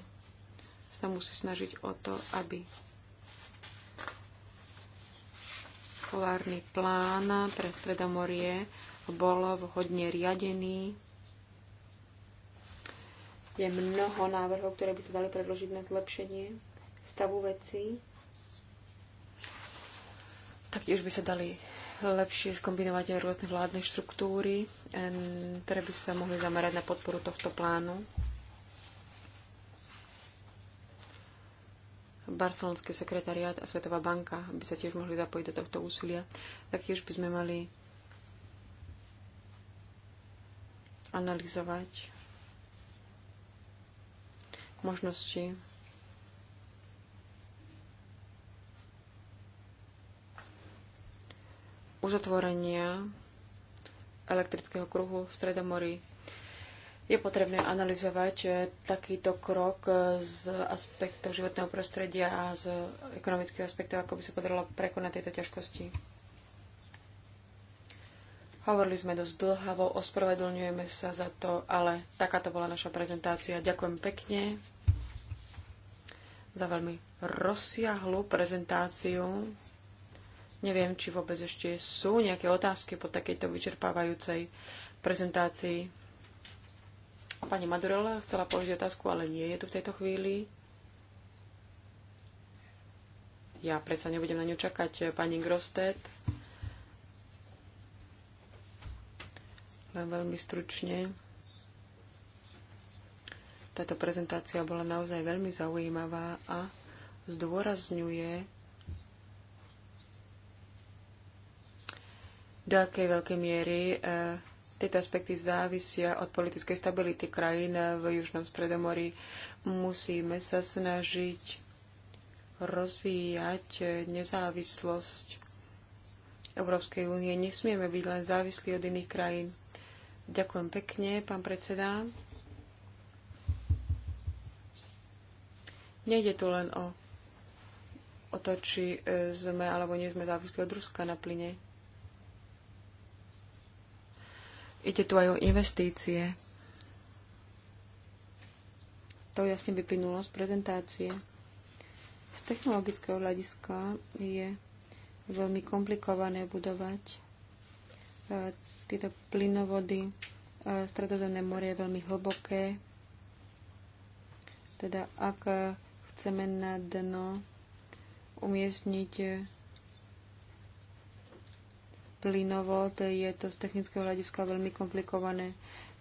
sa musí snažiť o to, aby Cirkulárny plán pre Stredomorie bol vhodne riadený. Je mnoho návrhov, ktoré by sa dali predložiť na zlepšenie stavu vecí. Taktiež by sa dali lepšie skombinovať aj rôzne vládne štruktúry, ktoré by sa mohli zamerať na podporu tohto plánu. Barcelonský sekretariát a Svetová banka by sa tiež mohli zapojiť do tohto úsilia. tak tiež by sme mali analyzovať možnosti uzatvorenia elektrického kruhu v Stredomorí je potrebné analyzovať e, takýto krok e, z aspektov životného prostredia a z ekonomických aspektov, ako by sa podarilo prekonať tieto ťažkosti. Hovorili sme dosť dlhavo, ospravedlňujeme sa za to, ale takáto bola naša prezentácia. Ďakujem pekne za veľmi rozsiahlu prezentáciu. Neviem, či vôbec ešte sú nejaké otázky po takejto vyčerpávajúcej prezentácii. Pani Madurel chcela položiť otázku, ale nie je tu v tejto chvíli. Ja predsa nebudem na ňu čakať. Pani Grostet. Len veľmi stručne. Táto prezentácia bola naozaj veľmi zaujímavá a zdôrazňuje, do akej veľkej miery e, tieto aspekty závisia od politickej stability krajín v Južnom Stredomorí. Musíme sa snažiť rozvíjať nezávislosť Európskej únie. Nesmieme byť len závislí od iných krajín. Ďakujem pekne, pán predseda. Nejde tu len o, o to, či e, sme alebo nie sme závislí od Ruska na plyne. Ide tu aj o investície. To jasne vyplynulo z prezentácie. Z technologického hľadiska je veľmi komplikované budovať e, tieto plynovody. E, Stredozemné more je veľmi hlboké. Teda ak chceme na dno umiestniť plynovod. Je to z technického hľadiska veľmi komplikované.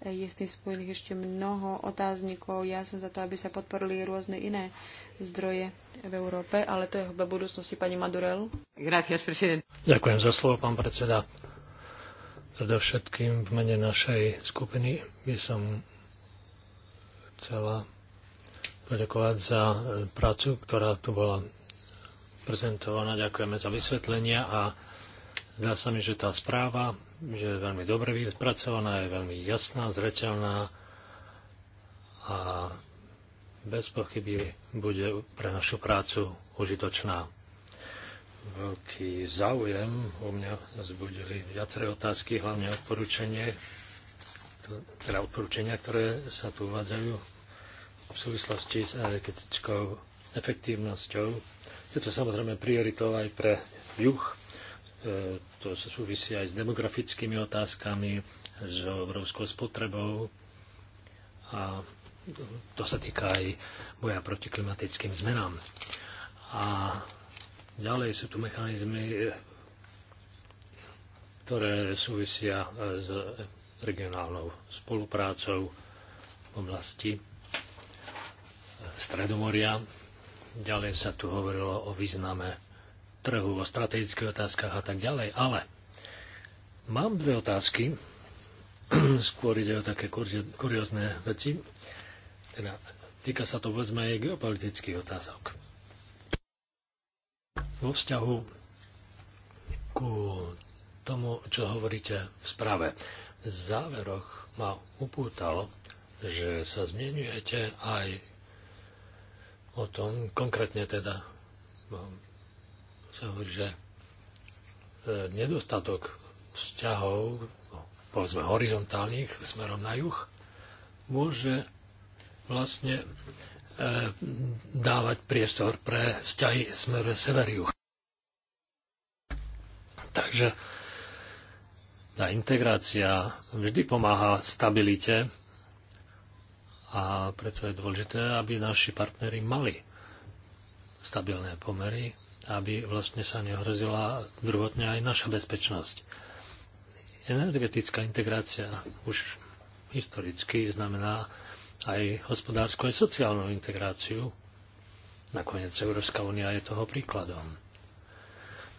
Je s tým spojených ešte mnoho otáznikov. Ja som za to, aby sa podporili rôzne iné zdroje v Európe, ale to je hľadba budúcnosti pani Madurel. Gracias, president. Ďakujem za slovo, pán predseda. Predovšetkým v mene našej skupiny by som chcela poďakovať za e, prácu, ktorá tu bola prezentovaná. Ďakujeme za vysvetlenia a Zdá sa mi, že tá správa že je veľmi dobre vypracovaná, je veľmi jasná, zreteľná a bez pochyby bude pre našu prácu užitočná. Veľký záujem u mňa zbudili viaceré otázky, hlavne odporúčanie, teda odporúčania, ktoré sa tu uvádzajú v súvislosti s energetickou efektívnosťou. Je to samozrejme prioritou aj pre juh E, to súvisí aj s demografickými otázkami, s obrovskou spotrebou a to sa týka aj boja proti klimatickým zmenám. A ďalej sú tu mechanizmy, ktoré súvisia s regionálnou spoluprácou v oblasti Stredomoria. Ďalej sa tu hovorilo o význame trhu, o strategických otázkach a tak ďalej. Ale mám dve otázky. [CLEARS THROAT] Skôr ide o také kuriózne veci. Teda, týka sa to vôbec aj geopolitických otázok. Vo vzťahu ku tomu, čo hovoríte v správe. V záveroch ma upútalo, že sa zmienujete aj o tom, konkrétne teda sa hovorí, že e, nedostatok vzťahov, no, povedzme horizontálnych, smerom na juh, môže vlastne e, dávať priestor pre vzťahy smer sever sever-juh. Takže tá integrácia vždy pomáha stabilite a preto je dôležité, aby naši partnery mali stabilné pomery aby vlastne sa neohrozila druhotne aj naša bezpečnosť. Energetická integrácia už historicky znamená aj hospodárskú a sociálnu integráciu. Nakoniec Európska únia je toho príkladom.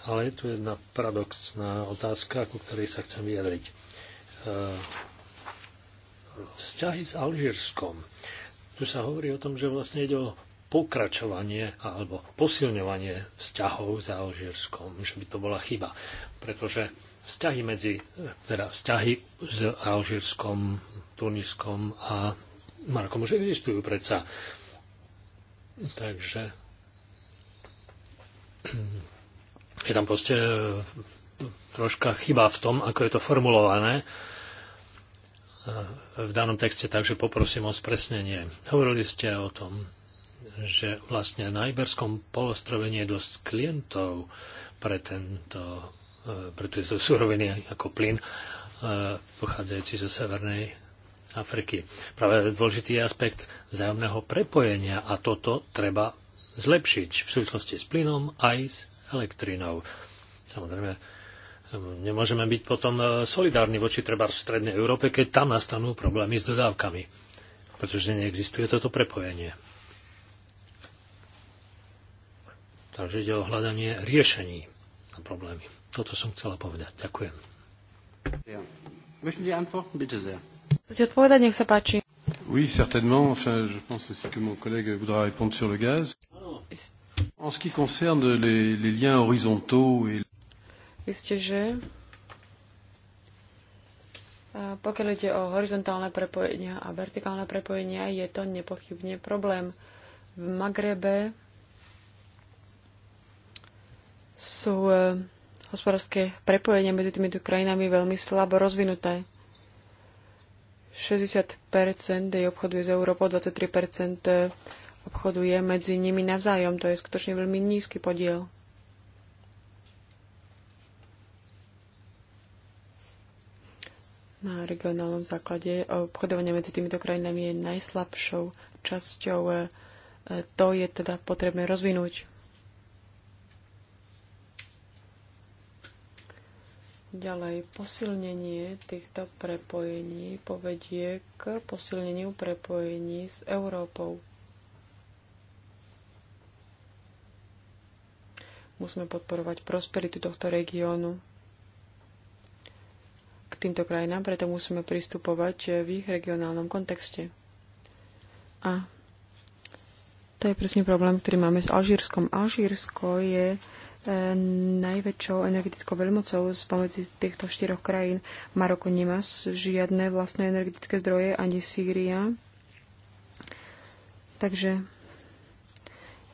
Ale je tu jedna paradoxná otázka, ku ktorej sa chcem vyjadriť. E, vzťahy s Alžírskom. Tu sa hovorí o tom, že vlastne ide o pokračovanie alebo posilňovanie vzťahov za Alžírskom, že by to bola chyba, pretože vzťahy medzi, teda vzťahy s Alžírskom, Tuniskom a Marokom už existujú predsa. Takže je tam proste e, troška chyba v tom, ako je to formulované e, v danom texte, takže poprosím o spresnenie. Hovorili ste o tom, že vlastne na Iberskom polostrove nie je dosť klientov pre, tento, e, pre tieto suroviny ako plyn e, pochádzajúci zo Severnej Afriky. Práve dôležitý je aspekt vzájomného prepojenia a toto treba zlepšiť v súvislosti s plynom aj s elektrinou. Samozrejme, nemôžeme byť potom e, solidárni voči treba v Strednej Európe, keď tam nastanú problémy s dodávkami, pretože neexistuje toto prepojenie. Takže ide o hľadanie riešení na problémy. Toto som chcela povedať. Ďakujem. Chcete odpovedať? Nech sa páči. Oui, certainement. Enfin, je pense aussi que mon collègue voudra répondre sur le gaz. En ce qui concerne les, les liens horizontaux et... Isté, že a pokiaľ ide o horizontálne prepojenia a vertikálne prepojenia, je to nepochybne problém. V Magrebe sú e, hospodárske prepojenia medzi týmito krajinami veľmi slabo rozvinuté. 60% jej obchodu je z Európou, 23% obchodu je medzi nimi navzájom. To je skutočne veľmi nízky podiel. Na regionálnom základe obchodovanie medzi týmito krajinami je najslabšou časťou. E, e, to je teda potrebné rozvinúť. Ďalej, posilnenie týchto prepojení povedie k posilneniu prepojení s Európou. Musíme podporovať prosperitu tohto regiónu. K týmto krajinám preto musíme pristupovať v ich regionálnom kontexte. A to je presne problém, ktorý máme s Alžírskom. Alžírsko je najväčšou energetickou veľmocou spomedzi týchto štyroch krajín. Maroko nemá žiadne vlastné energetické zdroje, ani Sýria. Takže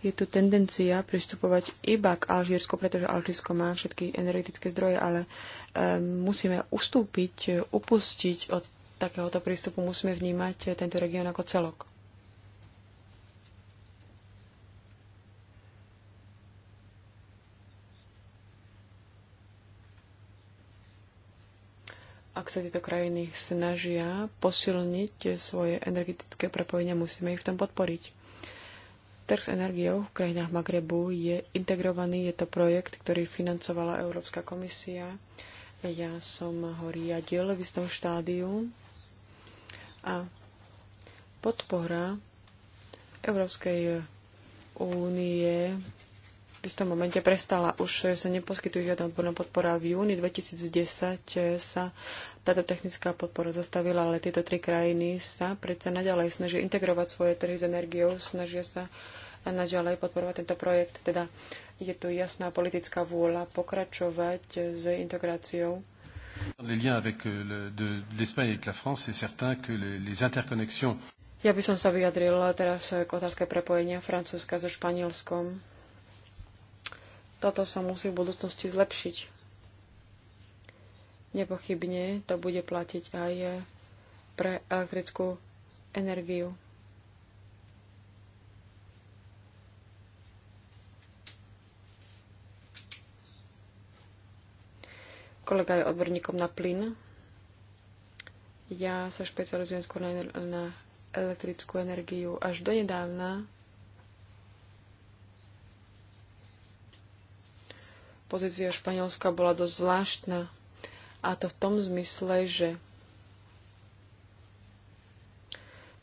je tu tendencia pristupovať iba k Alžírsku, pretože Alžírsko má všetky energetické zdroje, ale um, musíme ustúpiť, upustiť od takéhoto prístupu, musíme vnímať tento región ako celok. Ak sa tieto krajiny snažia posilniť svoje energetické prepojenia, musíme ich v tom podporiť. Trh s energiou v krajinách Magrebu je integrovaný, je to projekt, ktorý financovala Európska komisia. Ja som ho riadil v istom štádiu a podpora Európskej únie v istom momente prestala. Už sa neposkytuje žiadna odborná podpora. V júni 2010 sa táto technická podpora zastavila, ale tieto tri krajiny sa predsa naďalej snažia integrovať svoje trhy s energiou, snažia sa naďalej podporovať tento projekt. Teda je tu jasná politická vôľa pokračovať s integráciou. Euh, ja by som sa vyjadril teraz k otázke prepojenia Francúzska so Španielskom. Toto sa musí v budúcnosti zlepšiť. Nepochybne to bude platiť aj pre elektrickú energiu. Kolega je odborníkom na plyn. Ja sa špecializujem skôr na, elektrickú energiu. Až do nedávna. pozícia Španielska bola dosť zvláštna. A to v tom zmysle, že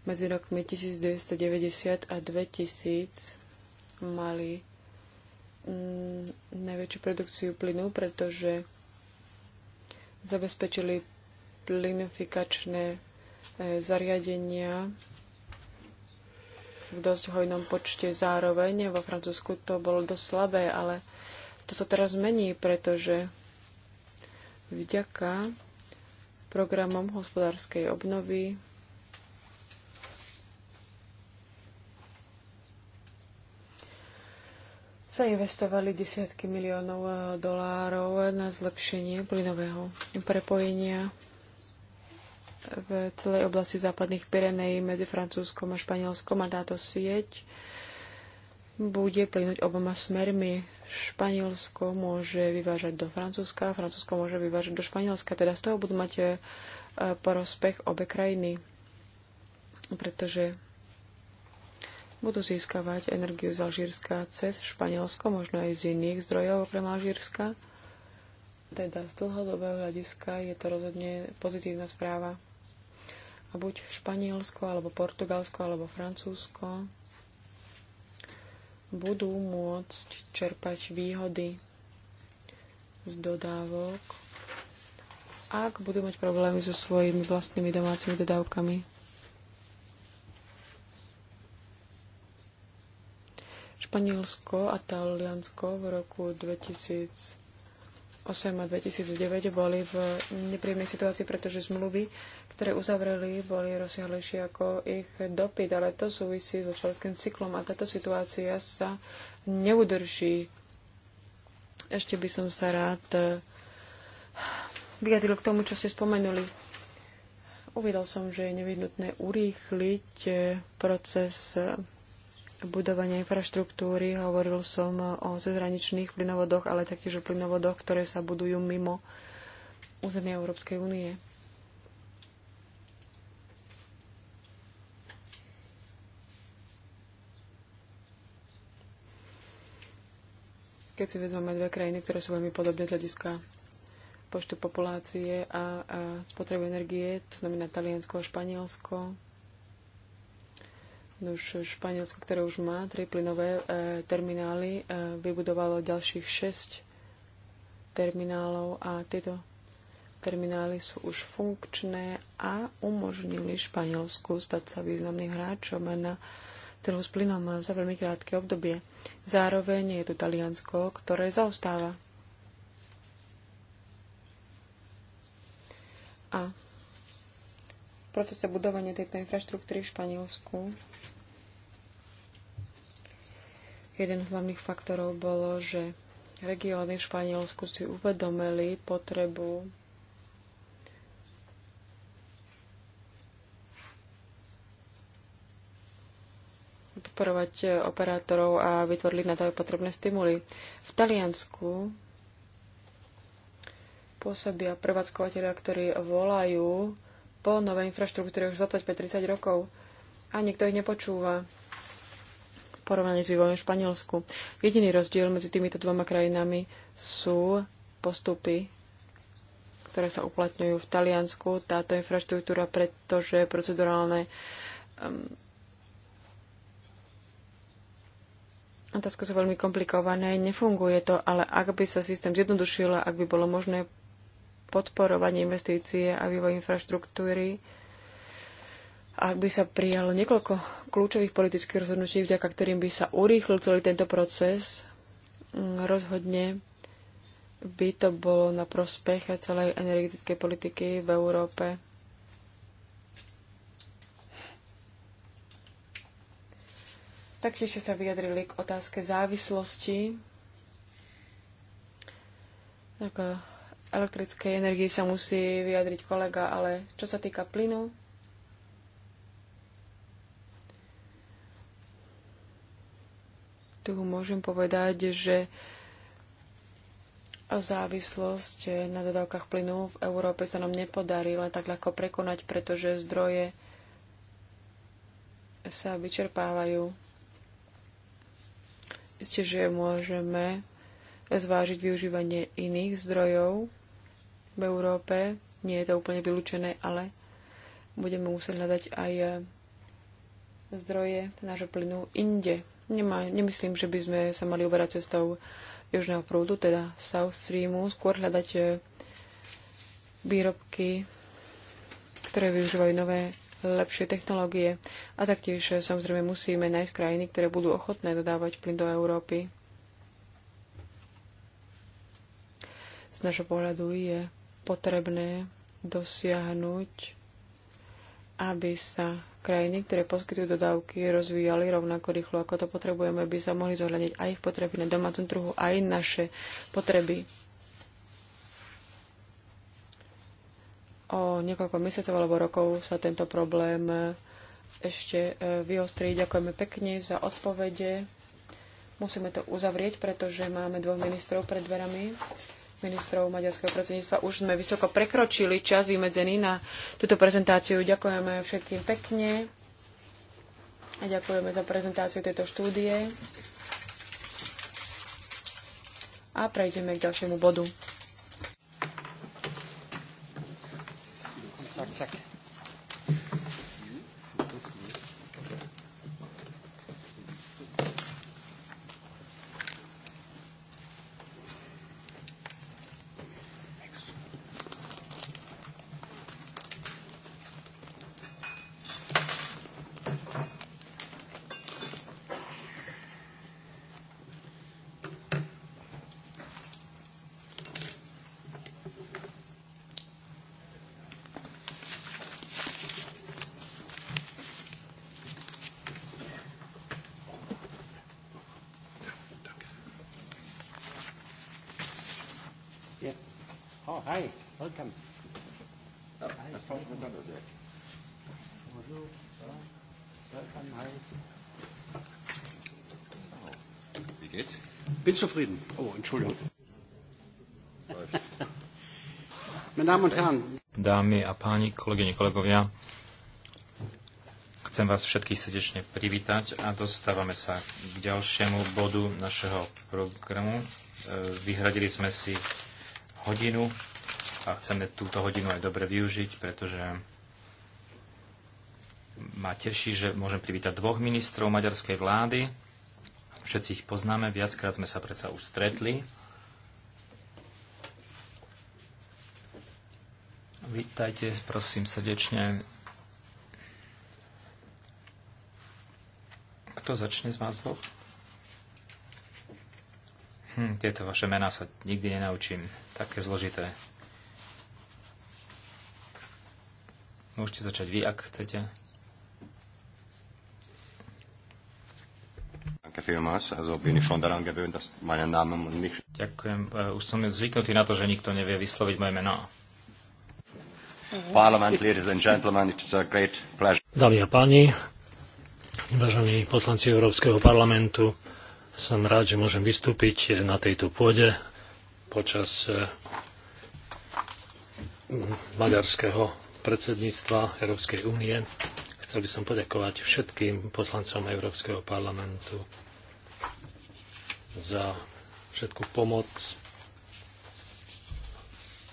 medzi rokmi 1990 a 2000 mali mm, najväčšiu produkciu plynu, pretože zabezpečili plinifikačné e, zariadenia v dosť hojnom počte zároveň. Vo Francúzsku to bolo dosť slabé, ale to sa teraz mení, pretože vďaka programom hospodárskej obnovy sa investovali desiatky miliónov e, dolárov na zlepšenie plynového prepojenia v celej oblasti západných Pirenej medzi Francúzskom a Španielskom a táto sieť bude plynúť oboma smermi Španielsko môže vyvážať do Francúzska, Francúzsko môže vyvážať do Španielska. Teda z toho budú mať e, prospech obe krajiny, pretože budú získavať energiu z Alžírska cez Španielsko, možno aj z iných zdrojov okrem Alžírska. Teda z dlhodobého hľadiska je to rozhodne pozitívna správa. A buď Španielsko, alebo Portugalsko, alebo Francúzsko budú môcť čerpať výhody z dodávok, ak budú mať problémy so svojimi vlastnými domácimi dodávkami. Španielsko a Taliansko v roku 2008 a 2009 boli v nepríjemnej situácii, pretože zmluvy ktoré uzavreli, boli rozsiahlejšie ako ich dopyt, ale to súvisí so spoločným cyklom a táto situácia sa neudrží. Ešte by som sa rád eh, vyjadril k tomu, čo ste spomenuli. Uvidel som, že je nevyhnutné urýchliť eh, proces eh, budovania infraštruktúry. Hovoril som o cezhraničných plynovodoch, ale taktiež o plynovodoch, ktoré sa budujú mimo územia Európskej únie. Keď si vezmeme dve krajiny, ktoré sú veľmi podobné z hľadiska počtu populácie a, a spotreby energie, to znamená Taliansko a Španielsko. No už Španielsko, ktoré už má tri plynové e, terminály, e, vybudovalo ďalších 6 terminálov a tieto terminály sú už funkčné a umožnili Španielsku stať sa významným hráčom na e, trhu s plynom za veľmi krátke obdobie. Zároveň je tu Taliansko, ktoré zaostáva. A v procese budovania tejto infraštruktúry v Španielsku jeden z hlavných faktorov bolo, že regióny v Španielsku si uvedomili potrebu podporovať e, operátorov a vytvorili na to aj potrebné stimuly. V Taliansku pôsobia prevádzkovateľia, ktorí volajú po novej infraštruktúre už 25-30 rokov a nikto ich nepočúva v porovnaní s vývojom v Španielsku. Jediný rozdiel medzi týmito dvoma krajinami sú postupy, ktoré sa uplatňujú v Taliansku. Táto infraštruktúra, pretože procedurálne um, Otázky sú veľmi komplikované, nefunguje to, ale ak by sa systém zjednodušil, ak by bolo možné podporovať investície a vývoj infraštruktúry, ak by sa prijalo niekoľko kľúčových politických rozhodnutí, vďaka ktorým by sa urýchlil celý tento proces, mm, rozhodne by to bolo na prospech celej energetickej politiky v Európe. Taktiež ste sa vyjadrili k otázke závislosti. Ako eh, elektrickej energii sa musí vyjadriť kolega, ale čo sa týka plynu, tu môžem povedať, že závislosť na dodávkach plynu v Európe sa nám nepodarí len tak ľahko prekonať, pretože zdroje sa vyčerpávajú. Isté, že môžeme zvážiť využívanie iných zdrojov v Európe. Nie je to úplne vylúčené, ale budeme musieť hľadať aj e, zdroje nášho plynu inde. Nemá, nemyslím, že by sme sa mali uberať cestou južného prúdu, teda South Streamu, skôr hľadať e, výrobky, ktoré využívajú nové lepšie technológie. A taktiež e, samozrejme musíme nájsť krajiny, ktoré budú ochotné dodávať plyn do Európy. Z našho pohľadu je potrebné dosiahnuť, aby sa krajiny, ktoré poskytujú dodávky, rozvíjali rovnako rýchlo, ako to potrebujeme, aby sa mohli zohľadniť aj ich potreby na domácom trhu, aj naše potreby o niekoľko mesiacov alebo rokov sa tento problém e, ešte e, vyostrí. Ďakujeme pekne za odpovede. Musíme to uzavrieť, pretože máme dvoch ministrov pred dverami ministrov maďarského predsedníctva. Už sme vysoko prekročili čas vymedzený na túto prezentáciu. Ďakujeme všetkým pekne a ďakujeme za prezentáciu tejto štúdie. A prejdeme k ďalšiemu bodu. Cech. bin zufrieden. Oh, Entschuldigung. Dámy a páni, kolegyne, kolegovia, chcem vás všetkých srdečne privítať a dostávame sa k ďalšiemu bodu našeho programu. E, vyhradili sme si hodinu a chceme túto hodinu aj dobre využiť, pretože ma teší, že môžem privítať dvoch ministrov maďarskej vlády, Všetci ich poznáme, viackrát sme sa predsa už stretli. Vítajte, prosím, srdečne. Kto začne z vás dvoch? Hm, tieto vaše mená sa nikdy nenaučím. Také zložité. Môžete začať vy, ak chcete. Ďakujem, e, už som zvyknutý na to, že nikto nevie vysloviť moje meno. Dámy a páni, vážení poslanci Európskeho parlamentu, som rád, že môžem vystúpiť na tejto pôde počas e, maďarského predsedníctva Európskej únie. Chcel by som poďakovať všetkým poslancom Európskeho parlamentu za všetku pomoc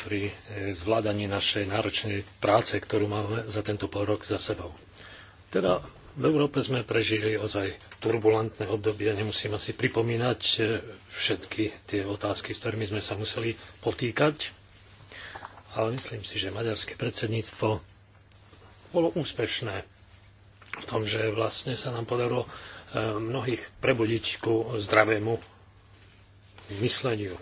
pri e, zvládaní našej náročnej práce, ktorú máme za tento pol rok za sebou. Teda v Európe sme prežili ozaj turbulentné obdobie, nemusím asi pripomínať e, všetky tie otázky, s ktorými sme sa museli potýkať, ale myslím si, že maďarské predsedníctvo bolo úspešné v tom, že vlastne sa nám podarilo e, mnohých prebudiť ku zdravému mysleniu.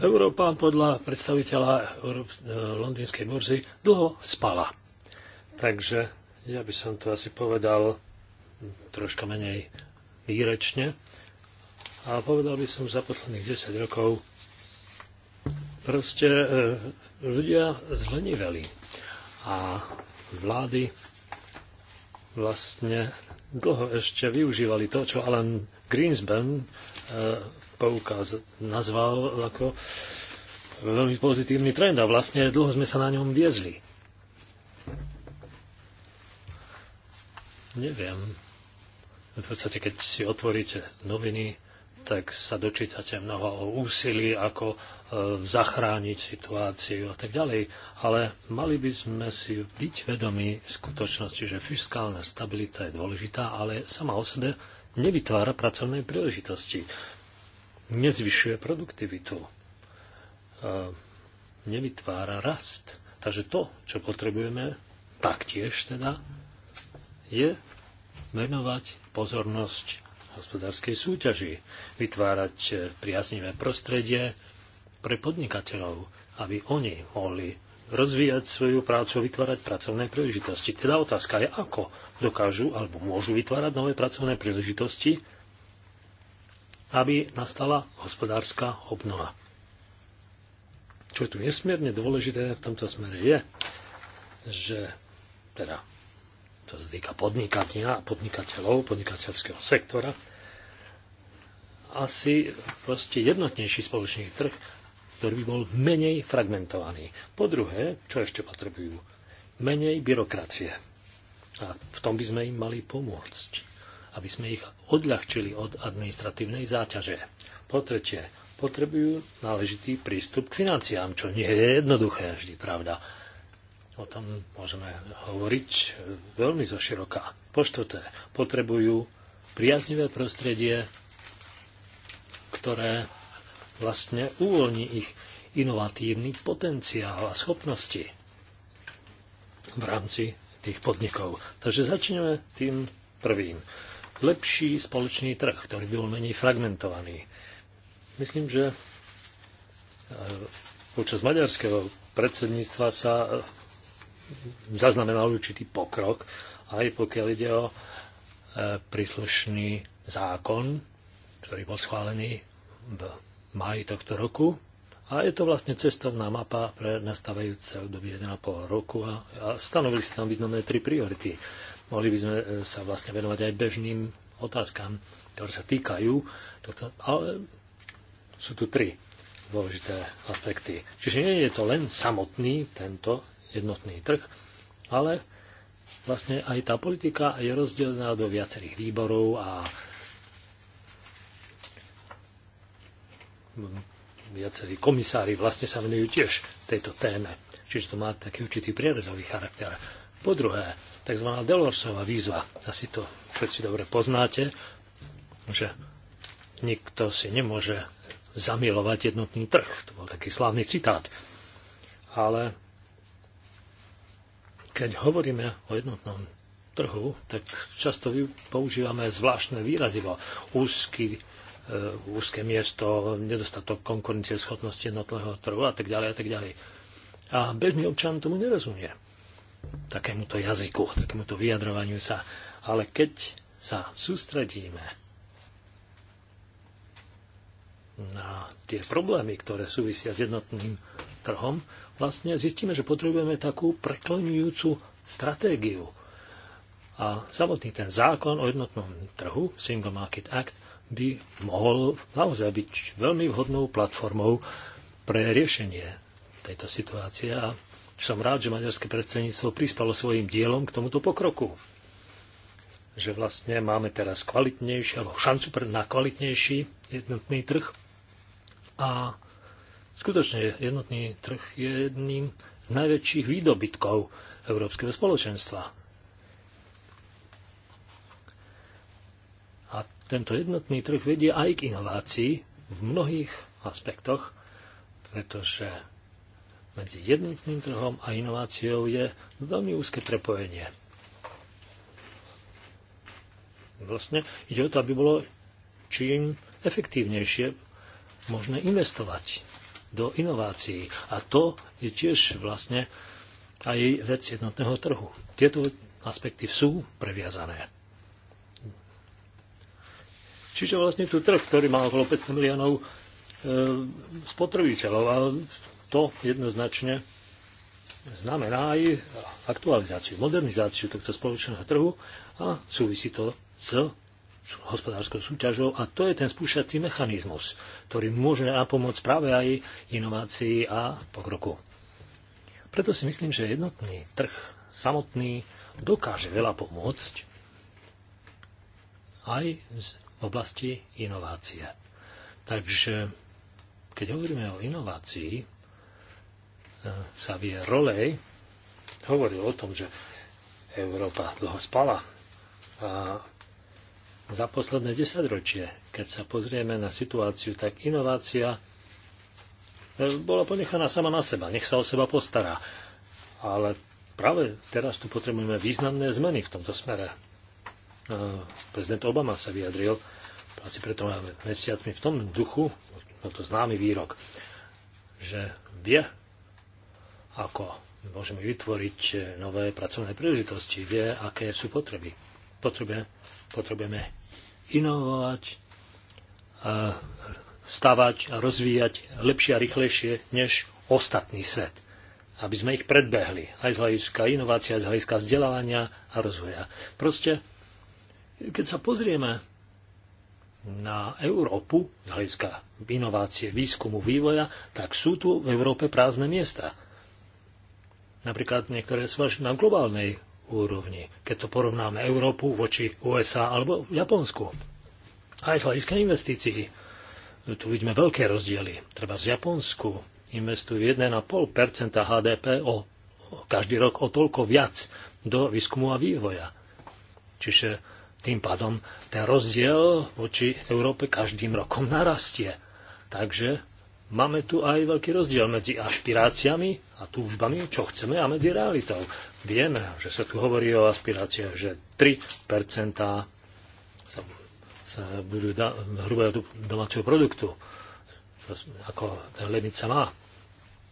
Európa podľa predstaviteľa eh, Londýnskej burzy dlho spala. Takže ja by som to asi povedal troška menej výrečne. A povedal by som za posledných 10 rokov, proste e, ľudia zleniveli. A vlády vlastne dlho ešte využívali to, čo Alan Greenspan eh, poukaz nazval ako eh, veľmi pozitívny trend a vlastne dlho sme sa na ňom viezli. Neviem. V podstate, keď si otvoríte noviny, tak sa dočítate mnoho o úsilí, ako e, zachrániť situáciu a tak ďalej. Ale mali by sme si byť vedomi v skutočnosti, že fiskálna stabilita je dôležitá, ale sama o sebe nevytvára pracovné príležitosti. Nezvyšuje produktivitu. E, nevytvára rast. Takže to, čo potrebujeme, taktiež teda, je venovať pozornosť hospodárskej súťaži, vytvárať eh, priaznivé prostredie pre podnikateľov, aby oni mohli rozvíjať svoju prácu, vytvárať pracovné príležitosti. Teda otázka je, ako dokážu alebo môžu vytvárať nové pracovné príležitosti, aby nastala hospodárska obnova. Čo je tu nesmierne dôležité v tomto smere je, že teda to sa týka podnikania a podnikateľov, podnikateľského sektora, asi proste jednotnejší spoločný trh, ktorý by bol menej fragmentovaný. Po druhé, čo ešte potrebujú? Menej byrokracie. A v tom by sme im mali pomôcť, aby sme ich odľahčili od administratívnej záťaže. Po tretie, potrebujú náležitý prístup k financiám, čo nie je jednoduché vždy, pravda O tom môžeme hovoriť veľmi zoširoka. Po štvrté, potrebujú priaznivé prostredie, ktoré vlastne uvoľní ich inovatívny potenciál a schopnosti v rámci tých podnikov. Takže začneme tým prvým. Lepší spoločný trh, ktorý by bol menej fragmentovaný. Myslím, že e, počas maďarského predsedníctva sa zaznamenal určitý pokrok, aj pokiaľ ide o e, príslušný zákon, ktorý bol schválený v maji tohto roku. A je to vlastne cestovná mapa pre nastávajúce obdobie 1,5 roku a, a stanovili si tam významné tri priority. Mohli by sme e, sa vlastne venovať aj bežným otázkam, ktoré sa týkajú tohto, ale sú tu tri dôležité aspekty. Čiže nie je to len samotný tento jednotný trh, ale vlastne aj tá politika je rozdelená do viacerých výborov a viacerí komisári vlastne sa venujú tiež tejto téme. Čiže to má taký určitý prierezový charakter. Po druhé, tzv. Delorsová výzva. Asi to všetci dobre poznáte, že nikto si nemôže zamilovať jednotný trh. To bol taký slávny citát. Ale keď hovoríme o jednotnom trhu, tak často používame zvláštne výrazivo. Úzky, e, úzke miesto, nedostatok konkurencie schopnosti jednotného trhu a tak ďalej a tak ďalej. A bežný občan tomu nerozumie. Takémuto jazyku, takémuto vyjadrovaniu sa. Ale keď sa sústredíme na tie problémy, ktoré súvisia s jednotným trhom, vlastne zistíme, že potrebujeme takú preklonujúcu stratégiu. A samotný ten zákon o jednotnom trhu, Single Market Act, by mohol naozaj byť veľmi vhodnou platformou pre riešenie tejto situácie a som rád, že maďarské predsedníctvo prispalo svojim dielom k tomuto pokroku. Že vlastne máme teraz kvalitnejší, alebo šancu na kvalitnejší jednotný trh a Skutočne jednotný trh je jedným z najväčších výdobytkov Európskeho spoločenstva. A tento jednotný trh vedie aj k inovácii v mnohých aspektoch, pretože medzi jednotným trhom a inováciou je veľmi úzke prepojenie. Vlastne ide o to, aby bolo čím efektívnejšie možné investovať do inovácií. A to je tiež vlastne aj vec jednotného trhu. Tieto aspekty sú previazané. Čiže vlastne tu trh, ktorý má okolo 500 miliónov e, spotrebiteľov a to jednoznačne znamená aj aktualizáciu, modernizáciu tohto spoločného trhu a súvisí to s hospodárskou súťažou a to je ten spúšťací mechanizmus, ktorý môže napomôcť práve aj inovácii a pokroku. Preto si myslím, že jednotný trh samotný dokáže veľa pomôcť aj v oblasti inovácie. Takže keď hovoríme o inovácii, e, Xavier Rolej hovoril o tom, že Európa dlho spala a za posledné desaťročie, keď sa pozrieme na situáciu, tak inovácia e, bola ponechaná sama na seba, nech sa o seba postará. Ale práve teraz tu potrebujeme významné zmeny v tomto smere. E, prezident Obama sa vyjadril asi preto máme mesiacmi v tom duchu, no to známy výrok, že vie, ako môžeme vytvoriť e, nové pracovné príležitosti, vie, aké sú potreby potrebujeme, potrebujeme inovovať, a stavať a rozvíjať lepšie a rýchlejšie než ostatný svet. Aby sme ich predbehli aj z hľadiska inovácia, aj z hľadiska vzdelávania a rozvoja. Proste, keď sa pozrieme na Európu z hľadiska inovácie, výskumu, vývoja, tak sú tu v Európe prázdne miesta. Napríklad niektoré sú až na globálnej úrovni, keď to porovnáme Európu voči USA alebo Japonsku. Aj z hľadiska investícií tu vidíme veľké rozdiely. Treba z Japonsku investujú 1,5 HDP o, každý rok o toľko viac do výskumu a vývoja. Čiže tým pádom ten rozdiel voči Európe každým rokom narastie. Takže máme tu aj veľký rozdiel medzi ašpiráciami a túžbami, čo chceme, a medzi realitou. Vieme, že sa tu hovorí o aspiráciách, že 3% sa, sa budú da, hrubého domáceho produktu, ako ten limit sa má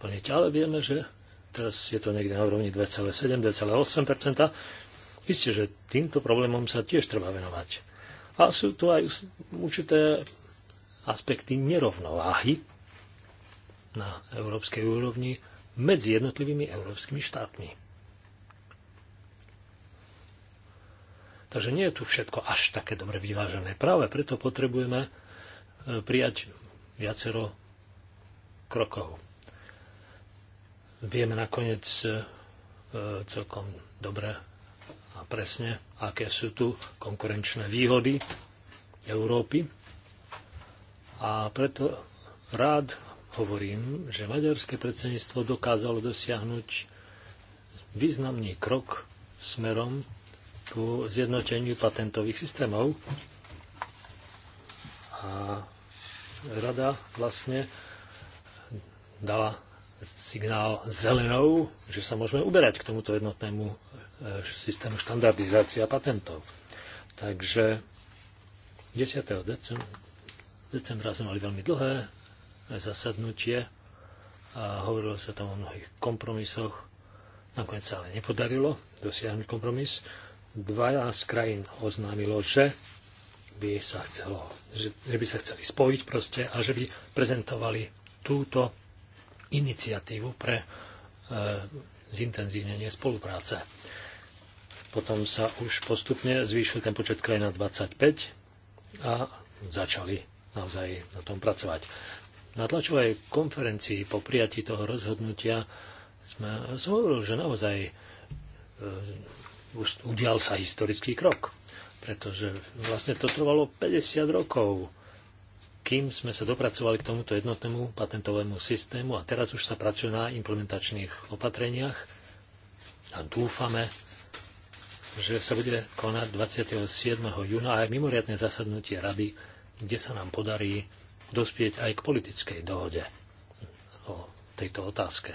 plniť. Ale vieme, že teraz je to niekde na úrovni 2,7-2,8%. Isté, že týmto problémom sa tiež treba venovať. A sú tu aj určité aspekty nerovnováhy na európskej úrovni medzi jednotlivými európskymi štátmi. Takže nie je tu všetko až také dobre vyvážené. Práve preto potrebujeme e, prijať viacero krokov. Vieme nakoniec e, celkom dobre a presne, aké sú tu konkurenčné výhody Európy. A preto rád hovorím, že maďarské predsedníctvo dokázalo dosiahnuť významný krok smerom ku zjednoteniu patentových systémov. A rada vlastne dala signál zelenou, že sa môžeme uberať k tomuto jednotnému e, systému štandardizácia patentov. Takže 10. Decem- decembra sme mali veľmi dlhé zasadnutie a hovorilo sa tam o mnohých kompromisoch. Nakoniec sa ale nepodarilo dosiahnuť kompromis. 12 krajín oznámilo, že by sa chcelo, že, že by sa chceli spojiť proste a že by prezentovali túto iniciatívu pre e, zintenzívnenie spolupráce. Potom sa už postupne zvýšil ten počet krajín na 25 a začali naozaj na tom pracovať. Na tlačovej konferencii po prijatí toho rozhodnutia sme hovoril, že naozaj e, udial sa historický krok, pretože vlastne to trvalo 50 rokov, kým sme sa dopracovali k tomuto jednotnému patentovému systému a teraz už sa pracuje na implementačných opatreniach a dúfame, že sa bude konať 27. júna aj mimoriadne zasadnutie rady, kde sa nám podarí dospieť aj k politickej dohode o tejto otázke.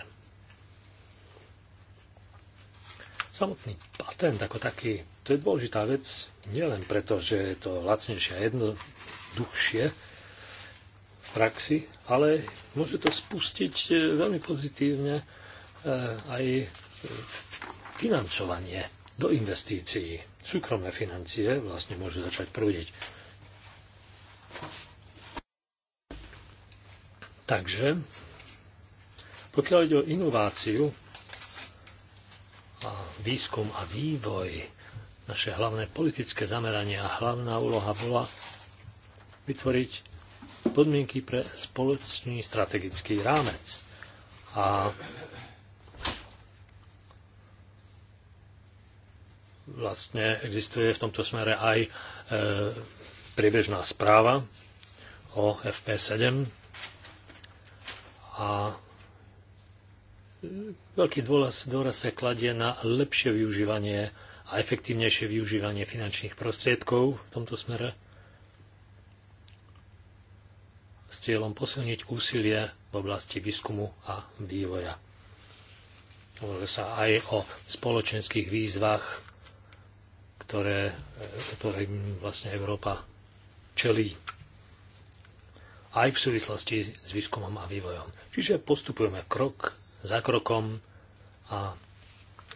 Samotný patent ako taký, to je dôležitá vec, nielen preto, že je to lacnejšie a jednoduchšie v praxi, ale môže to spustiť e, veľmi pozitívne e, aj financovanie do investícií. Súkromné financie vlastne môžu začať prúdiť Takže, pokiaľ ide o inováciu a výskum a vývoj, naše hlavné politické zameranie a hlavná úloha bola vytvoriť podmienky pre spoločný strategický rámec. A vlastne existuje v tomto smere aj e, priebežná správa o FP7 a veľký dôraz, dôraz sa kladie na lepšie využívanie a efektívnejšie využívanie finančných prostriedkov v tomto smere s cieľom posilniť úsilie v oblasti výskumu a vývoja. Hovorí sa aj o spoločenských výzvach, ktoré, ktoré vlastne Európa čelí aj v súvislosti s výskumom a vývojom. Čiže postupujeme krok za krokom a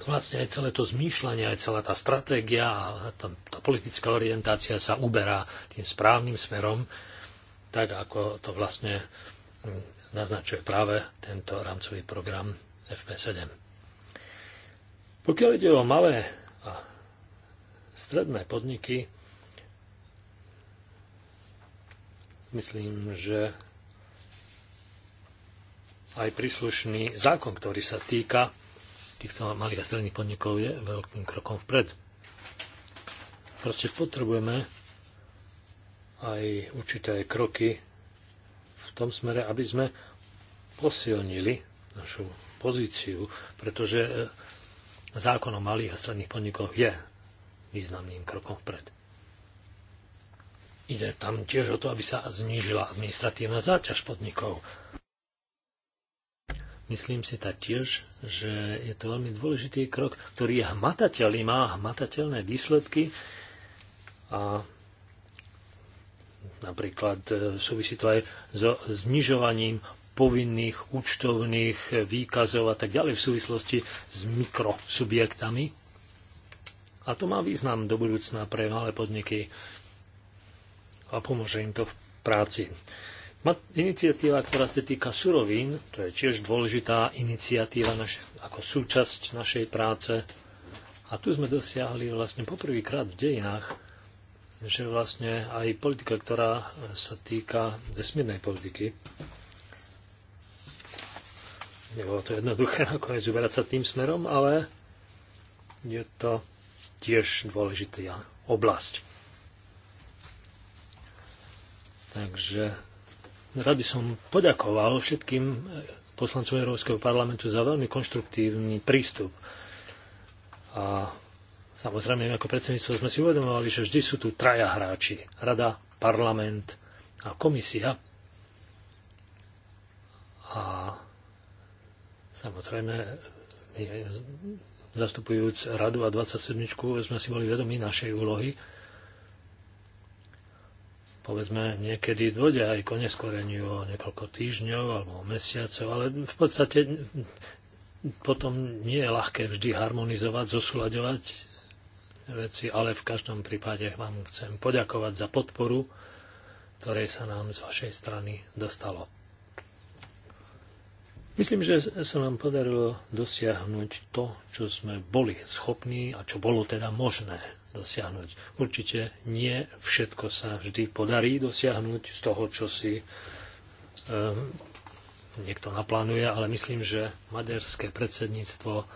vlastne aj celé to zmýšľanie, aj celá tá stratégia a tá, tá politická orientácia sa uberá tým správnym smerom, tak ako to vlastne naznačuje práve tento rámcový program FP7. Pokiaľ ide o malé a stredné podniky, Myslím, že aj príslušný zákon, ktorý sa týka týchto malých a stredných podnikov, je veľkým krokom vpred. Proste potrebujeme aj určité kroky v tom smere, aby sme posilnili našu pozíciu, pretože e, zákon o malých a stredných podnikoch je významným krokom vpred. Ide tam tiež o to, aby sa znížila administratívna záťaž podnikov. Myslím si taktiež, že je to veľmi dôležitý krok, ktorý je hmatateľný, má hmatateľné výsledky a napríklad e, súvisí to aj so znižovaním povinných účtovných výkazov a tak ďalej v súvislosti s mikrosubjektami. A to má význam do budúcna pre malé podniky a pomôže im to v práci. Iniciatíva, ktorá sa týka surovín, to je tiež dôležitá iniciatíva naš- ako súčasť našej práce. A tu sme dosiahli vlastne poprvýkrát v dejinách, že vlastne aj politika, ktorá sa týka vesmírnej politiky, nebolo to jednoduché nakoniec [LAUGHS] uberať sa tým smerom, ale je to tiež dôležitá oblasť. Takže rád by som poďakoval všetkým poslancom Európskeho parlamentu za veľmi konštruktívny prístup. A samozrejme, ako predsedníctvo sme si uvedomovali, že vždy sú tu traja hráči. Rada, parlament a komisia. A samozrejme, zastupujúc radu a 27, sme si boli vedomi našej úlohy povedzme, niekedy dôjde aj k oneskoreniu o niekoľko týždňov alebo mesiacov, ale v podstate potom nie je ľahké vždy harmonizovať, zosúľadovať veci, ale v každom prípade vám chcem poďakovať za podporu, ktorej sa nám z vašej strany dostalo. Myslím, že sa nám podarilo dosiahnuť to, čo sme boli schopní a čo bolo teda možné dosiahnuť. Určite nie všetko sa vždy podarí dosiahnuť z toho, čo si um, niekto naplánuje, ale myslím, že maďarské predsedníctvo ehm,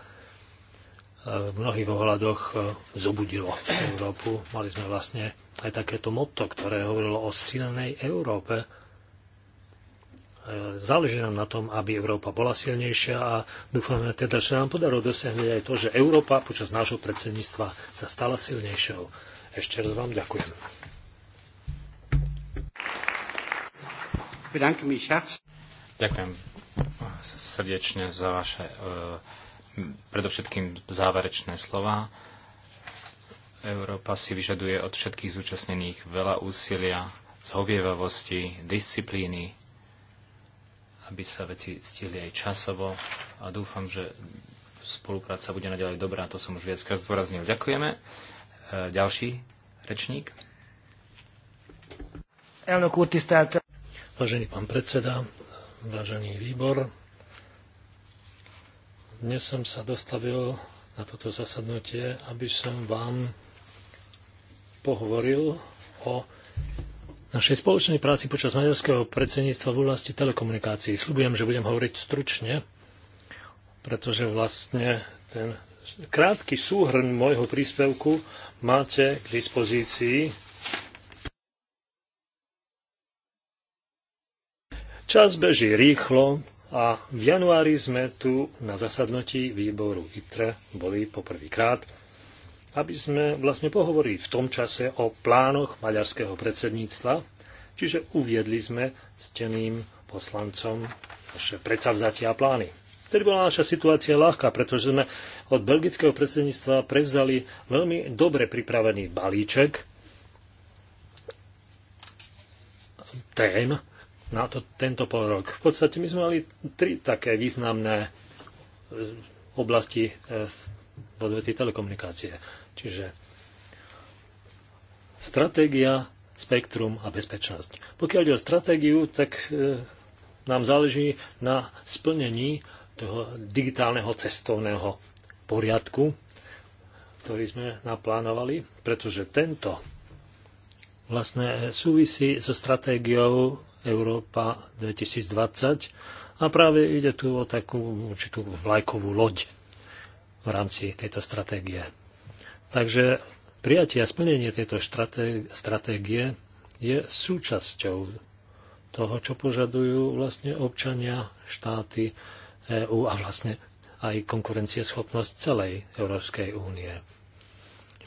v mnohých ohľadoch ehm, zobudilo Európu. Mali sme vlastne aj takéto motto, ktoré hovorilo o silnej Európe E, záleží nám na tom, aby Európa bola silnejšia a dúfame teda, že nám podarilo dosiahnuť aj to, že Európa počas nášho predsedníctva sa stala silnejšou. Ešte raz vám ďakujem. Ďakujem srdečne za vaše e, predovšetkým záverečné slova. Európa si vyžaduje od všetkých zúčastnených veľa úsilia, zhovievavosti, disciplíny, aby sa veci stihli aj časovo a dúfam, že spolupráca bude naďalej dobrá, to som už viackrát zdôraznil. Ďakujeme. E, ďalší rečník. Vážený pán predseda, vážený výbor, dnes som sa dostavil na toto zasadnutie, aby som vám pohovoril o našej spoločnej práci počas maďarského predsedníctva v oblasti telekomunikácií. Sľubujem, že budem hovoriť stručne, pretože vlastne ten krátky súhrn môjho príspevku máte k dispozícii. Čas beží rýchlo a v januári sme tu na zasadnutí výboru ITRE boli poprvýkrát aby sme vlastne pohovorili v tom čase o plánoch maďarského predsedníctva, čiže uviedli sme steným poslancom naše predsavzatia a plány. Vtedy bola naša situácia ľahká, pretože sme od belgického predsedníctva prevzali veľmi dobre pripravený balíček tém na to, tento pol rok. V podstate my sme mali tri také významné oblasti eh, v odvetí telekomunikácie. Čiže stratégia, spektrum a bezpečnosť. Pokiaľ ide o stratégiu, tak e, nám záleží na splnení toho digitálneho cestovného poriadku, ktorý sme naplánovali, pretože tento vlastne súvisí so stratégiou Európa 2020 a práve ide tu o takú určitú vlajkovú loď v rámci tejto stratégie. Takže prijatie a splnenie tejto stratégie je súčasťou toho, čo požadujú vlastne občania, štáty EÚ a vlastne aj konkurencieschopnosť celej Európskej únie.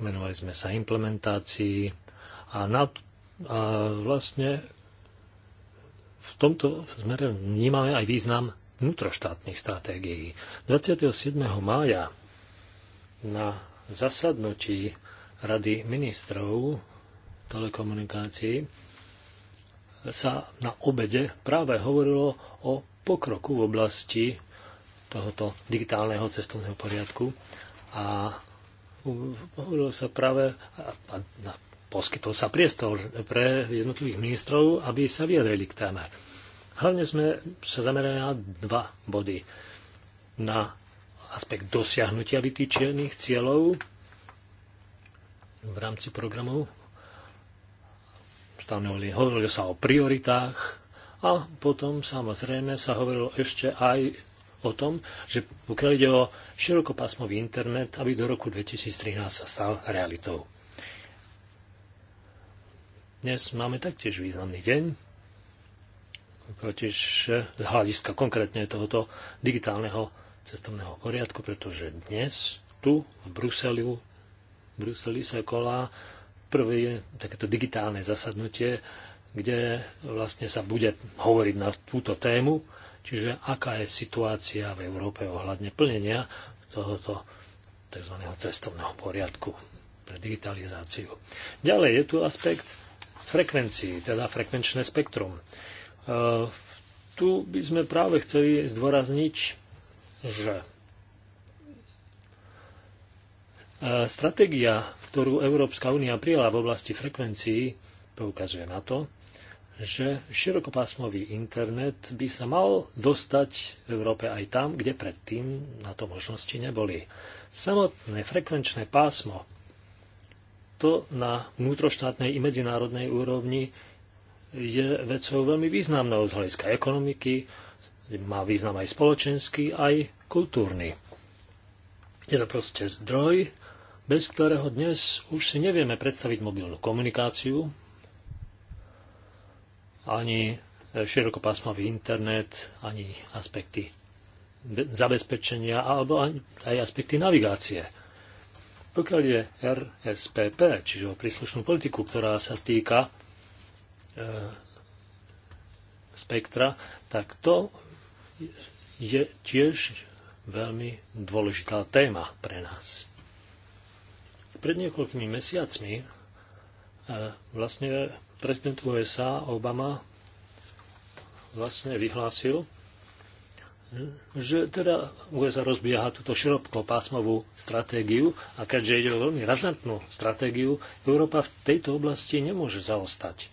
Menovali sme sa implementácii a, nad, a vlastne v tomto zmere vnímame aj význam vnútroštátnych stratégií. 27. mája na zasadnutí Rady ministrov telekomunikácií sa na obede práve hovorilo o pokroku v oblasti tohoto digitálneho cestovného poriadku a hovorilo sa práve a, a poskytol sa priestor pre jednotlivých ministrov, aby sa vyjadrili k téme. Hlavne sme sa zamerali na dva body. Na aspekt dosiahnutia vytýčených cieľov v rámci programov. Stanovali, hovorilo sa o prioritách a potom samozrejme sa hovorilo ešte aj o tom, že pokiaľ ide o širokopásmový internet, aby do roku 2013 sa stal realitou. Dnes máme taktiež významný deň, totiž z hľadiska konkrétne tohoto digitálneho cestovného poriadku, pretože dnes tu v Bruseli, v Bruseli sa kolá prvé takéto digitálne zasadnutie, kde vlastne sa bude hovoriť na túto tému, čiže aká je situácia v Európe ohľadne plnenia tohoto tzv. cestovného poriadku pre digitalizáciu. Ďalej je tu aspekt frekvencií, teda frekvenčné spektrum. E, tu by sme práve chceli zdôrazniť že e, stratégia, ktorú Európska únia prijala v oblasti frekvencií, poukazuje na to, že širokopásmový internet by sa mal dostať v Európe aj tam, kde predtým na to možnosti neboli. Samotné frekvenčné pásmo to na vnútroštátnej i medzinárodnej úrovni je vecou veľmi významnou z hľadiska ekonomiky, má význam aj spoločenský, aj kultúrny. Je to proste zdroj, bez ktorého dnes už si nevieme predstaviť mobilnú komunikáciu, ani širokopásmový internet, ani aspekty zabezpečenia alebo aj aspekty navigácie. Pokiaľ je RSPP, čiže o príslušnú politiku, ktorá sa týka e, spektra, tak to je tiež veľmi dôležitá téma pre nás. Pred niekoľkými mesiacmi e, vlastne prezident USA Obama vlastne vyhlásil, že teda USA rozbieha túto širokopásmovú stratégiu a keďže ide o veľmi razantnú stratégiu, Európa v tejto oblasti nemôže zaostať.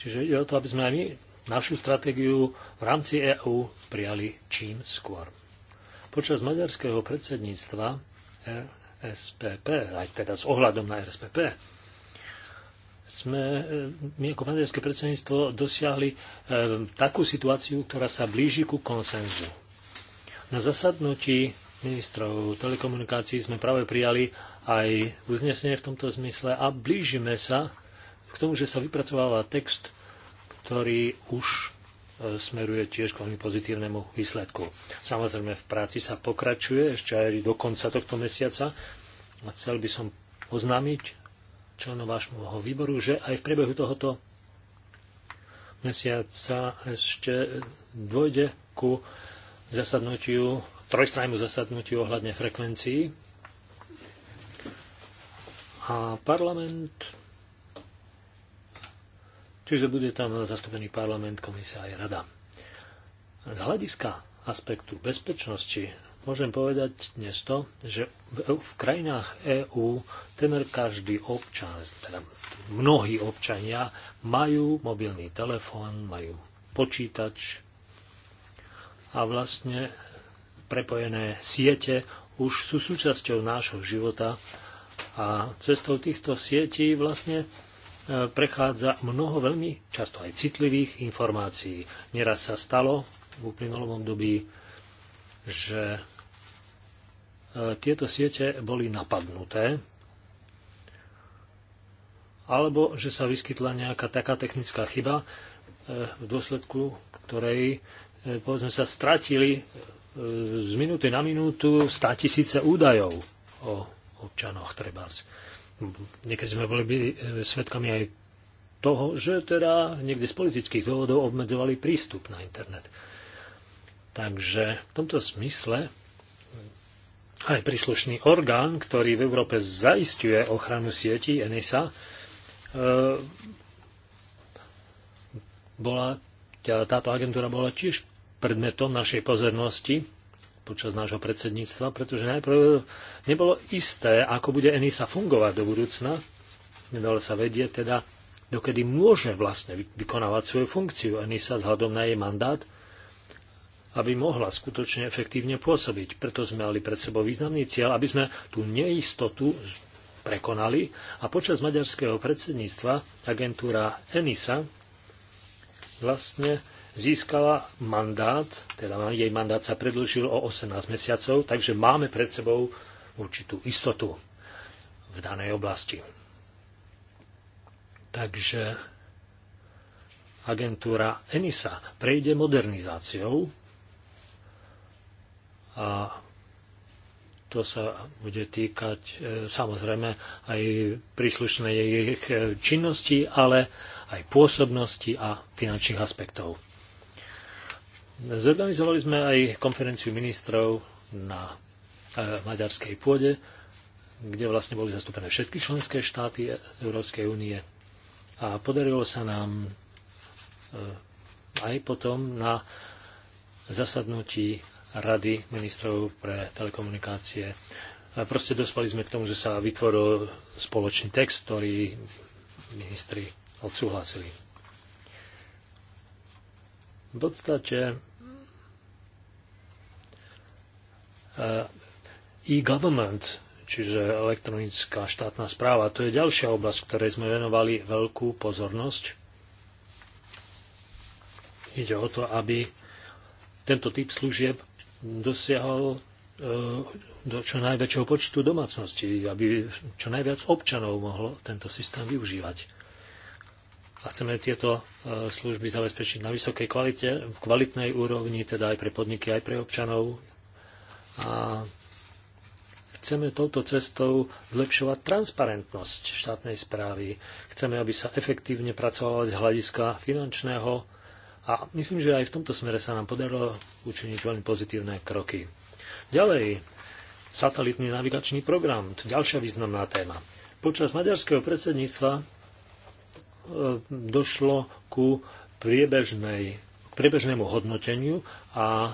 Čiže ide o to, aby sme aj my našu stratégiu v rámci EÚ prijali čím skôr. Počas maďarského predsedníctva e SPP, aj teda s ohľadom na RSPP, e sme my ako maďarské predsedníctvo dosiahli e, takú situáciu, ktorá sa blíži ku konsenzu. Na zasadnutí ministrov telekomunikácií sme práve prijali aj uznesenie v tomto zmysle a blížime sa k tomu, že sa vypracováva text ktorý už e, smeruje tiež k veľmi pozitívnemu výsledku. Samozrejme, v práci sa pokračuje ešte aj do konca tohto mesiaca a chcel by som oznámiť členom vášho výboru, že aj v priebehu tohoto mesiaca ešte dôjde ku zasadnutiu, trojstrajmu zasadnutiu ohľadne frekvencií. A parlament Čiže bude tam zastúpený parlament, komisia aj rada. Z hľadiska aspektu bezpečnosti môžem povedať dnes to, že v, krajinách EÚ tenor každý občan, teda mnohí občania majú mobilný telefón, majú počítač a vlastne prepojené siete už sú súčasťou nášho života a cestou týchto sietí vlastne prechádza mnoho veľmi často aj citlivých informácií. Neraz sa stalo v uplynulom období, že e, tieto siete boli napadnuté alebo že sa vyskytla nejaká taká technická chyba, e, v dôsledku ktorej e, povedzme, sa stratili z minúty na minútu 100 tisíce údajov o občanoch trebárs. Niekedy sme boli e, svetkami aj toho, že teda niekde z politických dôvodov obmedzovali prístup na internet. Takže v tomto smysle aj príslušný orgán, ktorý v Európe zaistuje ochranu sieti NSA, e, bola, teda táto agentúra bola tiež predmetom našej pozornosti počas nášho predsedníctva, pretože najprv nebolo isté, ako bude ENISA fungovať do budúcna. Nedalo sa vedieť teda, dokedy môže vlastne vykonávať svoju funkciu ENISA vzhľadom na jej mandát, aby mohla skutočne efektívne pôsobiť. Preto sme mali pred sebou významný cieľ, aby sme tú neistotu prekonali a počas maďarského predsedníctva agentúra ENISA vlastne získala mandát, teda jej mandát sa predlžil o 18 mesiacov, takže máme pred sebou určitú istotu v danej oblasti. Takže agentúra ENISA prejde modernizáciou a to sa bude týkať e, samozrejme aj príslušnej jej e, činnosti, ale aj pôsobnosti a finančných aspektov. Zorganizovali sme aj konferenciu ministrov na e, maďarskej pôde, kde vlastne boli zastúpené všetky členské štáty Európskej únie. A podarilo sa nám e, aj potom na zasadnutí Rady ministrov pre telekomunikácie. proste dospali sme k tomu, že sa vytvoril spoločný text, ktorý ministri odsúhlasili. V podstate E, e-government, čiže elektronická štátna správa. To je ďalšia oblasť, ktorej sme venovali veľkú pozornosť. Ide o to, aby tento typ služieb dosiahol e, do čo najväčšieho počtu domácností, aby čo najviac občanov mohlo tento systém využívať. A chceme tieto e, služby zabezpečiť na vysokej kvalite, v kvalitnej úrovni, teda aj pre podniky, aj pre občanov a chceme touto cestou zlepšovať transparentnosť štátnej správy. Chceme, aby sa efektívne pracovalo z hľadiska finančného a myslím, že aj v tomto smere sa nám podarilo učiniť veľmi pozitívne kroky. Ďalej, satelitný navigačný program, to ďalšia významná téma. Počas maďarského predsedníctva e, došlo ku priebežnej, k priebežnému hodnoteniu a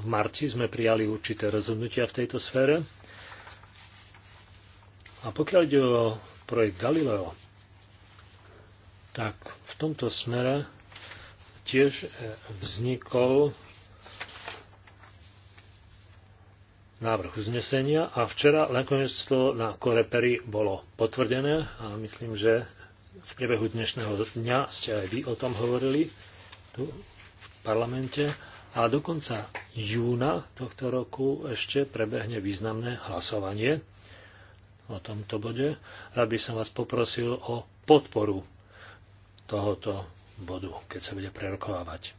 v marci sme prijali určité rozhodnutia v tejto sfére. A pokiaľ ide o projekt Galileo, tak v tomto smere tiež e, vznikol návrh uznesenia a včera nakoniec to na Koreperi bolo potvrdené a myslím, že v priebehu dnešného dňa ste aj vy o tom hovorili tu v parlamente a do konca júna tohto roku ešte prebehne významné hlasovanie o tomto bode. Rád by som vás poprosil o podporu tohoto bodu, keď sa bude prerokovávať.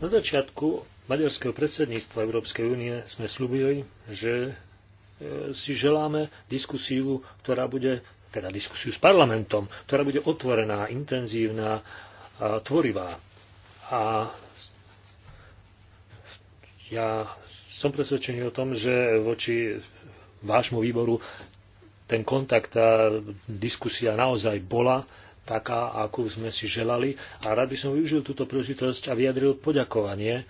Na začiatku maďarského predsedníctva Európskej únie sme slúbili, že e, si želáme diskusiu, ktorá bude, teda diskusiu s parlamentom, ktorá bude otvorená, intenzívna, a tvorivá. A ja som presvedčený o tom, že voči vášmu výboru ten kontakt, tá diskusia naozaj bola taká, akú sme si želali. A rád by som využil túto príležitosť a vyjadril poďakovanie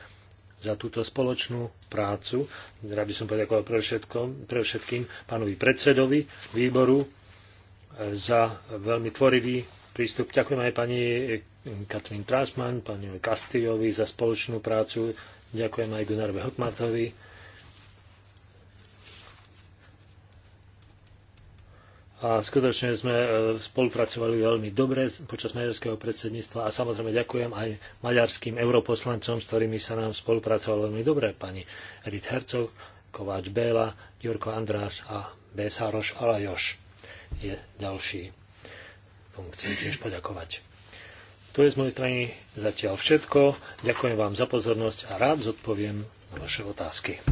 za túto spoločnú prácu. Rád by som poďakoval pre, všetkom, pre všetkým pánovi predsedovi výboru za veľmi tvorivý prístup. Ďakujem aj pani Katrin Trasman, pani Kastijovi za spoločnú prácu Ďakujem aj Gunarovi Hotmartovi. A skutočne sme e, spolupracovali veľmi dobre počas maďarského predsedníctva a samozrejme ďakujem aj maďarským europoslancom, s ktorými sa nám spolupracovalo veľmi dobre, pani Edith Hercov, Kováč Béla, Jurko Andráš a Besároš Alajoš je ďalší. Komu chcem tiež poďakovať. To je z mojej strany zatiaľ všetko. Ďakujem vám za pozornosť a rád zodpoviem na vaše otázky.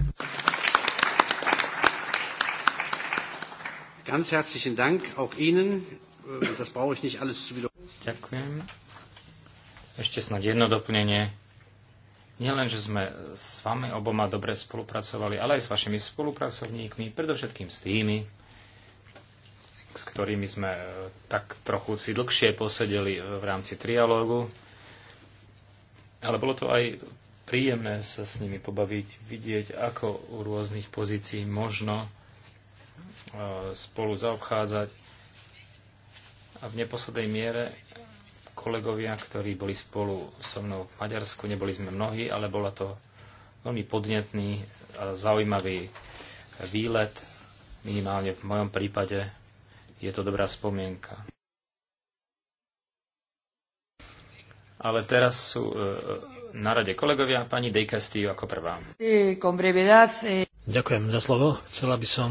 Ganz herzlichen Dank auch Ihnen. Äh, das brauche ich nicht alles zu wiederholen. Ďakujem. Ešte snad jedno doplnenie. Nielen, že sme s vami oboma dobre spolupracovali, ale aj s vašimi spolupracovníkmi, predovšetkým s tými, s ktorými sme e, tak trochu si dlhšie posedeli e, v rámci trialógu. Ale bolo to aj príjemné sa s nimi pobaviť, vidieť, ako u rôznych pozícií možno e, spolu zaobchádzať. A v neposlednej miere kolegovia, ktorí boli spolu so mnou v Maďarsku, neboli sme mnohí, ale bola to veľmi podnetný a zaujímavý výlet, minimálne v mojom prípade je to dobrá spomienka. Ale teraz sú e, e na rade kolegovia, pani De Castillo ako prvá. Eh. Ďakujem za slovo. Chcela by som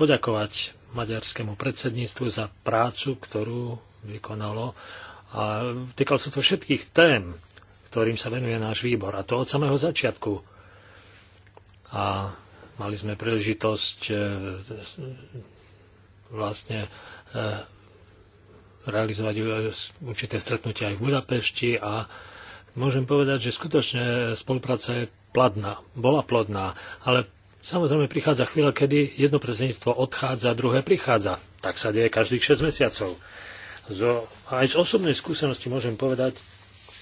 poďakovať maďarskému predsedníctvu za prácu, ktorú vykonalo. A týkalo sa to všetkých tém, ktorým sa venuje náš výbor. A to od samého začiatku. A mali sme príležitosť eh, vlastne eh, realizovať eh, určité stretnutia aj v Budapešti a môžem povedať, že skutočne eh, spolupráca je pladná, bola plodná, ale Samozrejme prichádza chvíľa, kedy jedno predsedníctvo odchádza, druhé prichádza. Tak sa deje každých 6 mesiacov. Zo, aj z osobnej skúsenosti môžem povedať,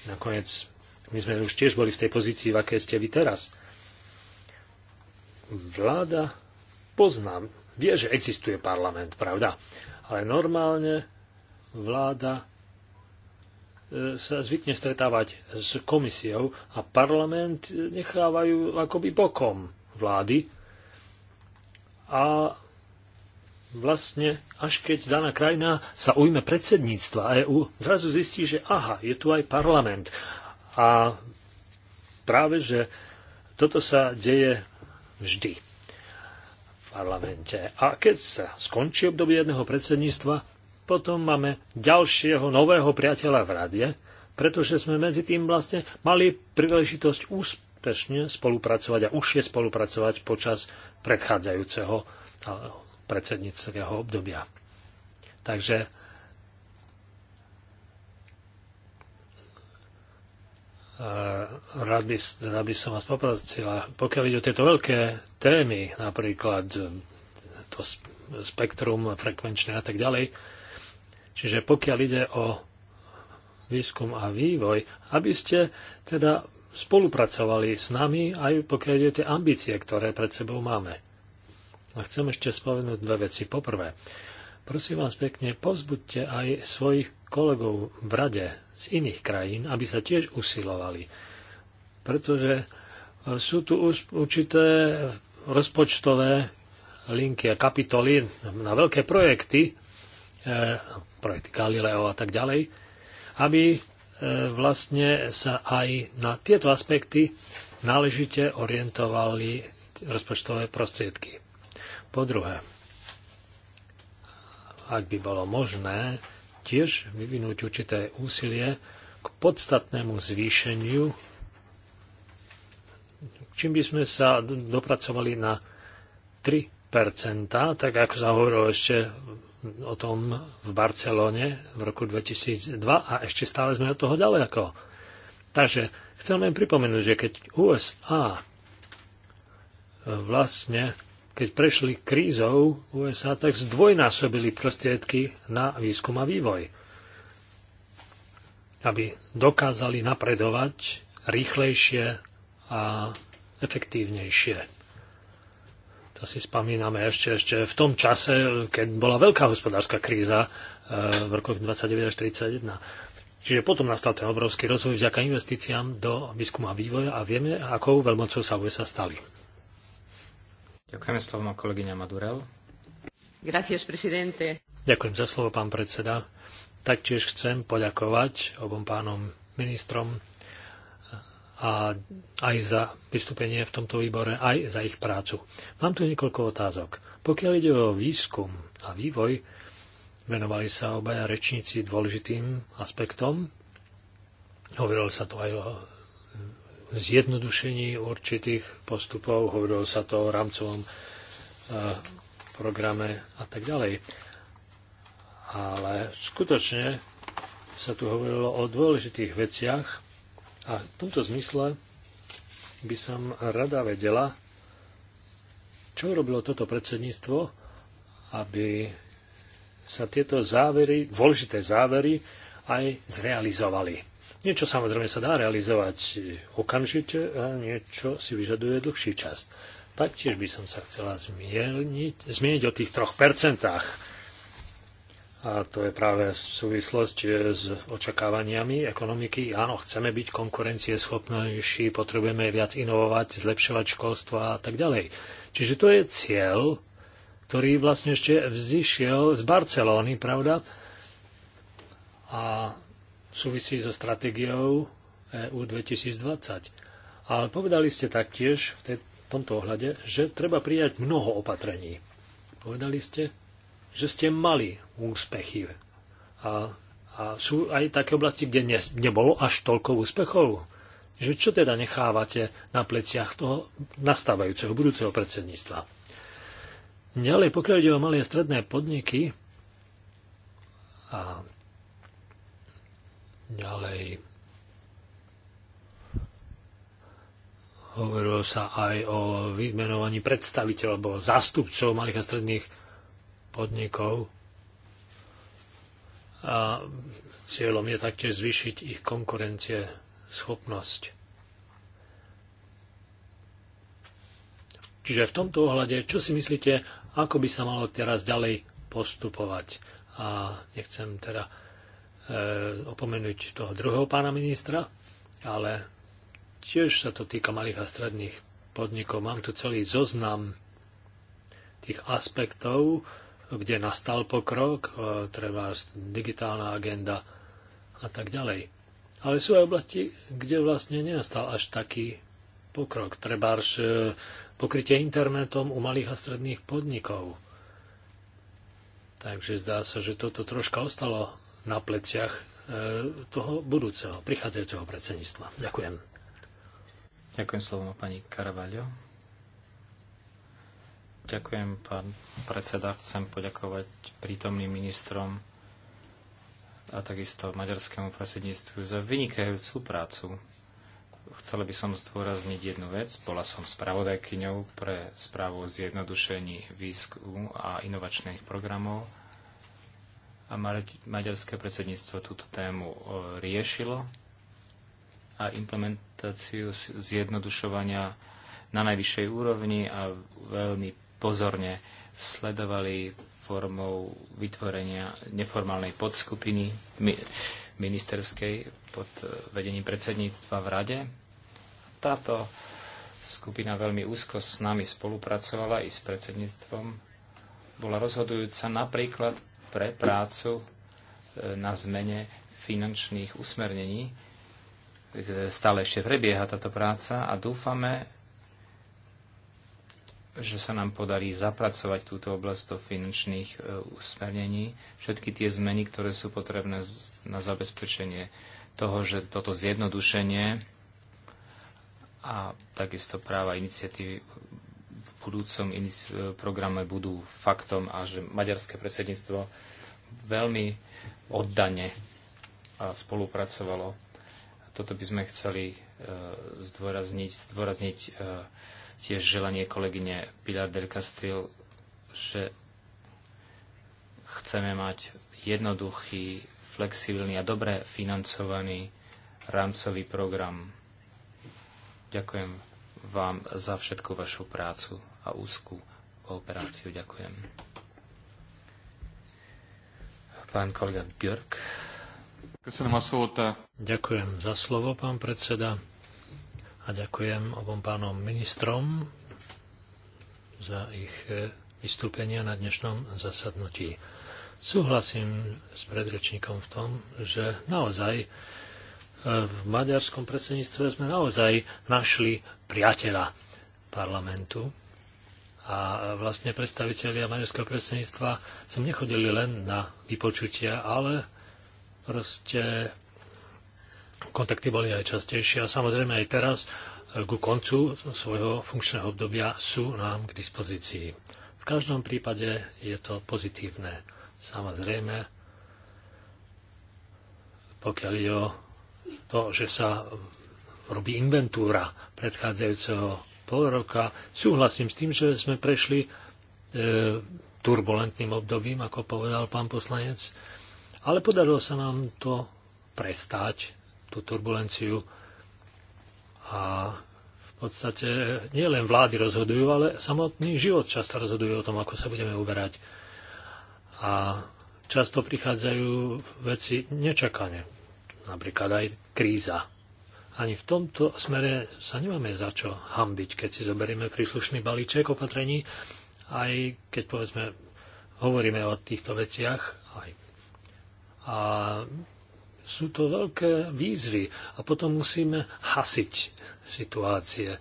nakoniec my sme už tiež boli v tej pozícii, v aké ste vy teraz. Vláda pozná vie, že existuje parlament, pravda. Ale normálne vláda e, sa zvykne stretávať s komisiou a parlament nechávajú akoby bokom vlády. A vlastne až keď daná krajina sa ujme predsedníctva EÚ, zrazu zistí, že aha, je tu aj parlament. A práve, že toto sa deje vždy parlamente. A keď sa skončí obdobie jedného predsedníctva, potom máme ďalšieho nového priateľa v rade, pretože sme medzi tým vlastne mali príležitosť úspešne spolupracovať a užšie spolupracovať počas predchádzajúceho predsedníckého obdobia. Takže rád by, rád by som vás poprosila, pokiaľ ide o tieto veľké témy, napríklad to spektrum frekvenčné a tak ďalej, čiže pokiaľ ide o výskum a vývoj, aby ste teda spolupracovali s nami aj pokiaľ ide o tie ambície, ktoré pred sebou máme. A chcem ešte spomenúť dve veci. Poprvé, Prosím vás pekne, povzbuďte aj svojich kolegov v rade z iných krajín, aby sa tiež usilovali. Pretože e, sú tu určité rozpočtové linky a kapitoly na veľké projekty, e, projekty Galileo a tak ďalej, aby e, vlastne sa aj na tieto aspekty náležite orientovali rozpočtové prostriedky. Po druhé, ak by bolo možné, tiež vyvinúť určité úsilie k podstatnému zvýšeniu, čím by sme sa dopracovali na 3 tak ako sa hovorilo ešte o tom v Barcelone v roku 2002 a ešte stále sme od toho ďaleko. Takže chcem len pripomenúť, že keď USA vlastne keď prešli krízou USA, tak zdvojnásobili prostriedky na výskum a vývoj, aby dokázali napredovať rýchlejšie a efektívnejšie. To si spomíname ešte, ešte v tom čase, keď bola veľká hospodárska kríza e, v rokoch 29 až 31. Čiže potom nastal ten obrovský rozvoj vďaka investíciám do výskuma a vývoja a vieme, akou veľmocou sa USA stali. Ďakujeme slovo kolegyňa Madurel. Gracias, presidente. Ďakujem za slovo, pán predseda. Taktiež chcem poďakovať obom pánom ministrom a aj za vystúpenie v tomto výbore, aj za ich prácu. Mám tu niekoľko otázok. Pokiaľ ide o výskum a vývoj, venovali sa obaja rečníci dôležitým aspektom. Hovorilo sa tu aj o zjednodušení určitých postupov, hovorilo sa to o rámcovom e, programe a tak ďalej. Ale skutočne sa tu hovorilo o dôležitých veciach a v tomto zmysle by som rada vedela, čo robilo toto predsedníctvo, aby sa tieto závery, dôležité závery, aj zrealizovali. Niečo samozrejme sa dá realizovať okamžite a niečo si vyžaduje dlhší čas. Taktiež by som sa chcela zmieniť, zmieniť o tých troch percentách. A to je práve v súvislosti e, s očakávaniami ekonomiky. Áno, chceme byť konkurencieschopnejší, potrebujeme viac inovovať, zlepšovať školstvo a tak ďalej. Čiže to je cieľ, ktorý vlastne ešte vzýšiel z Barcelóny, pravda? A súvisí so stratégiou EU 2020. Ale povedali ste taktiež v tomto ohľade, že treba prijať mnoho opatrení. Povedali ste, že ste mali úspechy. A, a sú aj také oblasti, kde ne, nebolo až toľko úspechov. Že čo teda nechávate na pleciach toho nastávajúceho budúceho predsedníctva? Ďalej, pokiaľ ide o malé stredné podniky, a Ďalej. Hovorilo sa aj o vymenovaní predstaviteľov alebo zástupcov malých a stredných podnikov. A cieľom je taktiež zvýšiť ich konkurencie schopnosť. Čiže v tomto ohľade, čo si myslíte, ako by sa malo teraz ďalej postupovať? A nechcem teda Eh, opomenúť toho druhého pána ministra, ale tiež sa to týka malých a stredných podnikov. Mám tu celý zoznam tých aspektov, kde nastal pokrok, eh, treba digitálna agenda a tak ďalej. Ale sú aj oblasti, kde vlastne nenastal až taký pokrok. až eh, pokrytie internetom u malých a stredných podnikov. Takže zdá sa, že toto troška ostalo na pleciach e, toho budúceho, prichádzajúceho predsedníctva. Ďakujem. Ďakujem slovo pani Karavaľo. Ďakujem, pán predseda. Chcem poďakovať prítomným ministrom a takisto maďarskému predsedníctvu za vynikajúcu prácu. Chcela by som zdôrazniť jednu vec. Bola som spravodajkyňou pre správu o zjednodušení výskumu a inovačných programov a maďarské predsedníctvo túto tému e, riešilo a implementáciu zjednodušovania na najvyššej úrovni a veľmi pozorne sledovali formou vytvorenia neformálnej podskupiny ministerskej pod e, vedením predsedníctva v Rade. Táto skupina veľmi úzko s nami spolupracovala i s predsedníctvom. Bola rozhodujúca napríklad pre prácu e, na zmene finančných usmernení. E, stále ešte prebieha táto práca a dúfame, že sa nám podarí zapracovať túto oblasť do finančných e, usmernení, všetky tie zmeny, ktoré sú potrebné na zabezpečenie toho, že toto zjednodušenie a takisto práva iniciatívy budúcom e, programe budú faktom a že maďarské predsedníctvo veľmi oddane e, spolupracovalo. Toto by sme chceli e, zdôrazniť, zdôrazniť tiež želanie kolegyne Pilar del Castil, že chceme mať jednoduchý, flexibilný a dobre financovaný rámcový program. Ďakujem vám za všetku vašu prácu a úzkú kooperáciu. Ďakujem. Pán kolega Görk. Eh. Ďakujem za slovo, pán predseda. A ďakujem obom pánom ministrom za ich eh, vystúpenia na dnešnom zasadnutí. Súhlasím s predrečníkom v tom, že naozaj eh, v maďarskom predsedníctve sme naozaj našli priateľa parlamentu a vlastne predstavitelia maďarského predsedníctva som nechodili len na vypočutia, ale proste kontakty boli aj častejšie a samozrejme aj teraz eh, ku koncu svojho funkčného obdobia sú nám k dispozícii. V každom prípade je to pozitívne. Samozrejme, pokiaľ je o to, že sa robí inventúra predchádzajúceho pol roka súhlasím s tým, že sme prešli e, turbulentným obdobím, ako povedal pán poslanec, ale podarilo sa nám to prestáť, tú turbulenciu a v podstate nielen vlády rozhodujú, ale samotný život často rozhoduje o tom, ako sa budeme uberať. A často prichádzajú veci nečakane. Napríklad aj kríza ani v tomto smere sa nemáme za čo hambiť, keď si zoberieme príslušný balíček opatrení, aj keď povedzme hovoríme o týchto veciach. Aj. A sú to veľké výzvy a potom musíme hasiť situácie,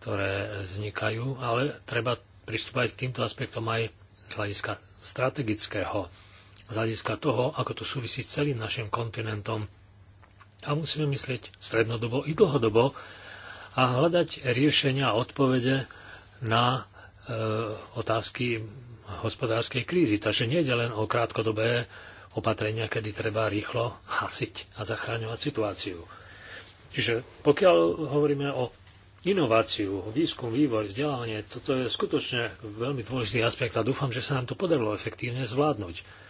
ktoré vznikajú, ale treba pristúpať k týmto aspektom aj z hľadiska strategického, z hľadiska toho, ako to súvisí s celým našim kontinentom a musíme myslieť strednodobo i dlhodobo a hľadať riešenia a odpovede na e, otázky hospodárskej krízy. Takže nie je len o krátkodobé opatrenia, kedy treba rýchlo hasiť a zachráňovať situáciu. Čiže pokiaľ hovoríme o inováciu, výskum, vývoj, vzdelávanie, toto je skutočne veľmi dôležitý aspekt a dúfam, že sa nám to podarilo efektívne zvládnuť.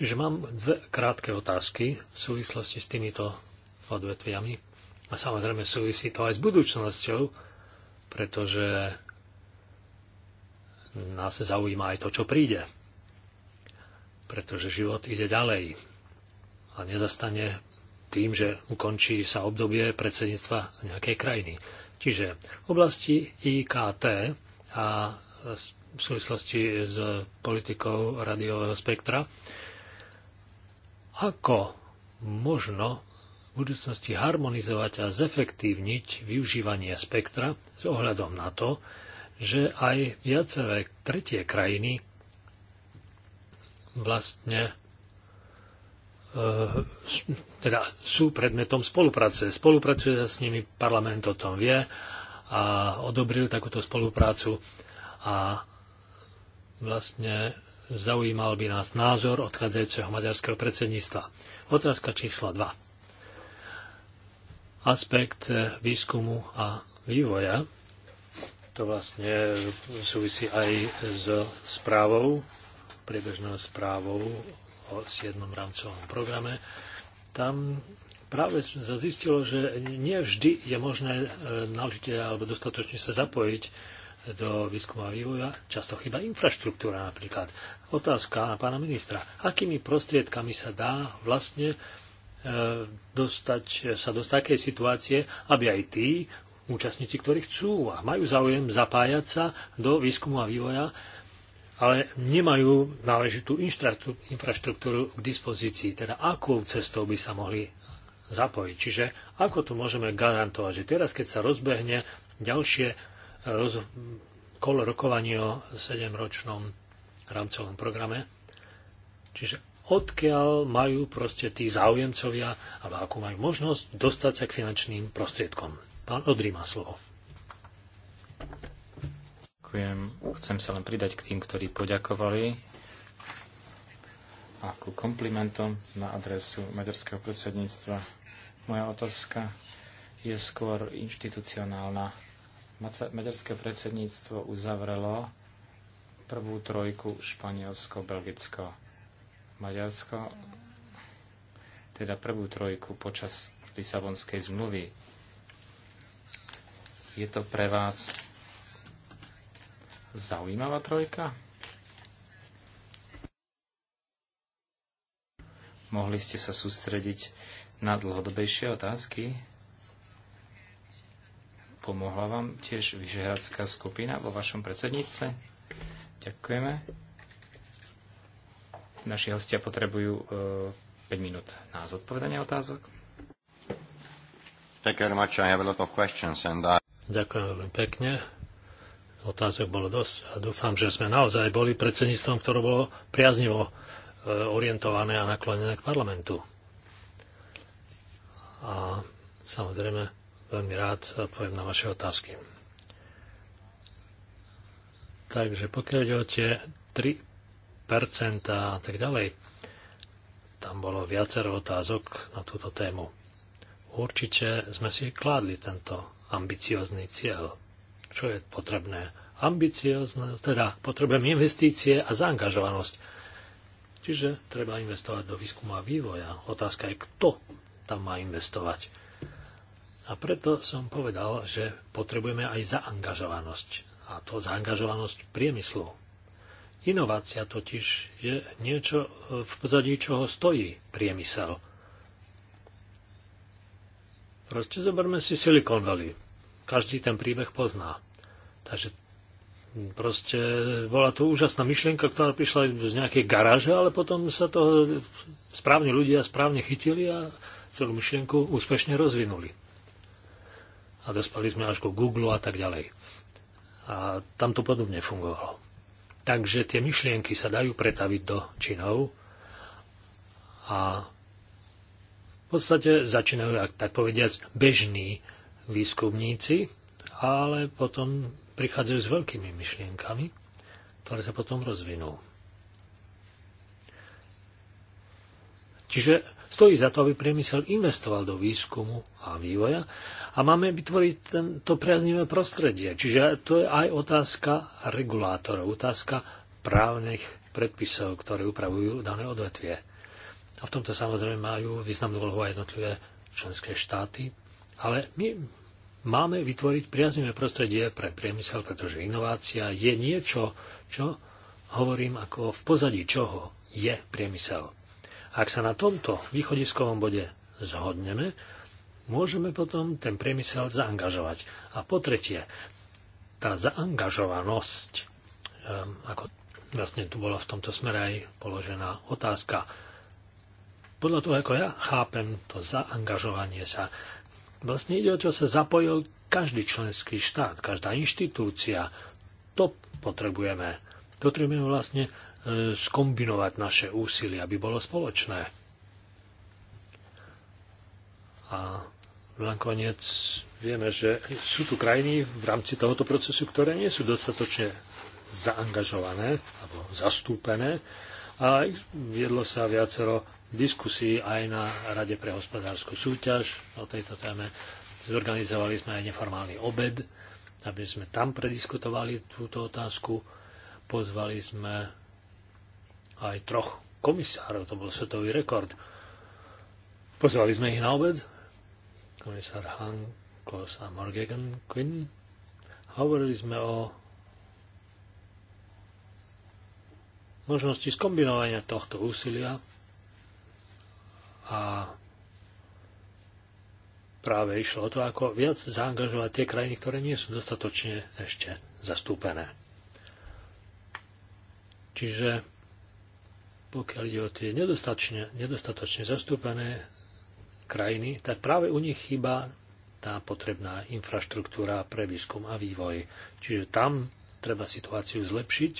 Čiže mám dve krátke otázky v súvislosti s týmito odvetviami. A samozrejme súvisí to aj s budúcnosťou, pretože nás zaujíma aj to, čo príde. Pretože život ide ďalej a nezastane tým, že ukončí sa obdobie predsedníctva nejakej krajiny. Čiže v oblasti IKT a v súvislosti s politikou radiového spektra, ako možno v budúcnosti harmonizovať a zefektívniť využívanie spektra s ohľadom na to, že aj viaceré tretie krajiny vlastne e, teda sú predmetom spolupráce. Spolupracuje sa s nimi, parlament o tom vie a odobril takúto spoluprácu a vlastne zaujímal by nás názor odchádzajúceho maďarského predsedníctva. Otázka čísla 2 aspekt eh, výskumu a vývoja. To vlastne súvisí aj s správou, priebežnou správou o 7. rámcovom programe. Tam práve sa zistilo, že nie vždy je možné eh, náležite alebo dostatočne sa zapojiť do výskumu a vývoja, často chyba infraštruktúra napríklad. Otázka na pána ministra. Akými prostriedkami sa dá vlastne E, dostať, e, sa do takej situácie, aby aj tí účastníci, ktorí chcú a majú záujem zapájať sa do výskumu a vývoja, ale nemajú náležitú infraštruktúru k dispozícii, teda akou cestou by sa mohli zapojiť. Čiže ako to môžeme garantovať, že teraz, keď sa rozbehne ďalšie e, roz... kolo rokovanie o 7-ročnom rámcovom programe, čiže odkiaľ majú proste tí záujemcovia, alebo akú majú možnosť dostať sa k finančným prostriedkom. Pán Odri má slovo. Ďakujem. Chcem sa len pridať k tým, ktorí poďakovali a ku komplimentom na adresu maďarského predsedníctva. Moja otázka je skôr inštitucionálna. Maďarské predsedníctvo uzavrelo prvú trojku Španielsko-Belgicko Maďarsko teda prvú trojku počas Lisabonskej zmluvy. Je to pre vás zaujímavá trojka? Mohli ste sa sústrediť na dlhodobejšie otázky? Pomohla vám tiež vyžehradská skupina vo vašom predsedníctve? Ďakujeme. Naši hostia potrebujú 5 e, minút na zodpovedanie otázok. Ďakujem veľmi pekne. Otázok bolo dosť a dúfam, že sme naozaj boli predsedníctvom, ktoré bolo priaznivo e, orientované a naklonené k parlamentu. A samozrejme veľmi rád odpoviem na vaše otázky. Takže pokiaľ ide o tie tri percenta a tak ďalej. Tam bolo viacero otázok na túto tému. Určite sme si kládli tento ambiciózny cieľ. Čo je potrebné? Ambiciózne, teda potrebujeme investície a zaangažovanosť. Čiže treba investovať do výskumu a vývoja. Otázka je, kto tam má investovať. A preto som povedal, že potrebujeme aj zaangažovanosť. A to zaangažovanosť priemyslu, Inovácia totiž je niečo, v pozadí čoho stojí priemysel. Proste zoberme si Silicon Valley. Každý ten príbeh pozná. Takže proste bola to úžasná myšlienka, ktorá prišla z nejakej garáže, ale potom sa to správne ľudia správne chytili a celú myšlienku úspešne rozvinuli. A dospali sme až ku Google a tak ďalej. A tam to podobne fungovalo. Takže tie myšlienky sa dajú pretaviť do činov a v podstate začínajú, ak tak povediať, bežní výskumníci, ale potom prichádzajú s veľkými myšlienkami, ktoré sa potom rozvinú. Čiže stojí za to, aby priemysel investoval do výskumu a vývoja a máme vytvoriť to priaznivé prostredie. Čiže to je aj otázka regulátorov, otázka právnych predpisov, ktoré upravujú dané odvetvie. A v tomto samozrejme majú významnú úlohu aj jednotlivé členské štáty, ale my máme vytvoriť priaznivé prostredie pre priemysel, pretože inovácia je niečo, čo hovorím ako v pozadí čoho je priemysel. Ak sa na tomto východiskovom bode zhodneme, môžeme potom ten priemysel zaangažovať. A po tretie, tá zaangažovanosť, ehm, ako vlastne tu bola v tomto smere aj položená otázka, podľa toho, ako ja chápem to zaangažovanie sa, vlastne ide o to, sa zapojil každý členský štát, každá inštitúcia. To potrebujeme. Potrebujeme vlastne E, skombinovať naše úsilie, aby bolo spoločné. A nakoniec vieme, že sú tu krajiny v rámci tohoto procesu, ktoré nie sú dostatočne zaangažované alebo zastúpené a viedlo sa viacero diskusí aj na Rade pre hospodárskú súťaž o tejto téme. Zorganizovali sme aj neformálny obed, aby sme tam prediskutovali túto otázku. Pozvali sme aj troch komisárov, to bol svetový rekord. Pozvali sme ich na obed, komisár Han, a Morgan Quinn. Hovorili sme o možnosti skombinovania tohto úsilia a práve išlo o to, ako viac zaangažovať tie krajiny, ktoré nie sú dostatočne ešte zastúpené. Čiže pokiaľ ide o tie nedostatočne, nedostatočne zastúpené krajiny, tak práve u nich chýba tá potrebná infraštruktúra pre výskum a vývoj. Čiže tam treba situáciu zlepšiť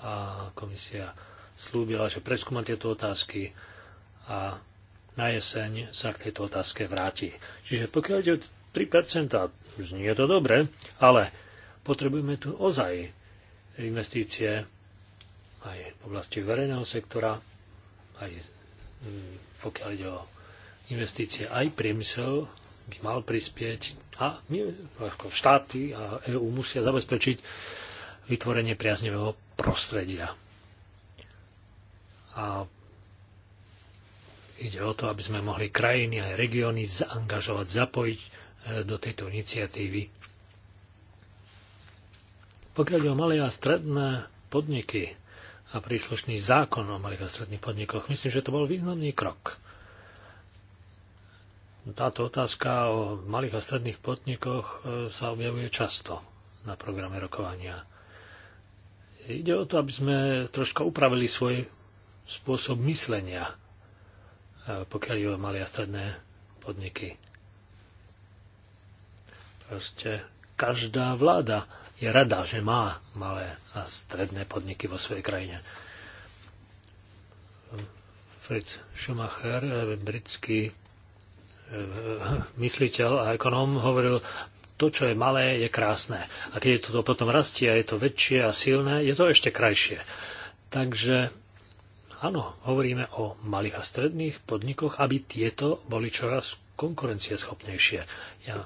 a komisia slúbila, že preskúma tieto otázky a na jeseň sa k tejto otázke vráti. Čiže pokiaľ ide o 3%, znie to dobre, ale potrebujeme tu ozaj investície aj v oblasti verejného sektora, aj mm, pokiaľ ide o investície, aj priemysel by mal prispieť a my, ako štáty a EÚ musia zabezpečiť vytvorenie priaznevého prostredia. A ide o to, aby sme mohli krajiny aj regióny zaangažovať, zapojiť e, do tejto iniciatívy. Pokiaľ ide o malé a stredné podniky, a príslušný zákon o malých a stredných podnikoch. Myslím, že to bol významný krok. Táto otázka o malých a stredných podnikoch e, sa objavuje často na programe rokovania. Ide o to, aby sme troška upravili svoj spôsob myslenia, e, pokiaľ je o malé a stredné podniky. Proste každá vláda je rada, že má malé a stredné podniky vo svojej krajine. Fritz Schumacher, eh, britský eh, [LAUGHS] mysliteľ a ekonóm, hovoril, to, čo je malé, je krásne. A keď to potom rastie a je to väčšie a silné, je to ešte krajšie. Takže áno, hovoríme o malých a stredných podnikoch, aby tieto boli čoraz konkurencieschopnejšie. Ja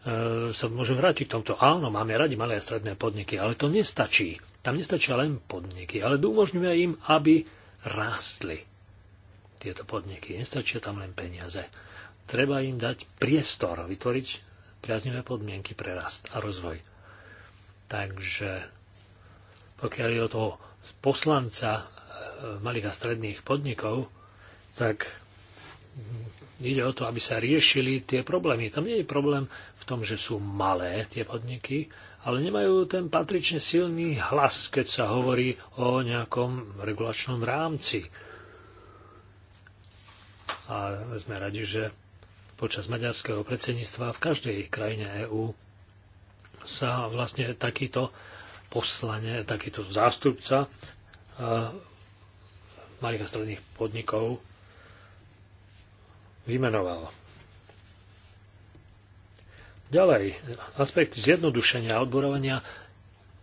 E, sa môžem vrátiť k tomto. Áno, máme radi malé a stredné podniky, ale to nestačí. Tam nestačia len podniky, ale umožňuje im, aby rástli tieto podniky. Nestačia tam len peniaze. Treba im dať priestor, vytvoriť priaznivé podmienky pre rast a rozvoj. Takže pokiaľ je o toho poslanca e, malých a stredných podnikov, tak ide o to, aby sa riešili tie problémy. Tam nie je problém v tom, že sú malé tie podniky, ale nemajú ten patrične silný hlas, keď sa hovorí o nejakom regulačnom rámci. A sme radi, že počas maďarského predsedníctva v každej krajine EÚ sa vlastne takýto poslane, takýto zástupca malých a stredných podnikov vymenoval. Ďalej, aspekt zjednodušenia a odborovania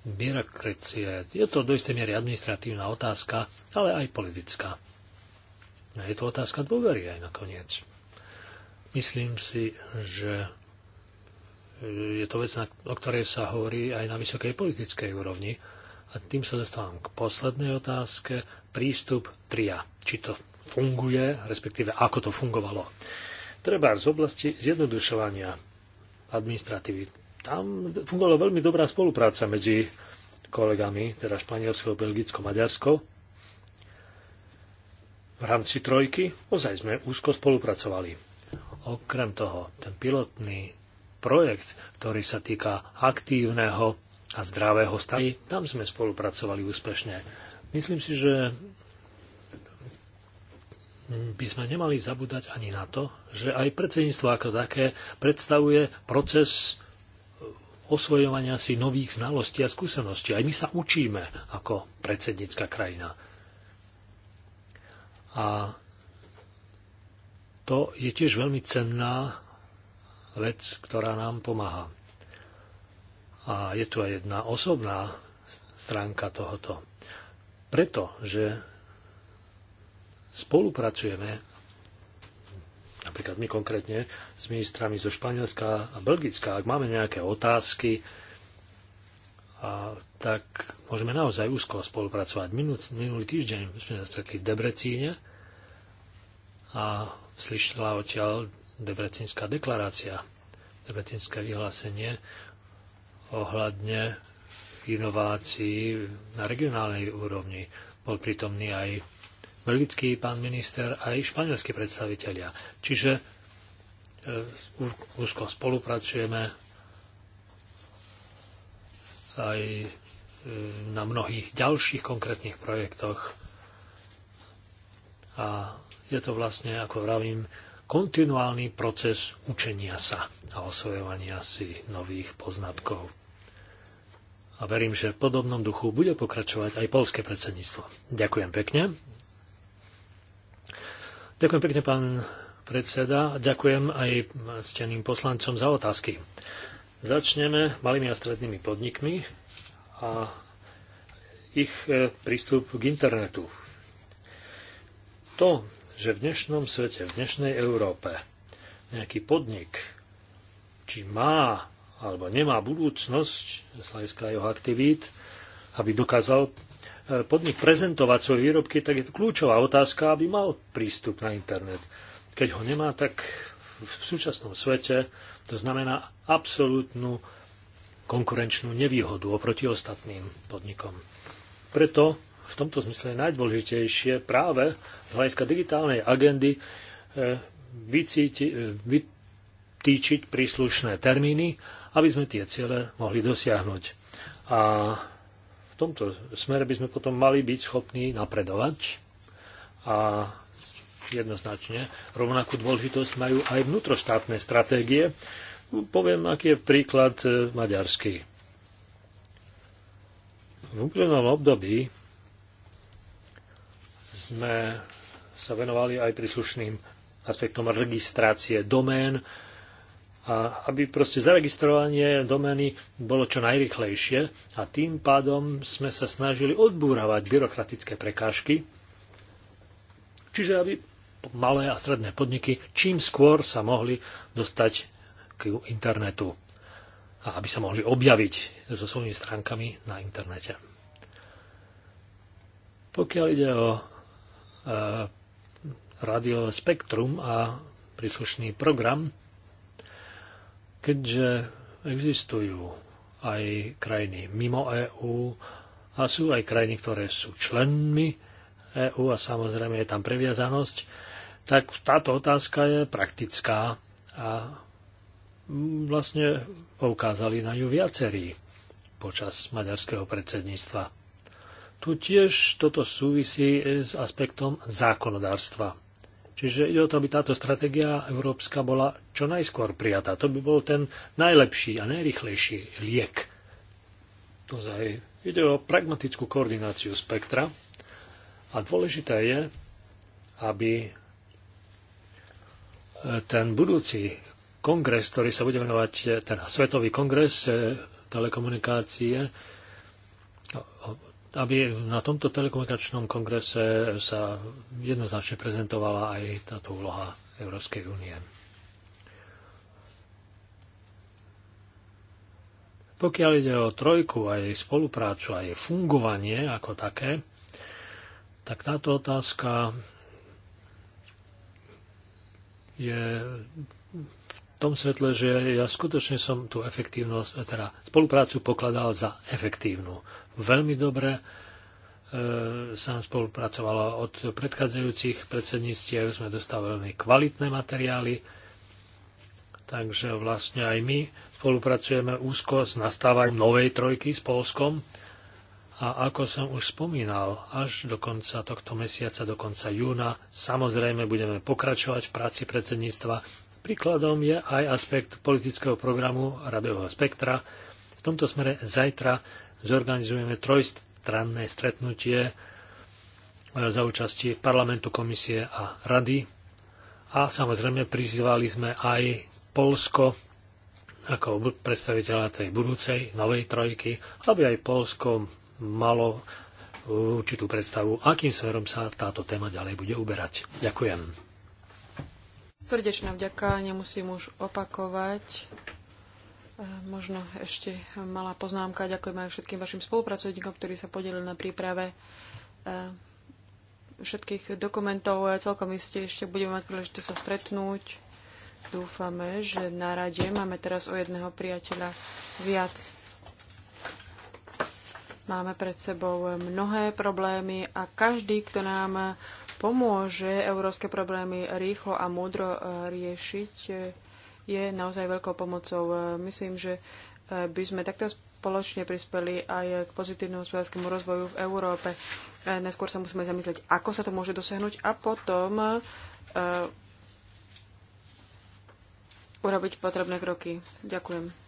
byrokracie. Je to do istej miery administratívna otázka, ale aj politická. Je to otázka dôvery aj nakoniec. Myslím si, že je to vec, o ktorej sa hovorí aj na vysokej politickej úrovni. A tým sa dostávam k poslednej otázke. Prístup tria. Či to funguje, respektíve ako to fungovalo. Treba z oblasti zjednodušovania administratívy. Tam fungovala veľmi dobrá spolupráca medzi kolegami, teda Španielsko, Belgicko, Maďarsko. V rámci trojky ozaj sme úzko spolupracovali. Okrem toho, ten pilotný projekt, ktorý sa týka aktívneho a zdravého stavu, tam sme spolupracovali úspešne. Myslím si, že by sme nemali zabúdať ani na to, že aj predsedníctvo ako také predstavuje proces eh, osvojovania si nových znalostí a skúseností. Aj my sa učíme ako predsednícka krajina. A to je tiež veľmi cenná vec, ktorá nám pomáha. A je tu aj jedna osobná stránka tohoto. Preto, že spolupracujeme, napríklad my konkrétne, s ministrami zo Španielska a Belgická. Ak máme nejaké otázky, a, tak môžeme naozaj úzko spolupracovať. Minul, minulý týždeň sme sa stretli v Debrecíne a slyšela odtiaľ Debrecínska deklarácia, Debrecínske vyhlásenie ohľadne inovácií na regionálnej úrovni. Bol prítomný aj belgický pán minister aj španielskí predstavitelia. Čiže e, úzko spolupracujeme aj e, na mnohých ďalších konkrétnych projektoch. A je to vlastne, ako vravím, kontinuálny proces učenia sa a osvojovania si nových poznatkov. A verím, že v podobnom duchu bude pokračovať aj polské predsedníctvo. Ďakujem pekne. Ďakujem pekne, pán predseda. Ďakujem aj steným poslancom za otázky. Začneme malými a strednými podnikmi a ich e, prístup k internetu. To, že v dnešnom svete, v dnešnej Európe nejaký podnik, či má alebo nemá budúcnosť z hľadiska jeho aktivít, aby dokázal podnik prezentovať svoje výrobky, tak je to kľúčová otázka, aby mal prístup na internet. Keď ho nemá, tak v súčasnom svete to znamená absolútnu konkurenčnú nevýhodu oproti ostatným podnikom. Preto v tomto zmysle je najdôležitejšie práve z hľadiska digitálnej agendy eh, vycíti, eh, vytýčiť príslušné termíny, aby sme tie ciele mohli dosiahnuť. A tomto smere by sme potom mali byť schopní napredovať a jednoznačne rovnakú dôležitosť majú aj vnútroštátne stratégie. Poviem, aký je príklad e, maďarský. V úplnom období sme sa venovali aj príslušným aspektom registrácie domén, a aby proste zaregistrovanie domény bolo čo najrychlejšie a tým pádom sme sa snažili odbúravať byrokratické prekážky, čiže aby malé a stredné podniky čím skôr sa mohli dostať k internetu a aby sa mohli objaviť so svojimi stránkami na internete. Pokiaľ ide o e, radio Spektrum a príslušný program, keďže existujú aj krajiny mimo EÚ a sú aj krajiny, ktoré sú členmi EÚ a samozrejme je tam previazanosť, tak táto otázka je praktická a vlastne poukázali na ňu viacerí počas maďarského predsedníctva. Tu tiež toto súvisí s aspektom zákonodárstva. Čiže ide o to, aby táto stratégia európska bola čo najskôr prijatá. To by bol ten najlepší a najrychlejší liek. Naozaj ide o pragmatickú koordináciu spektra a dôležité je, aby e, ten budúci kongres, ktorý sa bude venovať, e, ten teda Svetový kongres e, telekomunikácie, aby na tomto telekomunikačnom kongrese sa jednoznačne prezentovala aj táto úloha Európskej únie. Pokiaľ ide o trojku a jej spoluprácu a jej fungovanie ako také, tak táto otázka je v tom svetle, že ja skutočne som tú efektívnosť, teda spoluprácu pokladal za efektívnu veľmi dobre e, sa spolupracovala od predchádzajúcich predsedníctiev, sme dostali veľmi kvalitné materiály, takže vlastne aj my spolupracujeme úzko s nastávaním novej trojky s Polskom a ako som už spomínal, až do konca tohto mesiaca, do konca júna, samozrejme budeme pokračovať v práci predsedníctva. Príkladom je aj aspekt politického programu Radového spektra. V tomto smere zajtra zorganizujeme trojstranné stretnutie e, za účasti parlamentu, komisie a rady. A samozrejme prizývali sme aj Polsko ako predstaviteľa tej budúcej novej trojky, aby aj Polsko malo e, určitú predstavu, akým smerom sa táto téma ďalej bude uberať. Ďakujem. Srdečná vďaka, nemusím už opakovať Možno ešte malá poznámka. Ďakujem aj všetkým vašim spolupracovníkom, ktorí sa podelili na príprave e, všetkých dokumentov. Celkom iste ešte budeme mať príležitosť sa stretnúť. Dúfame, že na rade máme teraz o jedného priateľa viac. Máme pred sebou mnohé problémy a každý, kto nám pomôže európske problémy rýchlo a múdro e, riešiť, e, je naozaj veľkou pomocou. E, myslím, že e, by sme takto spoločne prispeli aj k pozitívnemu hospodárskému rozvoju v Európe. E, neskôr sa musíme zamyslieť, ako sa to môže dosiahnuť a potom urobiť potrebné kroky. Ďakujem.